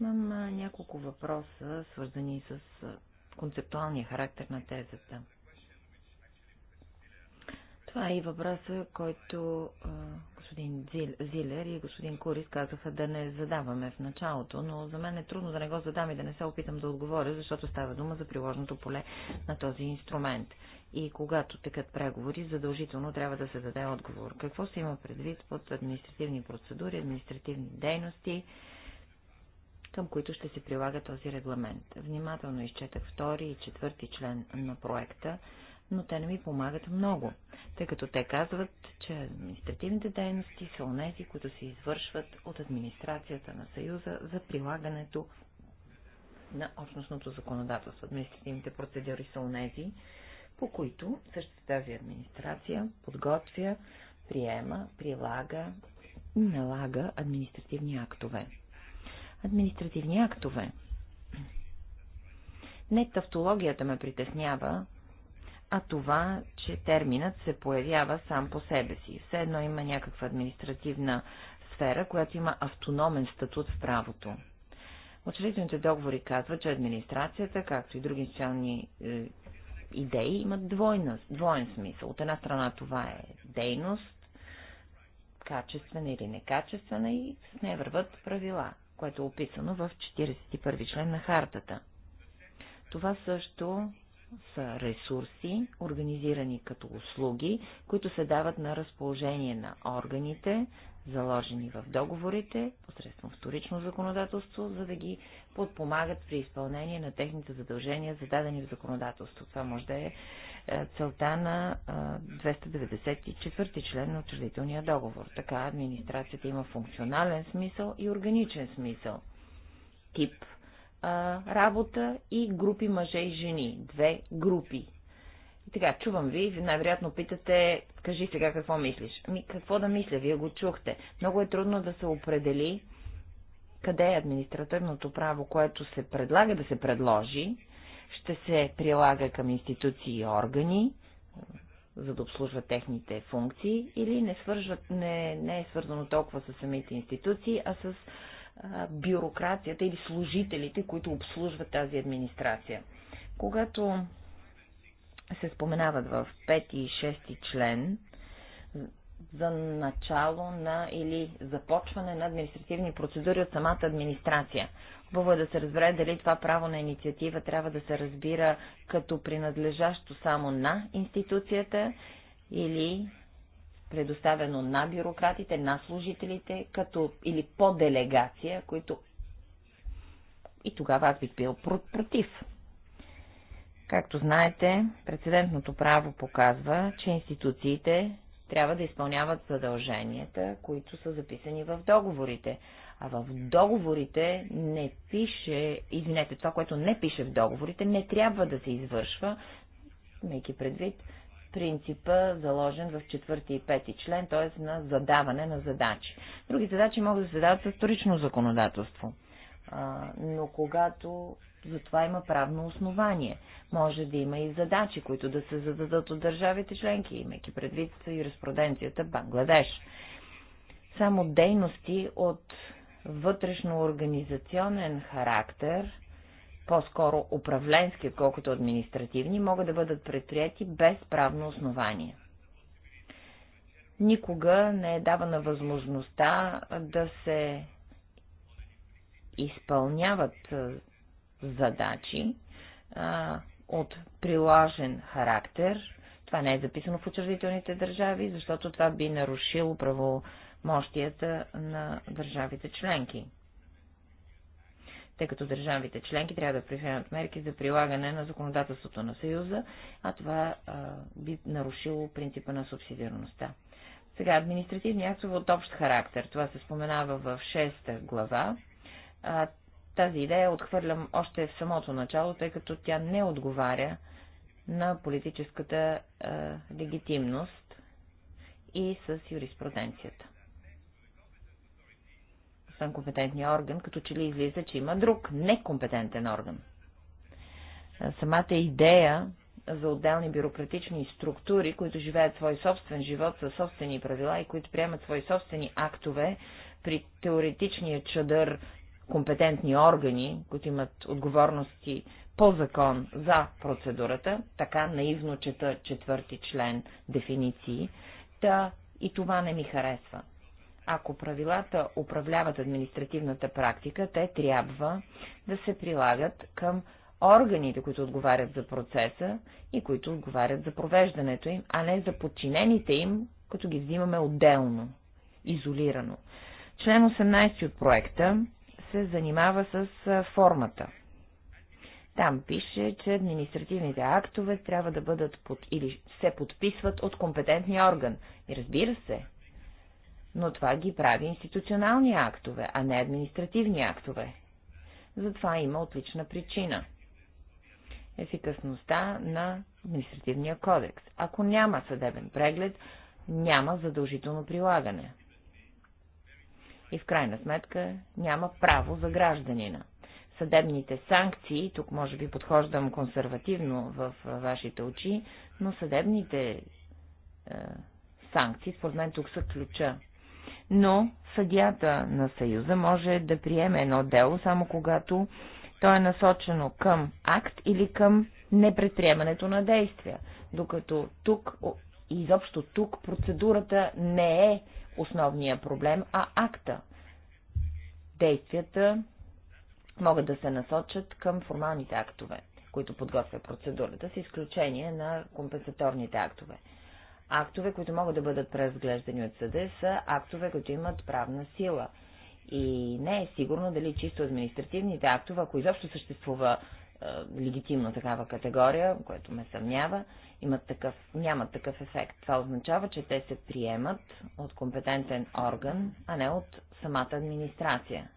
Имам няколко въпроса, свързани с концептуалния характер на тезата. Това е и въпроса, който а, господин Зилер и господин Курис казаха да не задаваме в началото, но за мен е трудно да не го задам и да не се опитам да отговоря, защото става дума за приложното поле на този инструмент. И когато текат преговори, задължително трябва да се даде отговор. Какво се има предвид под административни процедури, административни дейности, към които ще се прилага този регламент? Внимателно изчетах втори и четвърти член на проекта но те не ми помагат много, тъй като те казват, че административните дейности са онези, които се извършват от администрацията на Съюза за прилагането на общностното законодателство. Административните процедури са онези, по които същата тази администрация подготвя, приема, прилага и налага административни актове. Административни актове. Не тавтологията ме притеснява, а това, че терминът се появява сам по себе си. Все едно има някаква административна сфера, която има автономен статут в правото. Учредителните договори казват, че администрацията, както и други институционни е, идеи, имат двойна, двоен смисъл. От една страна това е дейност, качествена или некачествена, и с нея върват правила, което е описано в 41 член на хартата. Това също са ресурси, организирани като услуги, които се дават на разположение на органите, заложени в договорите, посредством вторично законодателство, за да ги подпомагат при изпълнение на техните задължения, зададени в законодателство. Това може да е, е целта на 294 е, член на учредителния договор. Така администрацията има функционален смисъл и органичен смисъл. Тип – а, работа и групи мъже и жени. Две групи. И така, чувам ви и най-вероятно питате, кажи сега какво мислиш. Ами какво да мисля, вие го чухте. Много е трудно да се определи къде е административното право, което се предлага да се предложи, ще се прилага към институции и органи, за да обслужват техните функции, или не, свържат, не, не е свързано толкова с самите институции, а с бюрокрацията или служителите, които обслужват тази администрация. Когато се споменават в 5 и 6 член за начало на или започване на административни процедури от самата администрация. Хубаво е да се разбере дали това право на инициатива трябва да се разбира като принадлежащо само на институцията или предоставено на бюрократите, на служителите, като или по делегация, които и тогава аз бих бил против. Както знаете, прецедентното право показва, че институциите трябва да изпълняват задълженията, които са записани в договорите. А в договорите не пише, извинете, това, което не пише в договорите, не трябва да се извършва, имайки предвид принципа, заложен в четвърти и пети член, т.е. на задаване на задачи. Други задачи могат да се дават с вторично законодателство. Но когато за това има правно основание, може да има и задачи, които да се зададат от държавите членки, имайки предвид юриспруденцията Бангладеш. Само дейности от вътрешно-организационен характер по-скоро управленски, отколкото административни, могат да бъдат предприяти без правно основание. Никога не е давана възможността да се изпълняват задачи а, от прилажен характер. Това не е записано в учредителните държави, защото това би нарушило правомощията на държавите членки тъй като държавите членки трябва да приемат мерки за прилагане на законодателството на Съюза, а това а, би нарушило принципа на субсидиарността. Сега, административни актове от общ характер. Това се споменава в 6 глава. А, тази идея отхвърлям още в самото начало, тъй като тя не отговаря на политическата а, легитимност и с юриспруденцията съм компетентния орган, като че ли излиза, че има друг некомпетентен орган. Самата идея за отделни бюрократични структури, които живеят свой собствен живот със собствени правила и които приемат свои собствени актове при теоретичния чадър компетентни органи, които имат отговорности по закон за процедурата, така наивно чета четвърти член дефиниции, та да и това не ми харесва. Ако правилата управляват административната практика, те трябва да се прилагат към органите, които отговарят за процеса и които отговарят за провеждането им, а не за подчинените им, като ги взимаме отделно, изолирано. Член 18 от проекта се занимава с формата. Там пише, че административните актове трябва да бъдат под, или се подписват от компетентния орган. И разбира се, но това ги прави институционални актове, а не административни актове. Затова има отлична причина. Ефикасността на административния кодекс. Ако няма съдебен преглед, няма задължително прилагане. И в крайна сметка няма право за гражданина. Съдебните санкции, тук може би подхождам консервативно в вашите очи, но съдебните е, санкции, според мен тук са ключа но съдята на Съюза може да приеме едно дело само когато то е насочено към акт или към непредприемането на действия, докато тук, изобщо тук, процедурата не е основния проблем, а акта. Действията могат да се насочат към формалните актове, които подготвят процедурата, с изключение на компенсаторните актове. Актове, които могат да бъдат преразглеждани от съда, са актове, които имат правна сила. И не е сигурно дали чисто административните актове, ако изобщо съществува е, легитимно такава категория, което ме съмнява, имат такъв, нямат такъв ефект. Това означава, че те се приемат от компетентен орган, а не от самата администрация.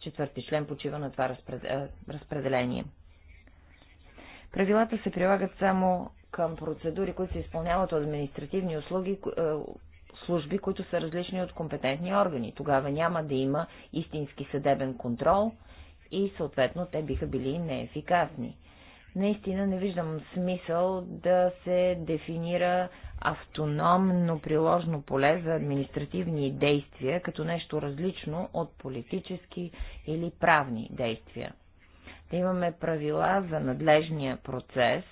Четвърти член почива на това разпределение. Правилата се прилагат само към процедури, които се изпълняват от административни услуги, е, служби, които са различни от компетентни органи. Тогава няма да има истински съдебен контрол и съответно те биха били неефикасни. Наистина не виждам смисъл да се дефинира автономно приложно поле за административни действия като нещо различно от политически или правни действия да имаме правила за надлежния процес,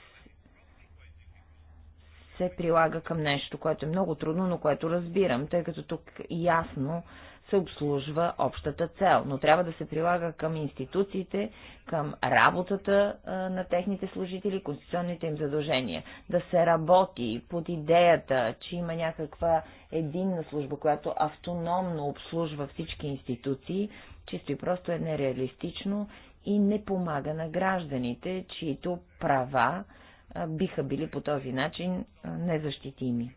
се прилага към нещо, което е много трудно, но което разбирам, тъй като тук ясно се обслужва общата цел, но трябва да се прилага към институциите, към работата на техните служители, конституционните им задължения. Да се работи под идеята, че има някаква единна служба, която автономно обслужва всички институции, чисто и просто е нереалистично и не помага на гражданите, чието права биха били по този начин незащитими.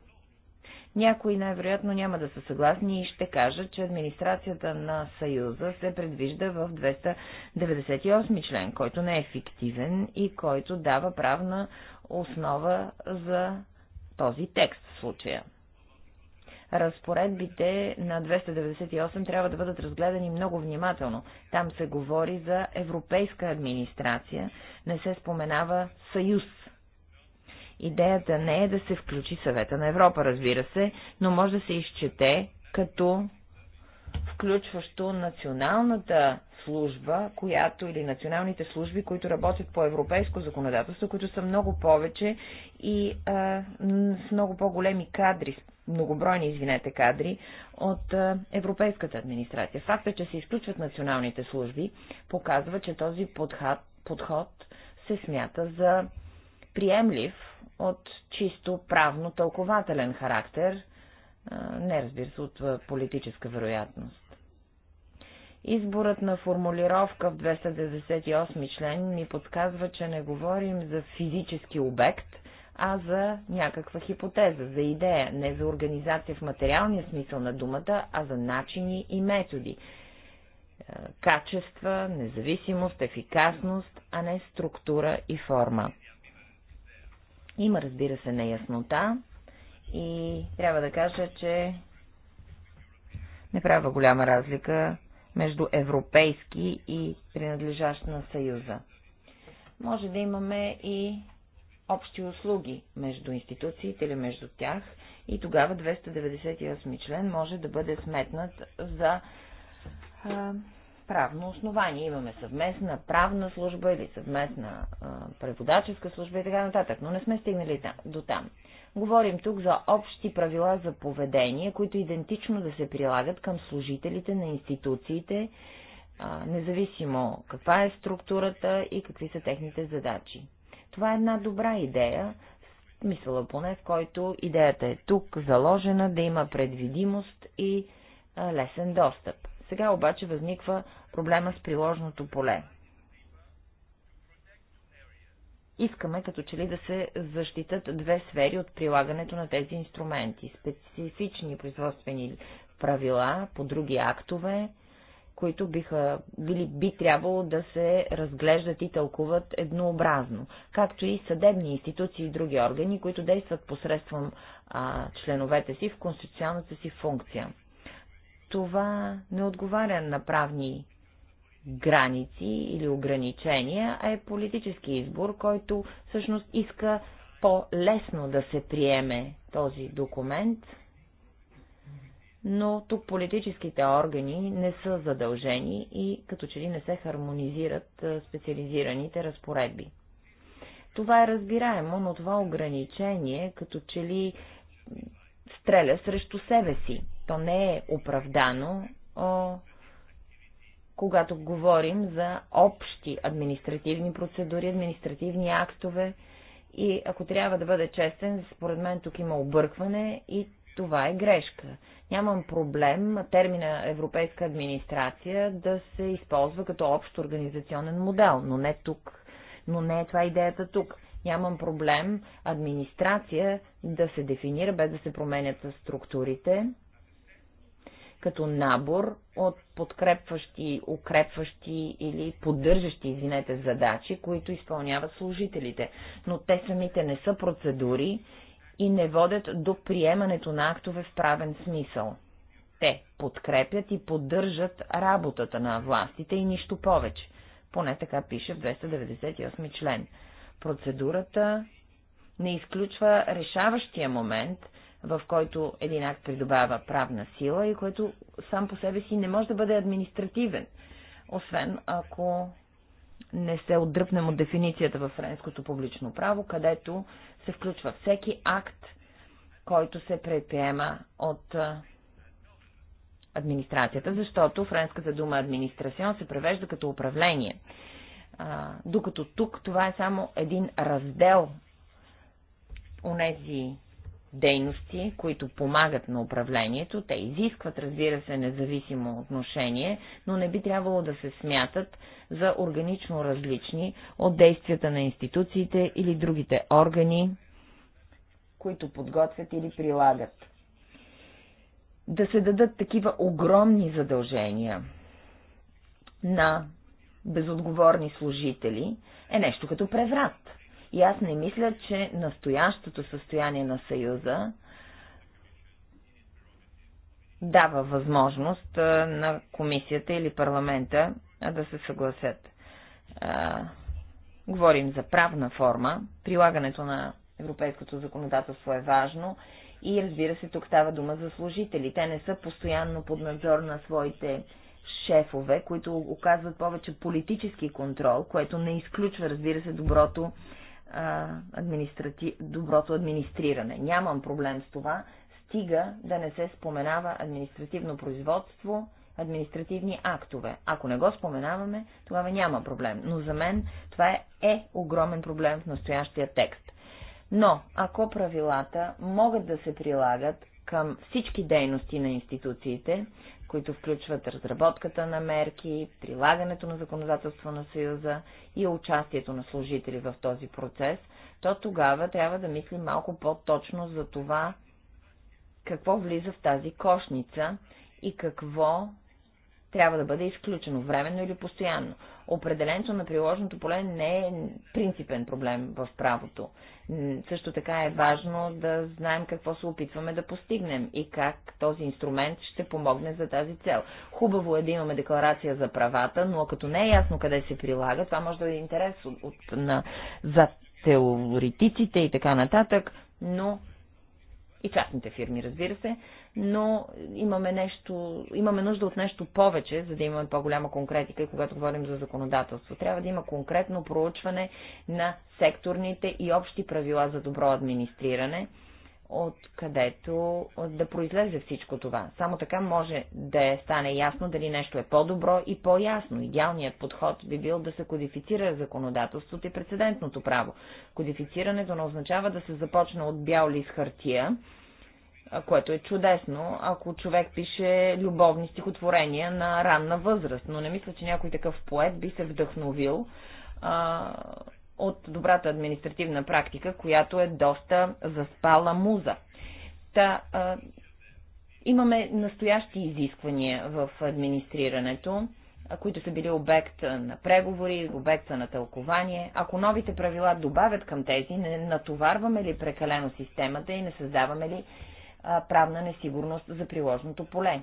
Някои най-вероятно няма да са съгласни и ще кажат, че администрацията на Съюза се предвижда в 298 член, който не е фиктивен и който дава правна основа за този текст в случая разпоредбите на 298 трябва да бъдат разгледани много внимателно. Там се говори за европейска администрация, не се споменава съюз. Идеята не е да се включи съвета на Европа, разбира се, но може да се изчете като включващо националната служба, която или националните служби, които работят по европейско законодателство, които са много повече и а, с много по-големи кадри, многобройни, извинете, кадри от а, европейската администрация. Факта, че се изключват националните служби, показва, че този подход, подход се смята за приемлив от чисто правно-тълкователен характер, не разбира се, от политическа вероятност. Изборът на формулировка в 298 член ни подсказва, че не говорим за физически обект, а за някаква хипотеза, за идея, не за организация в материалния смисъл на думата, а за начини и методи. Е, качества, независимост, ефикасност, а не структура и форма. Има, разбира се, неяснота и трябва да кажа, че не правя голяма разлика между европейски и принадлежащ на Съюза. Може да имаме и общи услуги между институциите или между тях и тогава 298 член може да бъде сметнат за а, правно основание. Имаме съвместна правна служба или съвместна а, преводаческа служба и така нататък, но не сме стигнали до там. Говорим тук за общи правила за поведение, които идентично да се прилагат към служителите на институциите, независимо каква е структурата и какви са техните задачи. Това е една добра идея, мисъла поне, в който идеята е тук заложена да има предвидимост и лесен достъп. Сега обаче възниква проблема с приложното поле искаме като че ли да се защитат две сфери от прилагането на тези инструменти. Специфични производствени правила по други актове, които биха, били, би трябвало да се разглеждат и тълкуват еднообразно, както и съдебни институции и други органи, които действат посредством а, членовете си в конституционната си функция. Това не отговаря на правни граници или ограничения, а е политически избор, който всъщност иска по-лесно да се приеме този документ, но тук политическите органи не са задължени и като че ли не се хармонизират специализираните разпоредби. Това е разбираемо, но това ограничение като че ли стреля срещу себе си. То не е оправдано, когато говорим за общи административни процедури, административни актове. И ако трябва да бъда честен, според мен тук има объркване и това е грешка. Нямам проблем термина европейска администрация да се използва като общ организационен модел, но не тук. Но не е това идеята тук. Нямам проблем администрация да се дефинира без да се променят структурите, като набор от подкрепващи, укрепващи или поддържащи, извинете, задачи, които изпълняват служителите. Но те самите не са процедури и не водят до приемането на актове в правен смисъл. Те подкрепят и поддържат работата на властите и нищо повече. Поне така пише в 298 член. Процедурата не изключва решаващия момент – в който един акт придобава правна сила и който сам по себе си не може да бъде административен, освен ако не се отдръпнем от дефиницията във френското публично право, където се включва всеки акт, който се предприема от администрацията, защото френската дума администрацион се превежда като управление. докато тук това е само един раздел нези дейности, които помагат на управлението. Те изискват, разбира се, независимо отношение, но не би трябвало да се смятат за органично различни от действията на институциите или другите органи, които подготвят или прилагат. Да се дадат такива огромни задължения на безотговорни служители е нещо като преврат. И аз не мисля, че настоящото състояние на Съюза дава възможност на комисията или парламента да се съгласят. говорим за правна форма. Прилагането на европейското законодателство е важно и разбира се, тук става дума за служители. Те не са постоянно под надзор на своите шефове, които оказват повече политически контрол, което не изключва, разбира се, доброто администрати... доброто администриране. Нямам проблем с това, стига да не се споменава административно производство, административни актове. Ако не го споменаваме, тогава няма проблем. Но за мен това е, е огромен проблем в настоящия текст. Но ако правилата могат да се прилагат към всички дейности на институциите, които включват разработката на мерки, прилагането на законодателство на Съюза и участието на служители в този процес, то тогава трябва да мисли малко по-точно за това, какво влиза в тази кошница и какво трябва да бъде изключено, временно или постоянно. Определенето на приложното поле не е принципен проблем в правото. Също така е важно да знаем какво се опитваме да постигнем и как този инструмент ще помогне за тази цел. Хубаво е да имаме декларация за правата, но като не е ясно къде се прилага, това може да е интерес от, от, на, за теоретиците и така нататък, но и частните фирми, разбира се, но имаме, нещо, имаме нужда от нещо повече, за да имаме по-голяма конкретика, и когато говорим за законодателство. Трябва да има конкретно проучване на секторните и общи правила за добро администриране, откъдето да произлезе всичко това. Само така може да стане ясно дали нещо е по-добро и по-ясно. Идеалният подход би бил да се кодифицира законодателството и прецедентното право. Кодифицирането не означава да се започне от бял лист хартия, което е чудесно, ако човек пише любовни стихотворения на ранна възраст, но не мисля, че някой такъв поет би се вдъхновил от добрата административна практика, която е доста заспала муза. Та, а, имаме настоящи изисквания в администрирането, които са били обект на преговори, обект на тълкование. Ако новите правила добавят към тези, не натоварваме ли прекалено системата и не създаваме ли правна несигурност за приложното поле?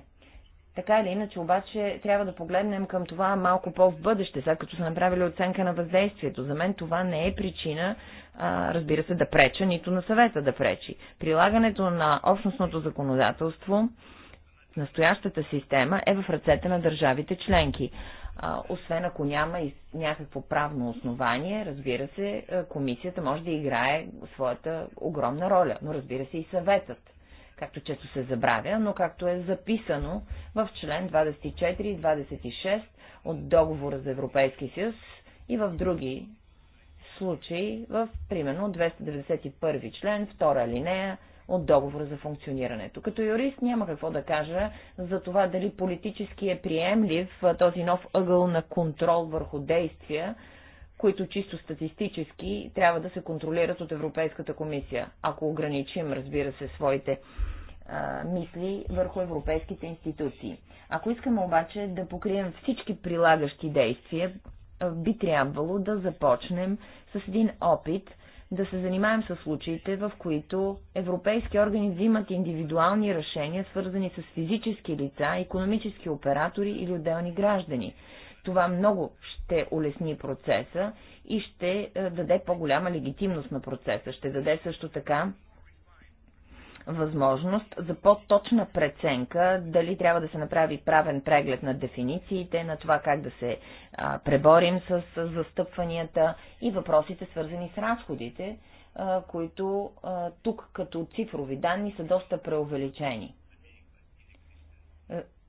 Така или иначе, обаче, трябва да погледнем към това малко по-в бъдеще, след като са направили оценка на въздействието. За мен това не е причина, а, разбира се, да преча, нито на съвета да пречи. Прилагането на общностното законодателство, настоящата система, е в ръцете на държавите членки. А, освен ако няма и някакво правно основание, разбира се, комисията може да играе своята огромна роля, но разбира се и съветът както често се забравя, но както е записано в член 24 и 26 от договора за Европейски съюз и в други случаи, в примерно 291 член, втора линея от договора за функционирането. Като юрист няма какво да кажа за това дали политически е приемлив този нов ъгъл на контрол върху действия, които чисто статистически трябва да се контролират от Европейската комисия, ако ограничим, разбира се, своите а, мисли върху европейските институции. Ако искаме обаче да покрием всички прилагащи действия, би трябвало да започнем с един опит да се занимаем с случаите, в които европейски органи взимат индивидуални решения, свързани с физически лица, економически оператори или отделни граждани. Това много ще улесни процеса и ще е, даде по-голяма легитимност на процеса. Ще даде също така възможност за по-точна преценка, дали трябва да се направи правен преглед на дефинициите, на това как да се а, преборим с, с застъпванията и въпросите свързани с разходите, а, които а, тук като цифрови данни са доста преувеличени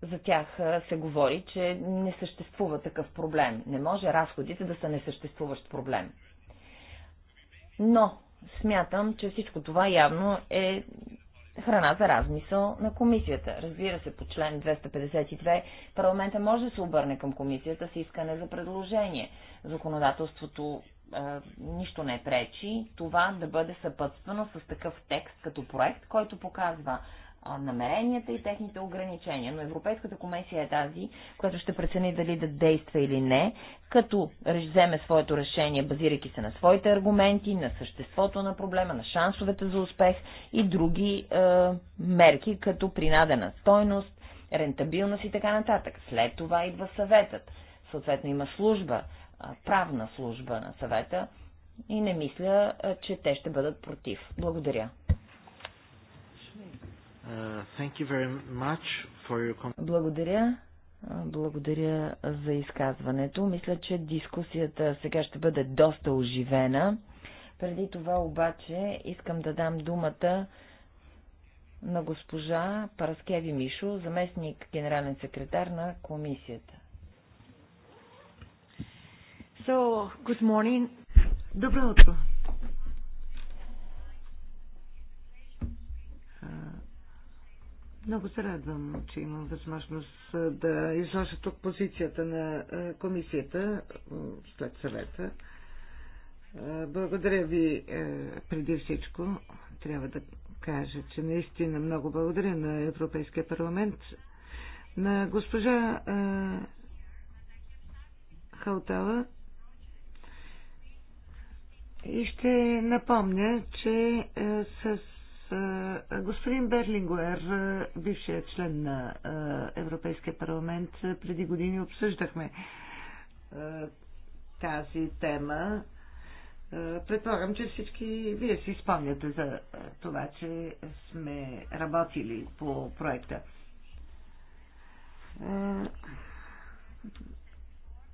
за тях се говори, че не съществува такъв проблем. Не може разходите да са несъществуващ проблем. Но смятам, че всичко това явно е храна за размисъл на комисията. Разбира се, по член 252 парламента може да се обърне към комисията с искане за предложение. Законодателството е, нищо не пречи това да бъде съпътствано с такъв текст като проект, който показва намеренията и техните ограничения. Но Европейската комисия е тази, която ще прецени дали да действа или не, като вземе своето решение, базирайки се на своите аргументи, на съществото на проблема, на шансовете за успех и други е, мерки, като принадена стойност, рентабилност и така нататък. След това идва съветът. Съответно има служба, правна служба на съвета и не мисля, че те ще бъдат против. Благодаря. Uh, your... Благодаря. Благодаря за изказването. Мисля, че дискусията сега ще бъде доста оживена. Преди това обаче искам да дам думата на госпожа Параскеви Мишо, заместник генерален секретар на комисията. So, good morning. Добро утро. Много се радвам, че имам възможност да изложа тук позицията на комисията след съвета. Благодаря ви преди всичко. Трябва да кажа, че наистина много благодаря на Европейския парламент, на госпожа Халтала. И ще напомня, че с е, господин Берлингуер, е, бившият член на е, Европейския парламент, преди години обсъждахме тази тема. Предполагам, че всички вие си спомняте за това, че сме работили по проекта.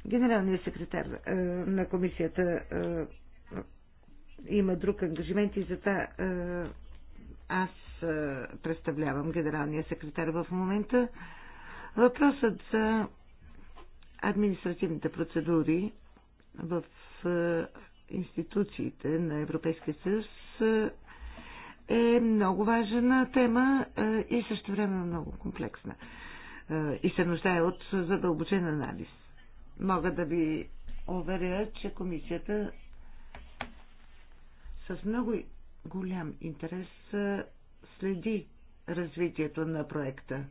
Генералният секретар на комисията има друг ангажимент и затова аз представлявам генералния секретар в момента. Въпросът за административните процедури в институциите на Европейския съюз е много важна тема и също време много комплексна. И се нуждае от задълбочен анализ. Мога да ви уверя, че комисията с много голям интерес следи развитието на проекта.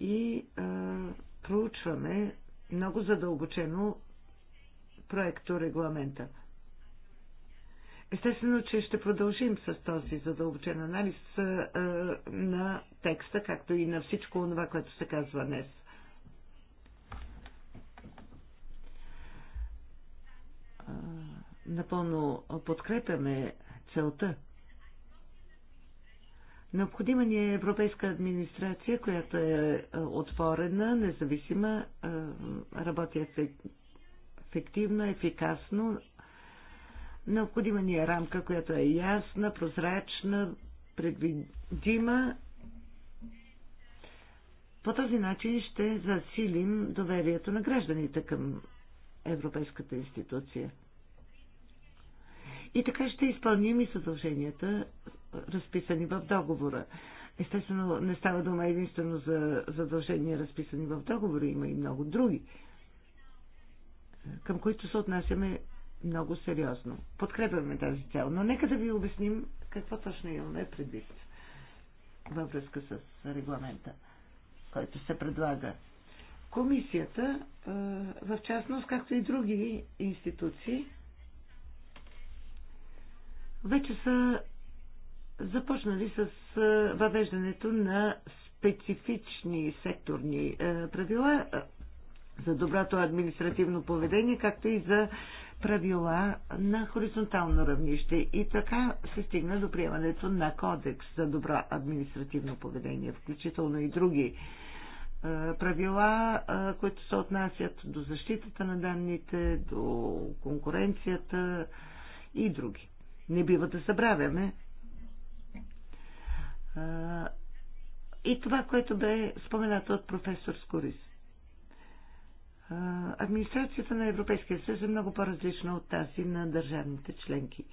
И а, проучваме много задълбочено проекто регламента. Естествено, че ще продължим с този задълбочен анализ а, на текста, както и на всичко това, което се казва днес. Напълно подкрепяме целта. Необходима ни е европейска администрация, която е, е отворена, независима, е, работи ефективно, ефикасно. Необходима ни е рамка, която е ясна, прозрачна, предвидима. По този начин ще засилим доверието на гражданите към Европейската институция и така ще изпълним и съдълженията, разписани в договора. Естествено, не става дума единствено за задължения, разписани в договора, има и много други, към които се отнасяме много сериозно. Подкрепяме тази цел, но нека да ви обясним какво точно имаме предвид във връзка с регламента, който се предлага. Комисията, в частност, както и други институции, вече са започнали с въвеждането на специфични секторни правила за доброто административно поведение, както и за правила на хоризонтално равнище. И така се стигна до приемането на кодекс за добро административно поведение, включително и други правила, които се отнасят до защитата на данните, до конкуренцията и други не бива да забравяме. И това, което бе споменато от професор Скорис. Администрацията на Европейския съюз е много по-различна от тази на държавните членки.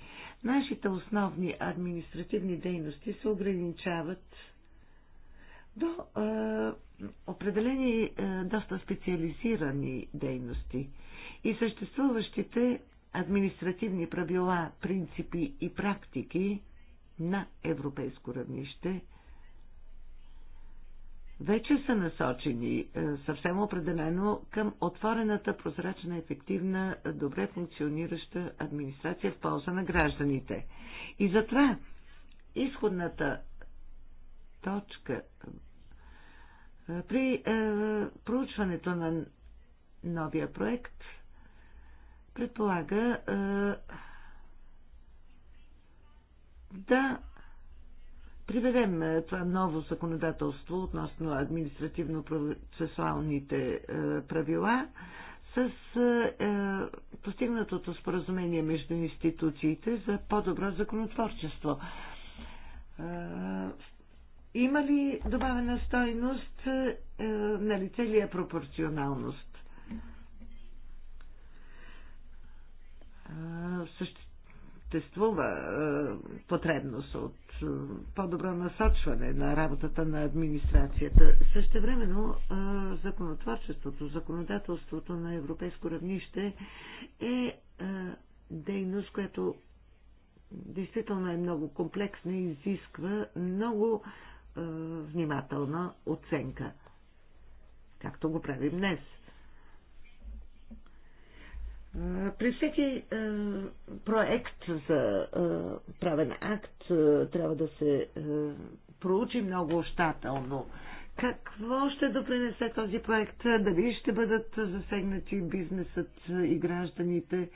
Нашите основни административни дейности се ограничават до е, определени е, доста специализирани дейности и съществуващите административни правила, принципи и практики на европейско равнище вече са насочени е, съвсем определено към отворената, прозрачна, ефективна, добре функционираща администрация в полза на гражданите. И затова изходната точка е, при е, проучването на новия проект – Предполага а, да приведем това ново законодателство относно административно-процесуалните правила с е, постигнатото споразумение между институциите за по-добро законотворчество. Има ли добавена стойност е, на лице ли е пропорционалност? съществува потребност от по-добро насочване на работата на администрацията. времено законотворчеството, законодателството на европейско равнище е дейност, която действително е много комплексна и изисква много внимателна оценка, както го правим днес – при всеки е, проект за е, правен акт е, трябва да се е, проучи много щателно. Какво ще допринесе този проект? Дали ще бъдат засегнати бизнесът и гражданите?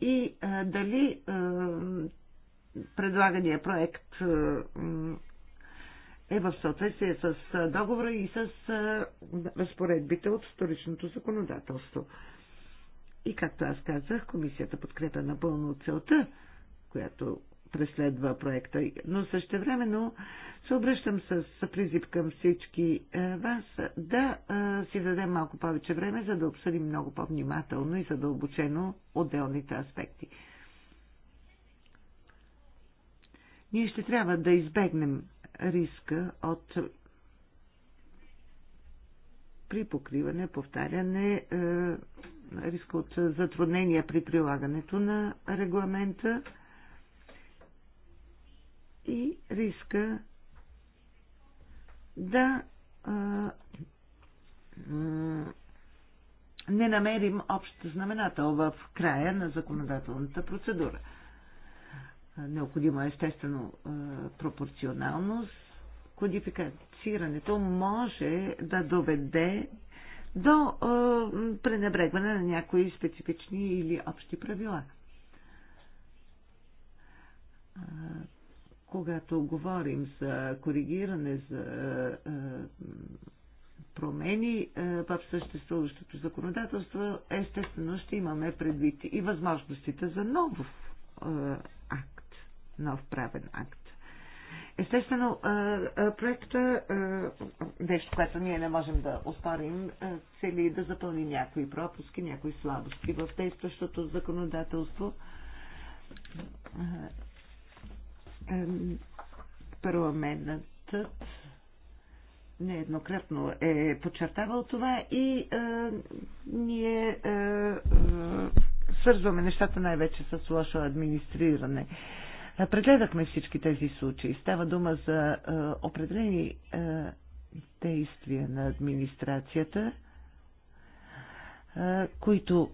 И е, дали е, предлагания проект е, е в съответствие с договора и с е, разпоредбите от столичното законодателство? И както аз казах, комисията подкрепя напълно целта, която преследва проекта. Но същевременно се обръщам с призив към всички е, вас да е, си дадем малко повече време, за да обсъдим много по-внимателно и задълбочено отделните аспекти. Ние ще трябва да избегнем риска от припокриване, повтаряне, е, риска от затруднения при прилагането на регламента и риска да а, не намерим общ знаменател в края на законодателната процедура. Необходимо е естествено пропорционалност. Кодификацирането може да доведе до а, пренебрегване на някои специфични или общи правила. А, когато говорим за коригиране, за а, промени в съществуващото законодателство, естествено ще имаме предвид и възможностите за нов акт, нов правен акт. Естествено, проекта, нещо, което ние не можем да оспорим, цели да запълни някои пропуски, някои слабости в действащото законодателство. Парламентът нееднократно е подчертавал това и ние свързваме нещата най-вече с лошо администриране. А, е, прегледахме всички тези случаи. Става дума за е, определени е, действия на администрацията, които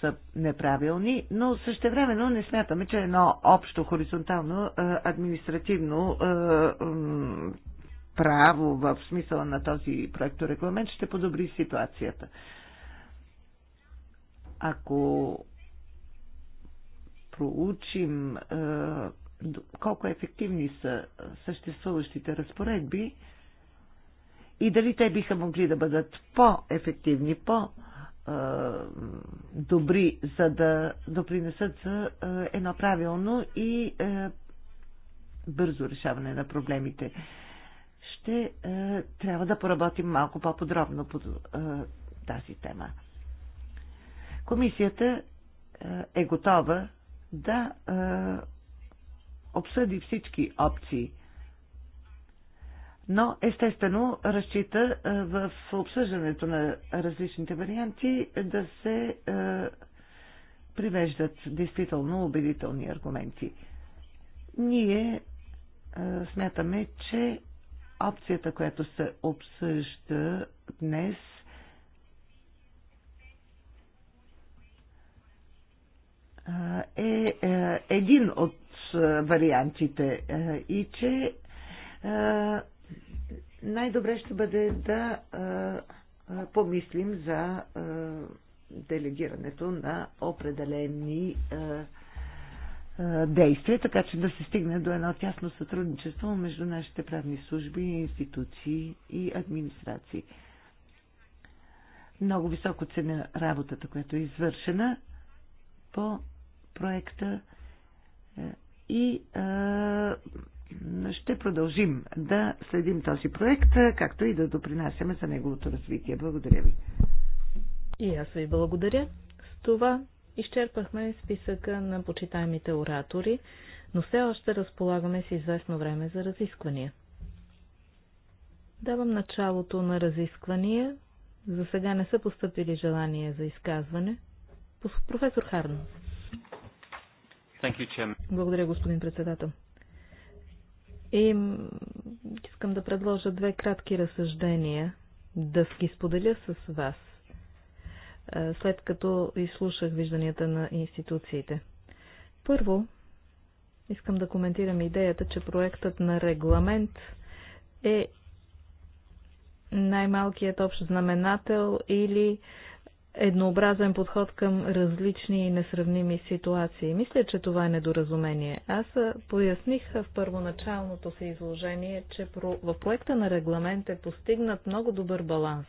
са неправилни, но същевременно не смятаме, че едно общо хоризонтално административно право в смисъла на този регламент ще подобри ситуацията. Ако проучим колко ефективни са съществуващите разпоредби и дали те биха могли да бъдат по-ефективни, по-добри, за да допринесат за едно правилно и бързо решаване на проблемите. Ще трябва да поработим малко по-подробно по тази тема. Комисията е готова да обсъди всички опции. Но, естествено, разчита е, в обсъждането на различните варианти да се е, привеждат действително убедителни аргументи. Ние е, смятаме, че опцията, която се обсъжда днес, е един от вариантите и че най-добре ще бъде да помислим за делегирането на определени действия, така че да се стигне до едно тясно сътрудничество между нашите правни служби, институции и администрации. Много високо ценя работата, която е извършена по проекта е, и ще продължим да следим този проект, както и да допринасяме за неговото развитие. Благодаря ви. И аз ви благодаря. С това изчерпахме списъка на почитаемите оратори, но все още разполагаме с известно време за разисквания. Давам началото на разисквания. За сега не са поступили желания за изказване. Професор Харнов. You, Благодаря, господин председател. И искам да предложа две кратки разсъждения, да ги споделя с вас, след като изслушах вижданията на институциите. Първо, искам да коментирам идеята, че проектът на регламент е най-малкият общ знаменател или еднообразен подход към различни и несравними ситуации. Мисля, че това е недоразумение. Аз поясних в първоначалното си изложение, че в проекта на регламент е постигнат много добър баланс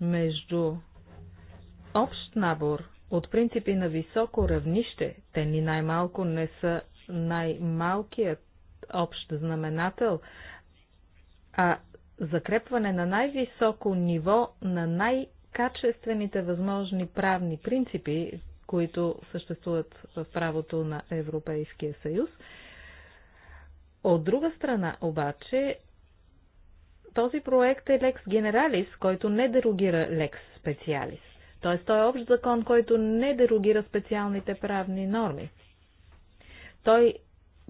между общ набор от принципи на високо равнище, те ни най-малко не са най-малкият общ знаменател, а закрепване на най-високо ниво на най-качествените възможни правни принципи, които съществуват в правото на Европейския съюз. От друга страна обаче, този проект е лекс генералис, който не дерогира лекс специалис. Т.е. той е общ закон, който не дерогира специалните правни норми. Той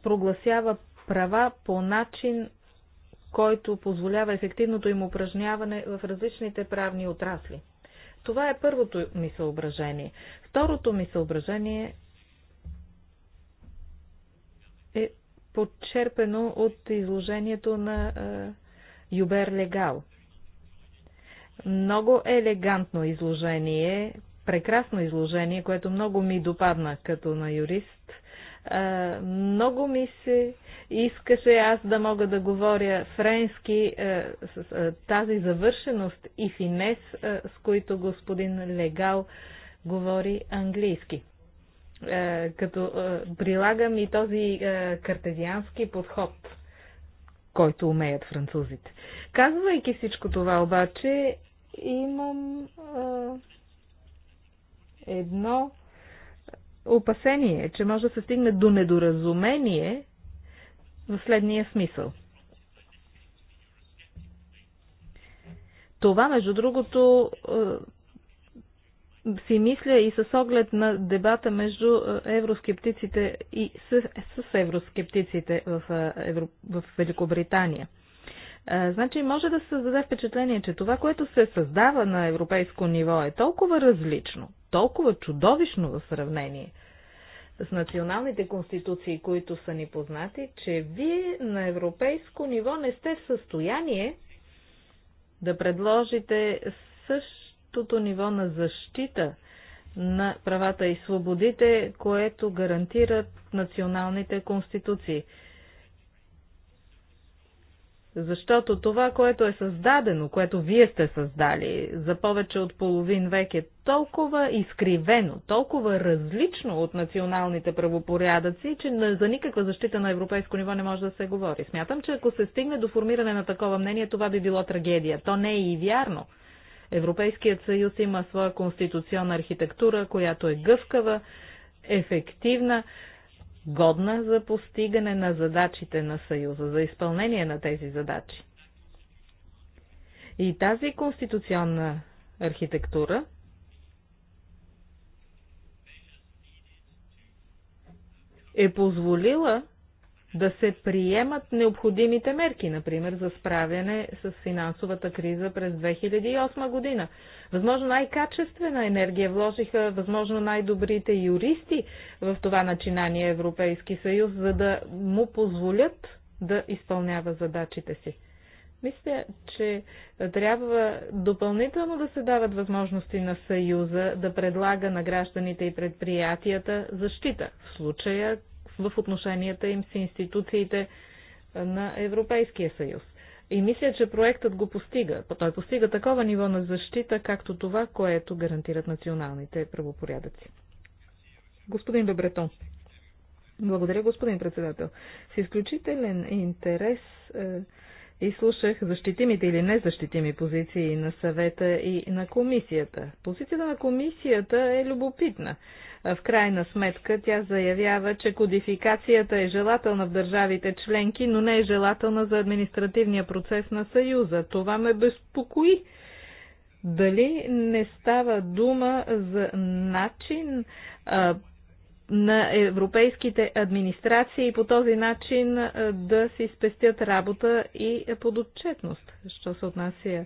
прогласява права по начин, който позволява ефективното им упражняване в различните правни отрасли. Това е първото ми съображение. Второто ми съображение е подчерпено от изложението на е, Юбер Легал. Много елегантно изложение, прекрасно изложение, което много ми допадна като на юрист много ми се искаше аз да мога да говоря френски с тази завършеност и финес, с които господин Легал говори английски. Като прилагам и този картезиански подход, който умеят французите. Казвайки всичко това обаче, имам едно опасение, е, че може да се стигне до недоразумение в следния смисъл. Това, между другото, е, си мисля и с оглед на дебата между е, евроскептиците и с, с евроскептиците в, Евро, в Великобритания. Значи може да се създаде впечатление, че това, което се създава на европейско ниво е толкова различно толкова чудовищно в сравнение с националните конституции, които са ни познати, че вие на европейско ниво не сте в състояние да предложите същото ниво на защита на правата и свободите, което гарантират националните конституции. Защото това, което е създадено, което вие сте създали за повече от половин век е толкова изкривено, толкова различно от националните правопорядъци, че за никаква защита на европейско ниво не може да се говори. Смятам, че ако се стигне до формиране на такова мнение, това би било трагедия. То не е и вярно. Европейският съюз има своя конституционна архитектура, която е гъвкава, ефективна, годна за постигане на задачите на Съюза, за изпълнение на тези задачи. И тази конституционна архитектура е позволила да се приемат необходимите мерки, например за справяне с финансовата криза през 2008 година. Възможно най-качествена енергия вложиха, възможно най-добрите юристи в това начинание Европейски съюз, за да му позволят да изпълнява задачите си. Мисля, че трябва допълнително да се дават възможности на Съюза да предлага на гражданите и предприятията защита в случая, в отношенията им с институциите на Европейския съюз. И мисля, че проектът го постига. Той постига такова ниво на защита, както това, което гарантират националните правопорядъци. Господин Добретон. Благодаря, господин председател. С изключителен интерес е, изслушах защитимите или незащитими позиции на съвета и на комисията. Позицията на комисията е любопитна. В крайна сметка тя заявява, че кодификацията е желателна в държавите членки, но не е желателна за административния процес на Съюза. Това ме безпокои. Дали не става дума за начин а, на европейските администрации и по този начин а, да си спестят работа и подотчетност, що се отнася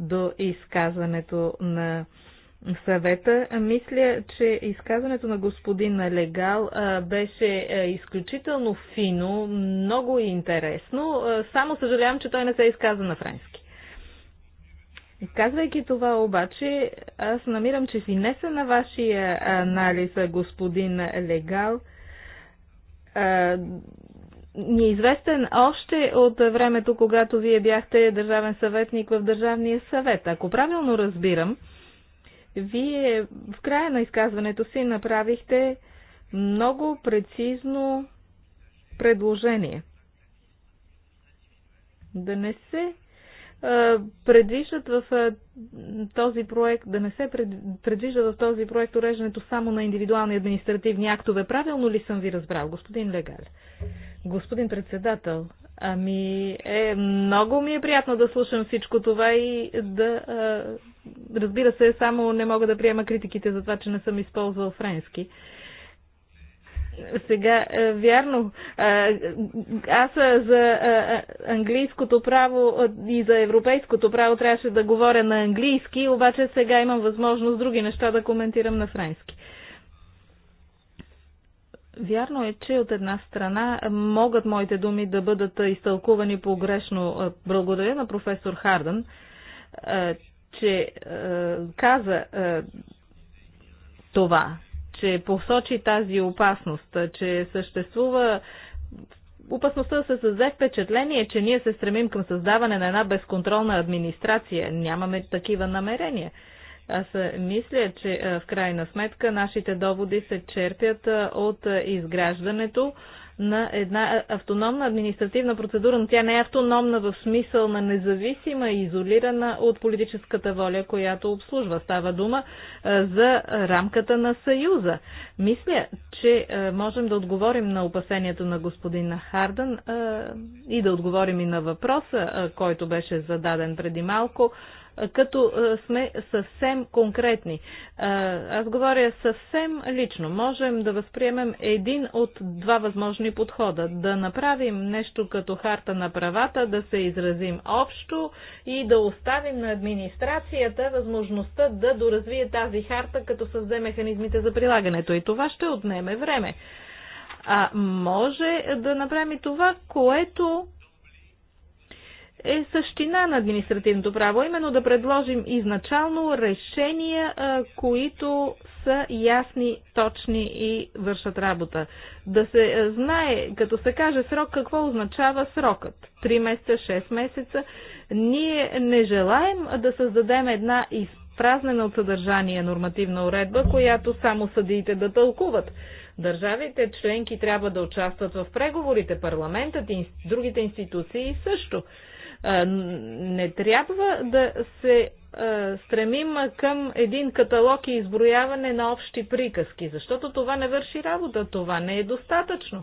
до изказването на съвета. Мисля, че изказването на господин Легал беше изключително фино, много интересно. Само съжалявам, че той не се изказа на френски. Казвайки това обаче, аз намирам, че си на вашия анализ, господин Легал, ни е известен още от времето, когато вие бяхте държавен съветник в Държавния съвет. Ако правилно разбирам, вие в края на изказването си направихте много прецизно предложение. Да не се предвиждат в този проект, да не се предвижда в този проект уреждането само на индивидуални административни актове. Правилно ли съм ви разбрал, господин Легаль? Господин председател, Ами, е, много ми е приятно да слушам всичко това и да. Е, разбира се, само не мога да приема критиките за това, че не съм използвал френски. Сега, е, вярно, аз за английското право и за европейското право трябваше да говоря на английски, обаче сега имам възможност други неща да коментирам на френски. Вярно е, че от една страна могат моите думи да бъдат изтълкувани погрешно. Благодаря на професор Хардън, е, че е, каза е, това, че посочи тази опасност, че съществува опасността да се създаде впечатление, че ние се стремим към създаване на една безконтролна администрация. Нямаме такива намерения. Аз мисля, че в крайна сметка нашите доводи се черпят от изграждането на една автономна административна процедура, но тя не е автономна в смисъл на независима и изолирана от политическата воля, която обслужва. Става дума за рамката на Съюза. Мисля, че можем да отговорим на опасението на господина Хардън и да отговорим и на въпроса, който беше зададен преди малко като е, сме съвсем конкретни. Е, аз говоря съвсем лично. Можем да възприемем един от два възможни подхода. Да направим нещо като харта на правата, да се изразим общо и да оставим на администрацията възможността да доразвие тази харта, като създаде механизмите за прилагането. И това ще отнеме време. А може да направим и това, което е същина на административното право, именно да предложим изначално решения, които са ясни, точни и вършат работа. Да се знае, като се каже срок, какво означава срокът. Три месеца, шест месеца. Ние не желаем да създадем една изпразнена от съдържание нормативна уредба, която само съдиите да тълкуват. Държавите членки трябва да участват в преговорите, парламентът и другите институции също. Не трябва да се стремим към един каталог и изброяване на общи приказки, защото това не върши работа, това не е достатъчно.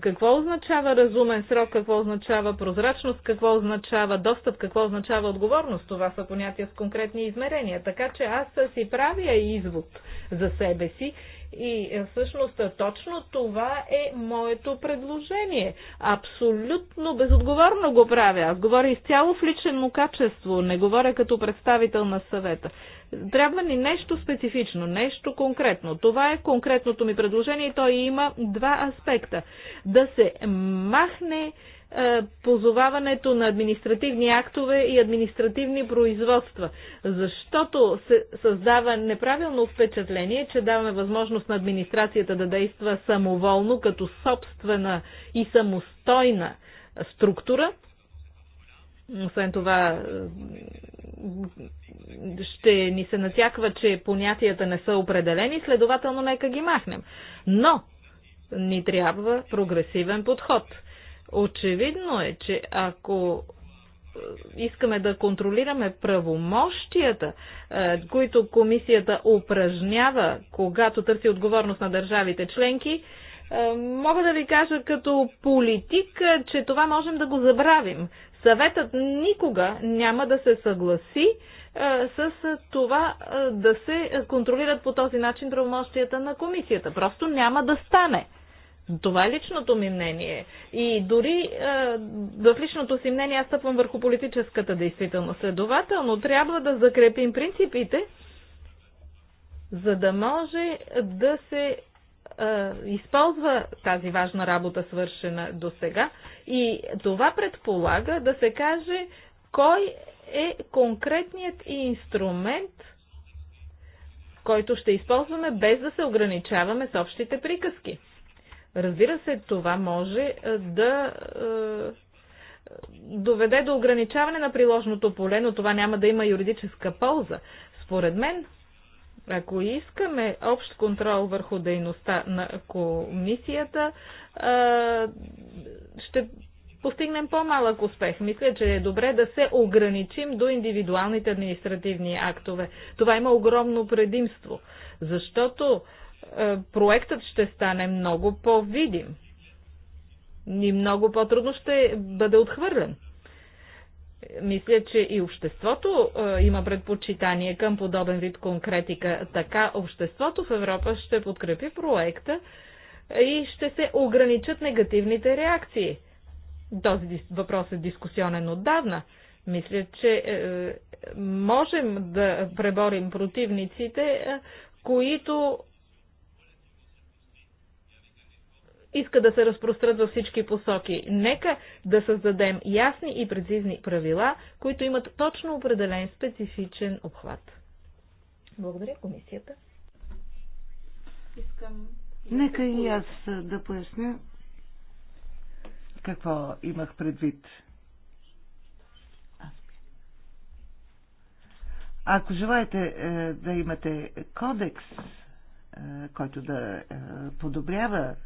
Какво означава разумен срок, какво означава прозрачност, какво означава достъп, какво означава отговорност? Това са понятия с конкретни измерения. Така че аз си правя извод за себе си и е, всъщност е, точно това е моето предложение. Абсолютно безотговорно го правя. Аз говоря изцяло в му качество, не говоря като представител на съвета. Трябва ни нещо специфично, нещо конкретно. Това е конкретното ми предложение и то има два аспекта. Да се махне е, позоваването на административни актове и административни производства, защото се създава неправилно впечатление, че даваме възможност на администрацията да действа самоволно, като собствена и самостойна структура. Освен това, е, ще ни се натяква, че понятията не са определени, следователно нека ги махнем. Но ни трябва прогресивен подход – Очевидно е, че ако е, искаме да контролираме правомощията, е, които комисията упражнява, когато търси отговорност на държавите членки, е, мога да ви кажа като политик, че това можем да го забравим. Съветът никога няма да се съгласи с това да се контролират по този начин правомощията на комисията. Просто няма да стане. Това е личното ми мнение. И дори е, в личното си мнение аз стъпвам върху политическата действителност. Следователно, трябва да закрепим принципите, за да може да се е, използва тази важна работа, свършена до сега. И това предполага да се каже кой е конкретният инструмент, който ще използваме без да се ограничаваме с общите приказки. Разбира се, това може е, да е, доведе до ограничаване на приложното поле, но това няма да има юридическа полза. Според мен, ако искаме общ контрол върху дейността на комисията, е, ще постигнем по-малък успех. Мисля, че е добре да се ограничим до индивидуалните административни актове. Това има огромно предимство, защото е, проектът ще стане много по-видим и много по-трудно ще бъде отхвърлен. Мисля, че и обществото е, има предпочитание към подобен вид конкретика. Така обществото в Европа ще подкрепи проекта и ще се ограничат негативните реакции. Този въпрос е дискусионен отдавна. Мисля, че е, можем да преборим противниците, които иска да се разпрострат във всички посоки. Нека да създадем ясни и прецизни правила, които имат точно определен специфичен обхват. Благодаря комисията. Искам... Нека и аз да поясня какво имах предвид. Ако желаете е, да имате кодекс, който да подобрява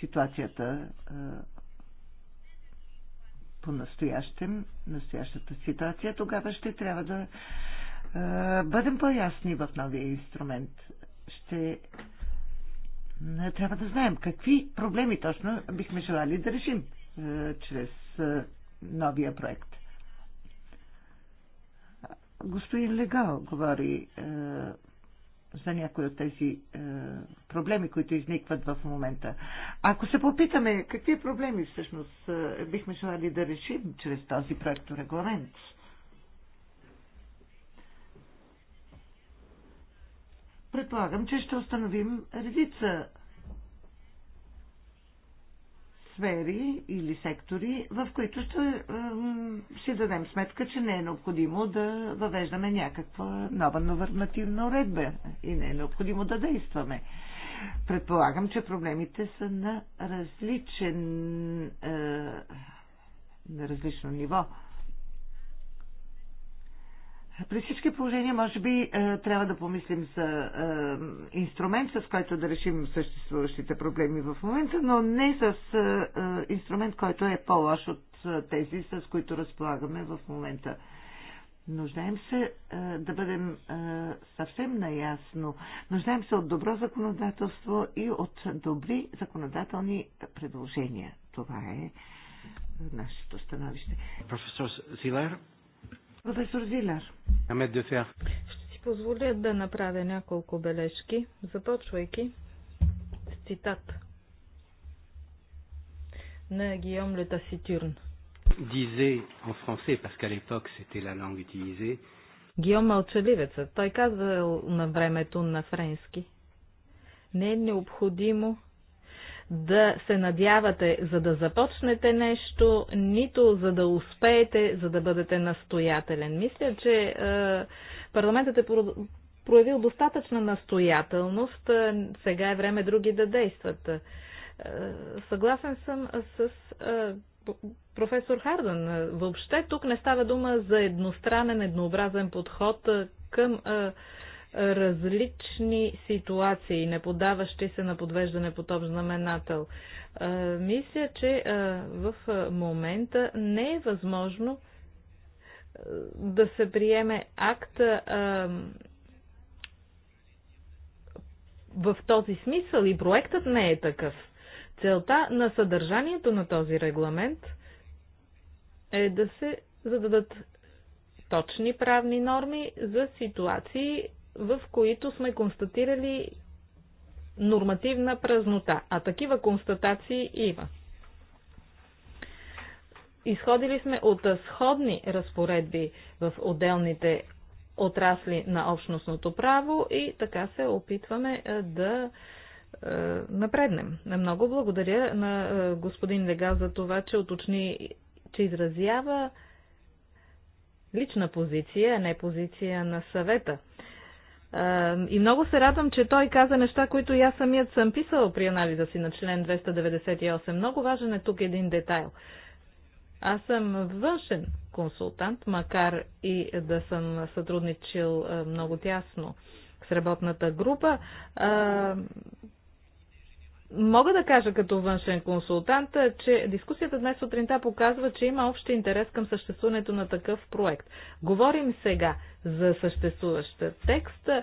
ситуацията по настоящем, настоящата ситуация, тогава ще трябва да бъдем по-ясни в новия инструмент. Ще трябва да знаем какви проблеми точно бихме желали да решим чрез новия проект. Господин Легал говори е, за някои от тези е, проблеми, които изникват в момента. Ако се попитаме какви проблеми всъщност е, бихме желали да решим чрез този проекторегламент, предполагам, че ще установим редица сфери или сектори, в които ще си дадем сметка, че не е необходимо да въвеждаме някаква нова нормативна уредба и не е необходимо да действаме. Предполагам, че проблемите са на различен е, на различно ниво. При всички положения, може би, е, трябва да помислим за е, инструмент, с който да решим съществуващите проблеми в момента, но не с е, инструмент, който е по-лош от тези, с които разполагаме в момента. Нуждаем се да бъдем съвсем наясно. Нуждаем се от добро законодателство и от добри законодателни предложения. Това е нашето становище. Професор Силер. Професор Зилер. Ще си позволя да направя няколко бележки, започвайки с цитат на Гиом Лета Ситюрн. Дизе в français, parce qu'à l'époque c'était la langue utilisée, Гиом Мълчаливецът. Той казал на времето на френски. Не е необходимо да се надявате, за да започнете нещо, нито за да успеете, за да бъдете настоятелен. Мисля, че е, парламентът е проявил достатъчна настоятелност. Е, сега е време други да действат. Е, съгласен съм с е, професор Хардън. Въобще тук не става дума за едностранен, еднообразен подход е, към. Е, различни ситуации, не подаващи се на подвеждане под общ знаменател. Е, мисля, че е, в момента не е възможно е, да се приеме акт в този смисъл и проектът не е такъв. Целта на съдържанието на този регламент е да се зададат точни правни норми за ситуации, в които сме констатирали нормативна празнота, а такива констатации има. Изходили сме от сходни разпоредби в отделните отрасли на общностното право и така се опитваме е, да е, напреднем. Много благодаря на е, господин Лега за това, че уточни, че изразява лична позиция, а не позиция на съвета и много се радвам, че той каза неща, които и аз самият съм писал при анализа си на член 298. Много важен е тук един детайл. Аз съм външен консултант, макар и да съм сътрудничил много тясно с работната група. Мога да кажа като външен консултант, е, че дискусията днес сутринта показва, че има общ интерес към съществуването на такъв проект. Говорим сега за съществуващ текст. Е,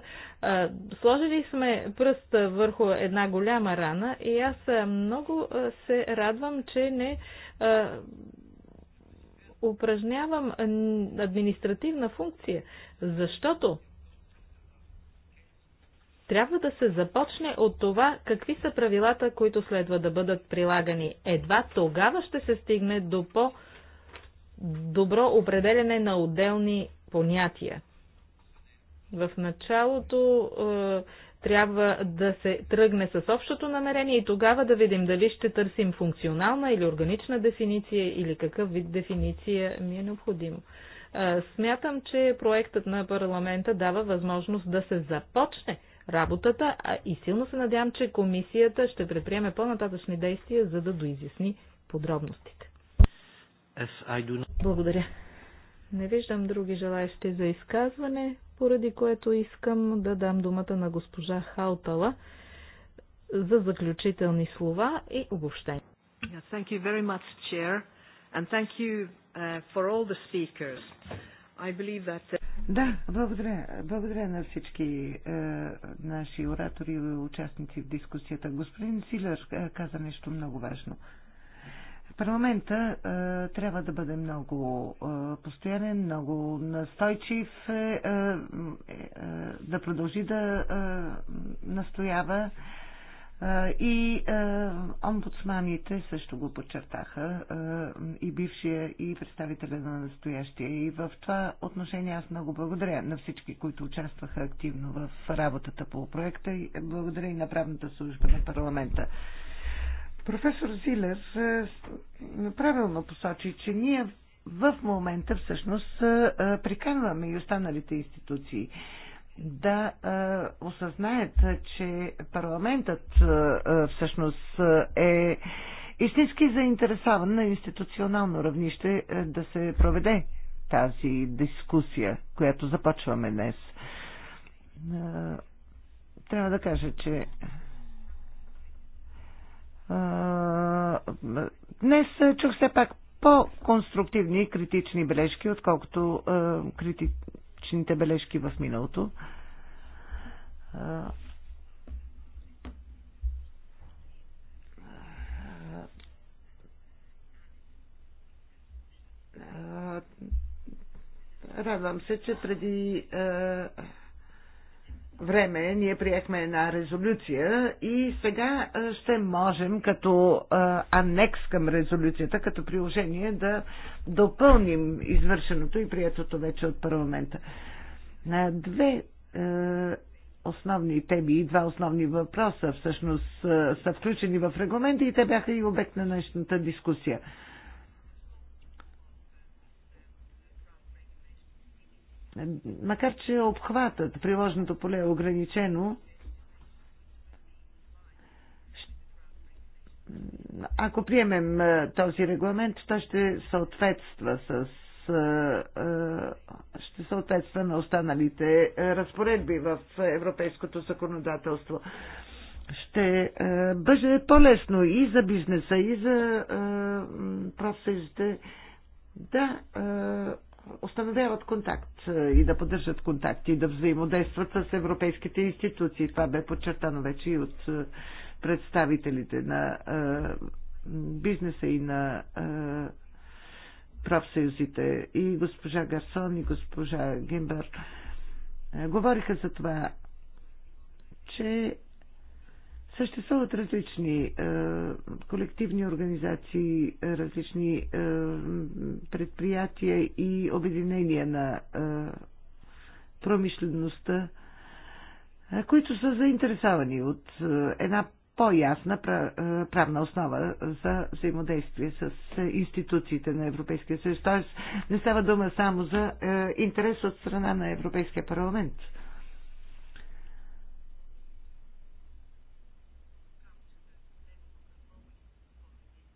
сложили сме пръст върху една голяма рана и аз е, много се радвам, че не упражнявам административна функция, защото трябва да се започне от това, какви са правилата, които следва да бъдат прилагани. Едва тогава ще се стигне до по-добро определене на отделни понятия. В началото е, трябва да се тръгне с общото намерение и тогава да видим дали ще търсим функционална или органична дефиниция или какъв вид дефиниция ми е необходимо. Е, смятам, че проектът на парламента дава възможност да се започне работата и силно се надявам, че комисията ще предприеме по-нататъчни действия, за да доизясни подробностите. Благодаря. Не виждам други желаящи за изказване, поради което искам да дам думата на госпожа Халтала за заключителни слова и обобщение. Thank you very much, Chair, and thank you uh, for all the speakers. I believe that да, благодаря. Благодаря на всички е, наши оратори и участници в дискусията. Господин Силер е, каза нещо много важно. Парламента е, трябва да бъде много е, постоянен, много настойчив, е, е, е, да продължи да е, настоява. Е, и омбудсманите също го подчертаха, и бившия, и представителя на настоящия. И в това отношение аз много благодаря на всички, които участваха активно в работата по проекта. И благодаря и на правната служба на парламента. Професор Зилер правилно посочи, че ние в момента всъщност приканваме и останалите институции да а, осъзнаят, че парламентът а, всъщност е истински заинтересован на институционално равнище да се проведе тази дискусия, която започваме днес. А, трябва да кажа, че а, днес чух все пак по-конструктивни и критични бележки, отколкото а, крити критичните бележки в миналото. Радвам се, че преди време ние приехме една резолюция и сега ще можем като анекс към резолюцията, като приложение да допълним извършеното и приетото вече от парламента. На две основни теми и два основни въпроса всъщност са включени в регламента и те бяха и обект на днешната дискусия. макар че обхватът, приложното поле е ограничено, ако приемем този регламент, то ще съответства с ще съответства на останалите разпоредби в европейското законодателство. Ще бъде по-лесно и за бизнеса, и за профсъюзите да установяват контакт е, и да поддържат контакт и да взаимодействат с европейските институции. Това бе подчертано вече и от е, представителите на е, бизнеса и на профсъюзите. И госпожа Гарсон, и госпожа Гимбър говориха за това, че Съществуват различни е, колективни организации, различни е, предприятия и обединения на е, промишлеността, е, които са заинтересовани от е, една по-ясна е, правна основа за взаимодействие с е, институциите на Европейския съюз. Тоест не става дума само за е, интерес от страна на Европейския парламент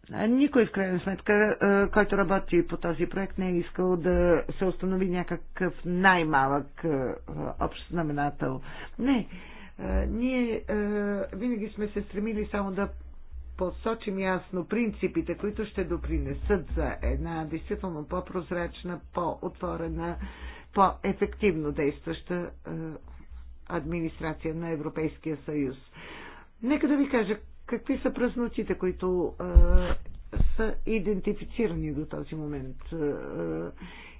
Никой в крайна сметка, който работи по този проект, не е искал да се установи някакъв най-малък общ знаменател. Не, ние винаги сме се стремили само да посочим ясно принципите, които ще допринесат за една действително по-прозрачна, по-отворена, по-ефективно действаща администрация на Европейския съюз. Нека да ви кажа Какви са празнотите, които а, са идентифицирани до този момент? А,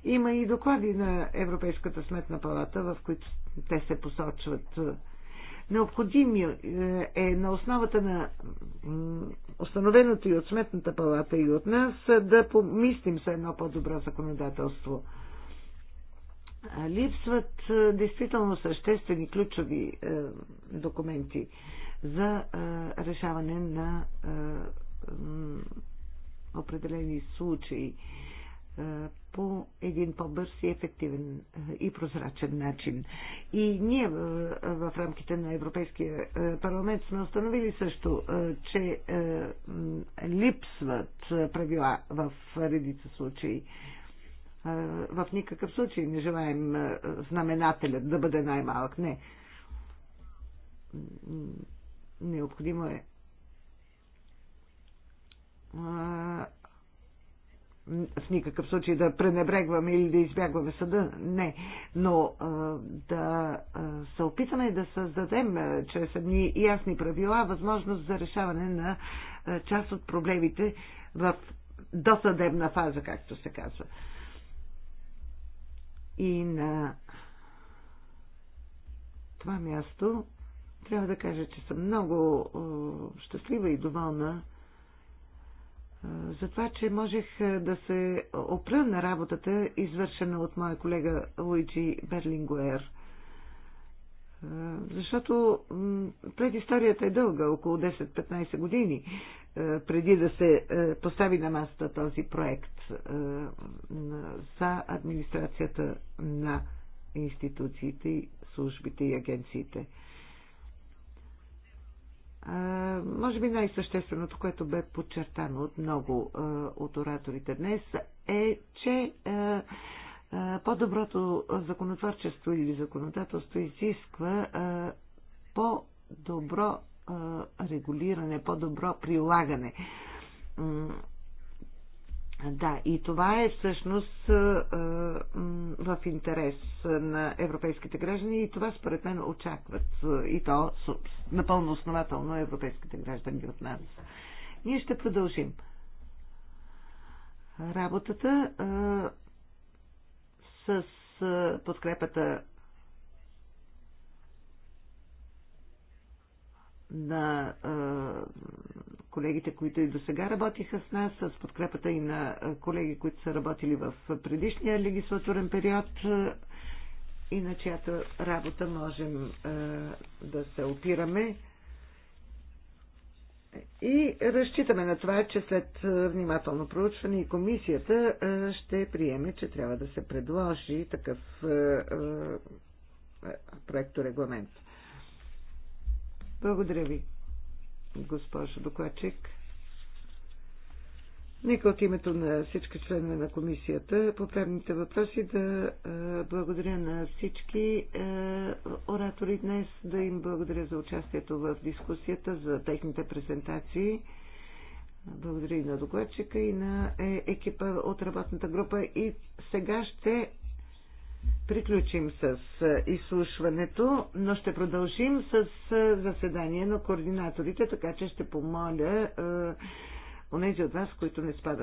има и доклади на Европейската сметна палата, в които те се посочват. Необходимо е на основата на установеното и от Сметната палата и от нас да помислим за едно по-добро законодателство. Липсват действително съществени ключови документи за решаване на определени случаи по един по-бърз и ефективен и прозрачен начин. И ние в рамките на Европейския парламент сме установили също, че липсват правила в редица случаи. В никакъв случай не желаем знаменателят да бъде най-малък. Не Необходимо е в никакъв случай да пренебрегваме или да избягваме съда, не, но да се опитаме да създадем чрез едни ясни правила възможност за решаване на част от проблемите в досъдебна фаза, както се казва. И на това място трябва да кажа, че съм много щастлива и доволна за това, че можех да се опра на работата, извършена от моя колега Луиджи Берлингуер. Защото предисторията е дълга, около 10-15 години, преди да се постави на масата този проект за администрацията на институциите, службите и агенциите може би най-същественото, което бе подчертано от много от ораторите днес, е, че по-доброто законотворчество или законодателство изисква по-добро регулиране, по-добро прилагане да, и това е всъщност в интерес на европейските граждани и това според мен очакват и то напълно основателно европейските граждани от нас. Ние ще продължим работата с подкрепата на колегите, които и до сега работиха с нас, с подкрепата и на колеги, които са работили в предишния легислатурен период и на чиято работа можем да се опираме. И разчитаме на това, че след внимателно проучване и комисията ще приеме, че трябва да се предложи такъв проекторегламент. Благодаря ви госпожо докладчик. Нека от името на всички членове на комисията по правните въпроси да благодаря на всички оратори днес, да им благодаря за участието в дискусията, за техните презентации. Благодаря и на докладчика и на е, екипа от работната група. И сега ще приключим с е, изслушването, но ще продължим с е, заседание на координаторите, така че ще помоля е, онези от вас, които не спадат.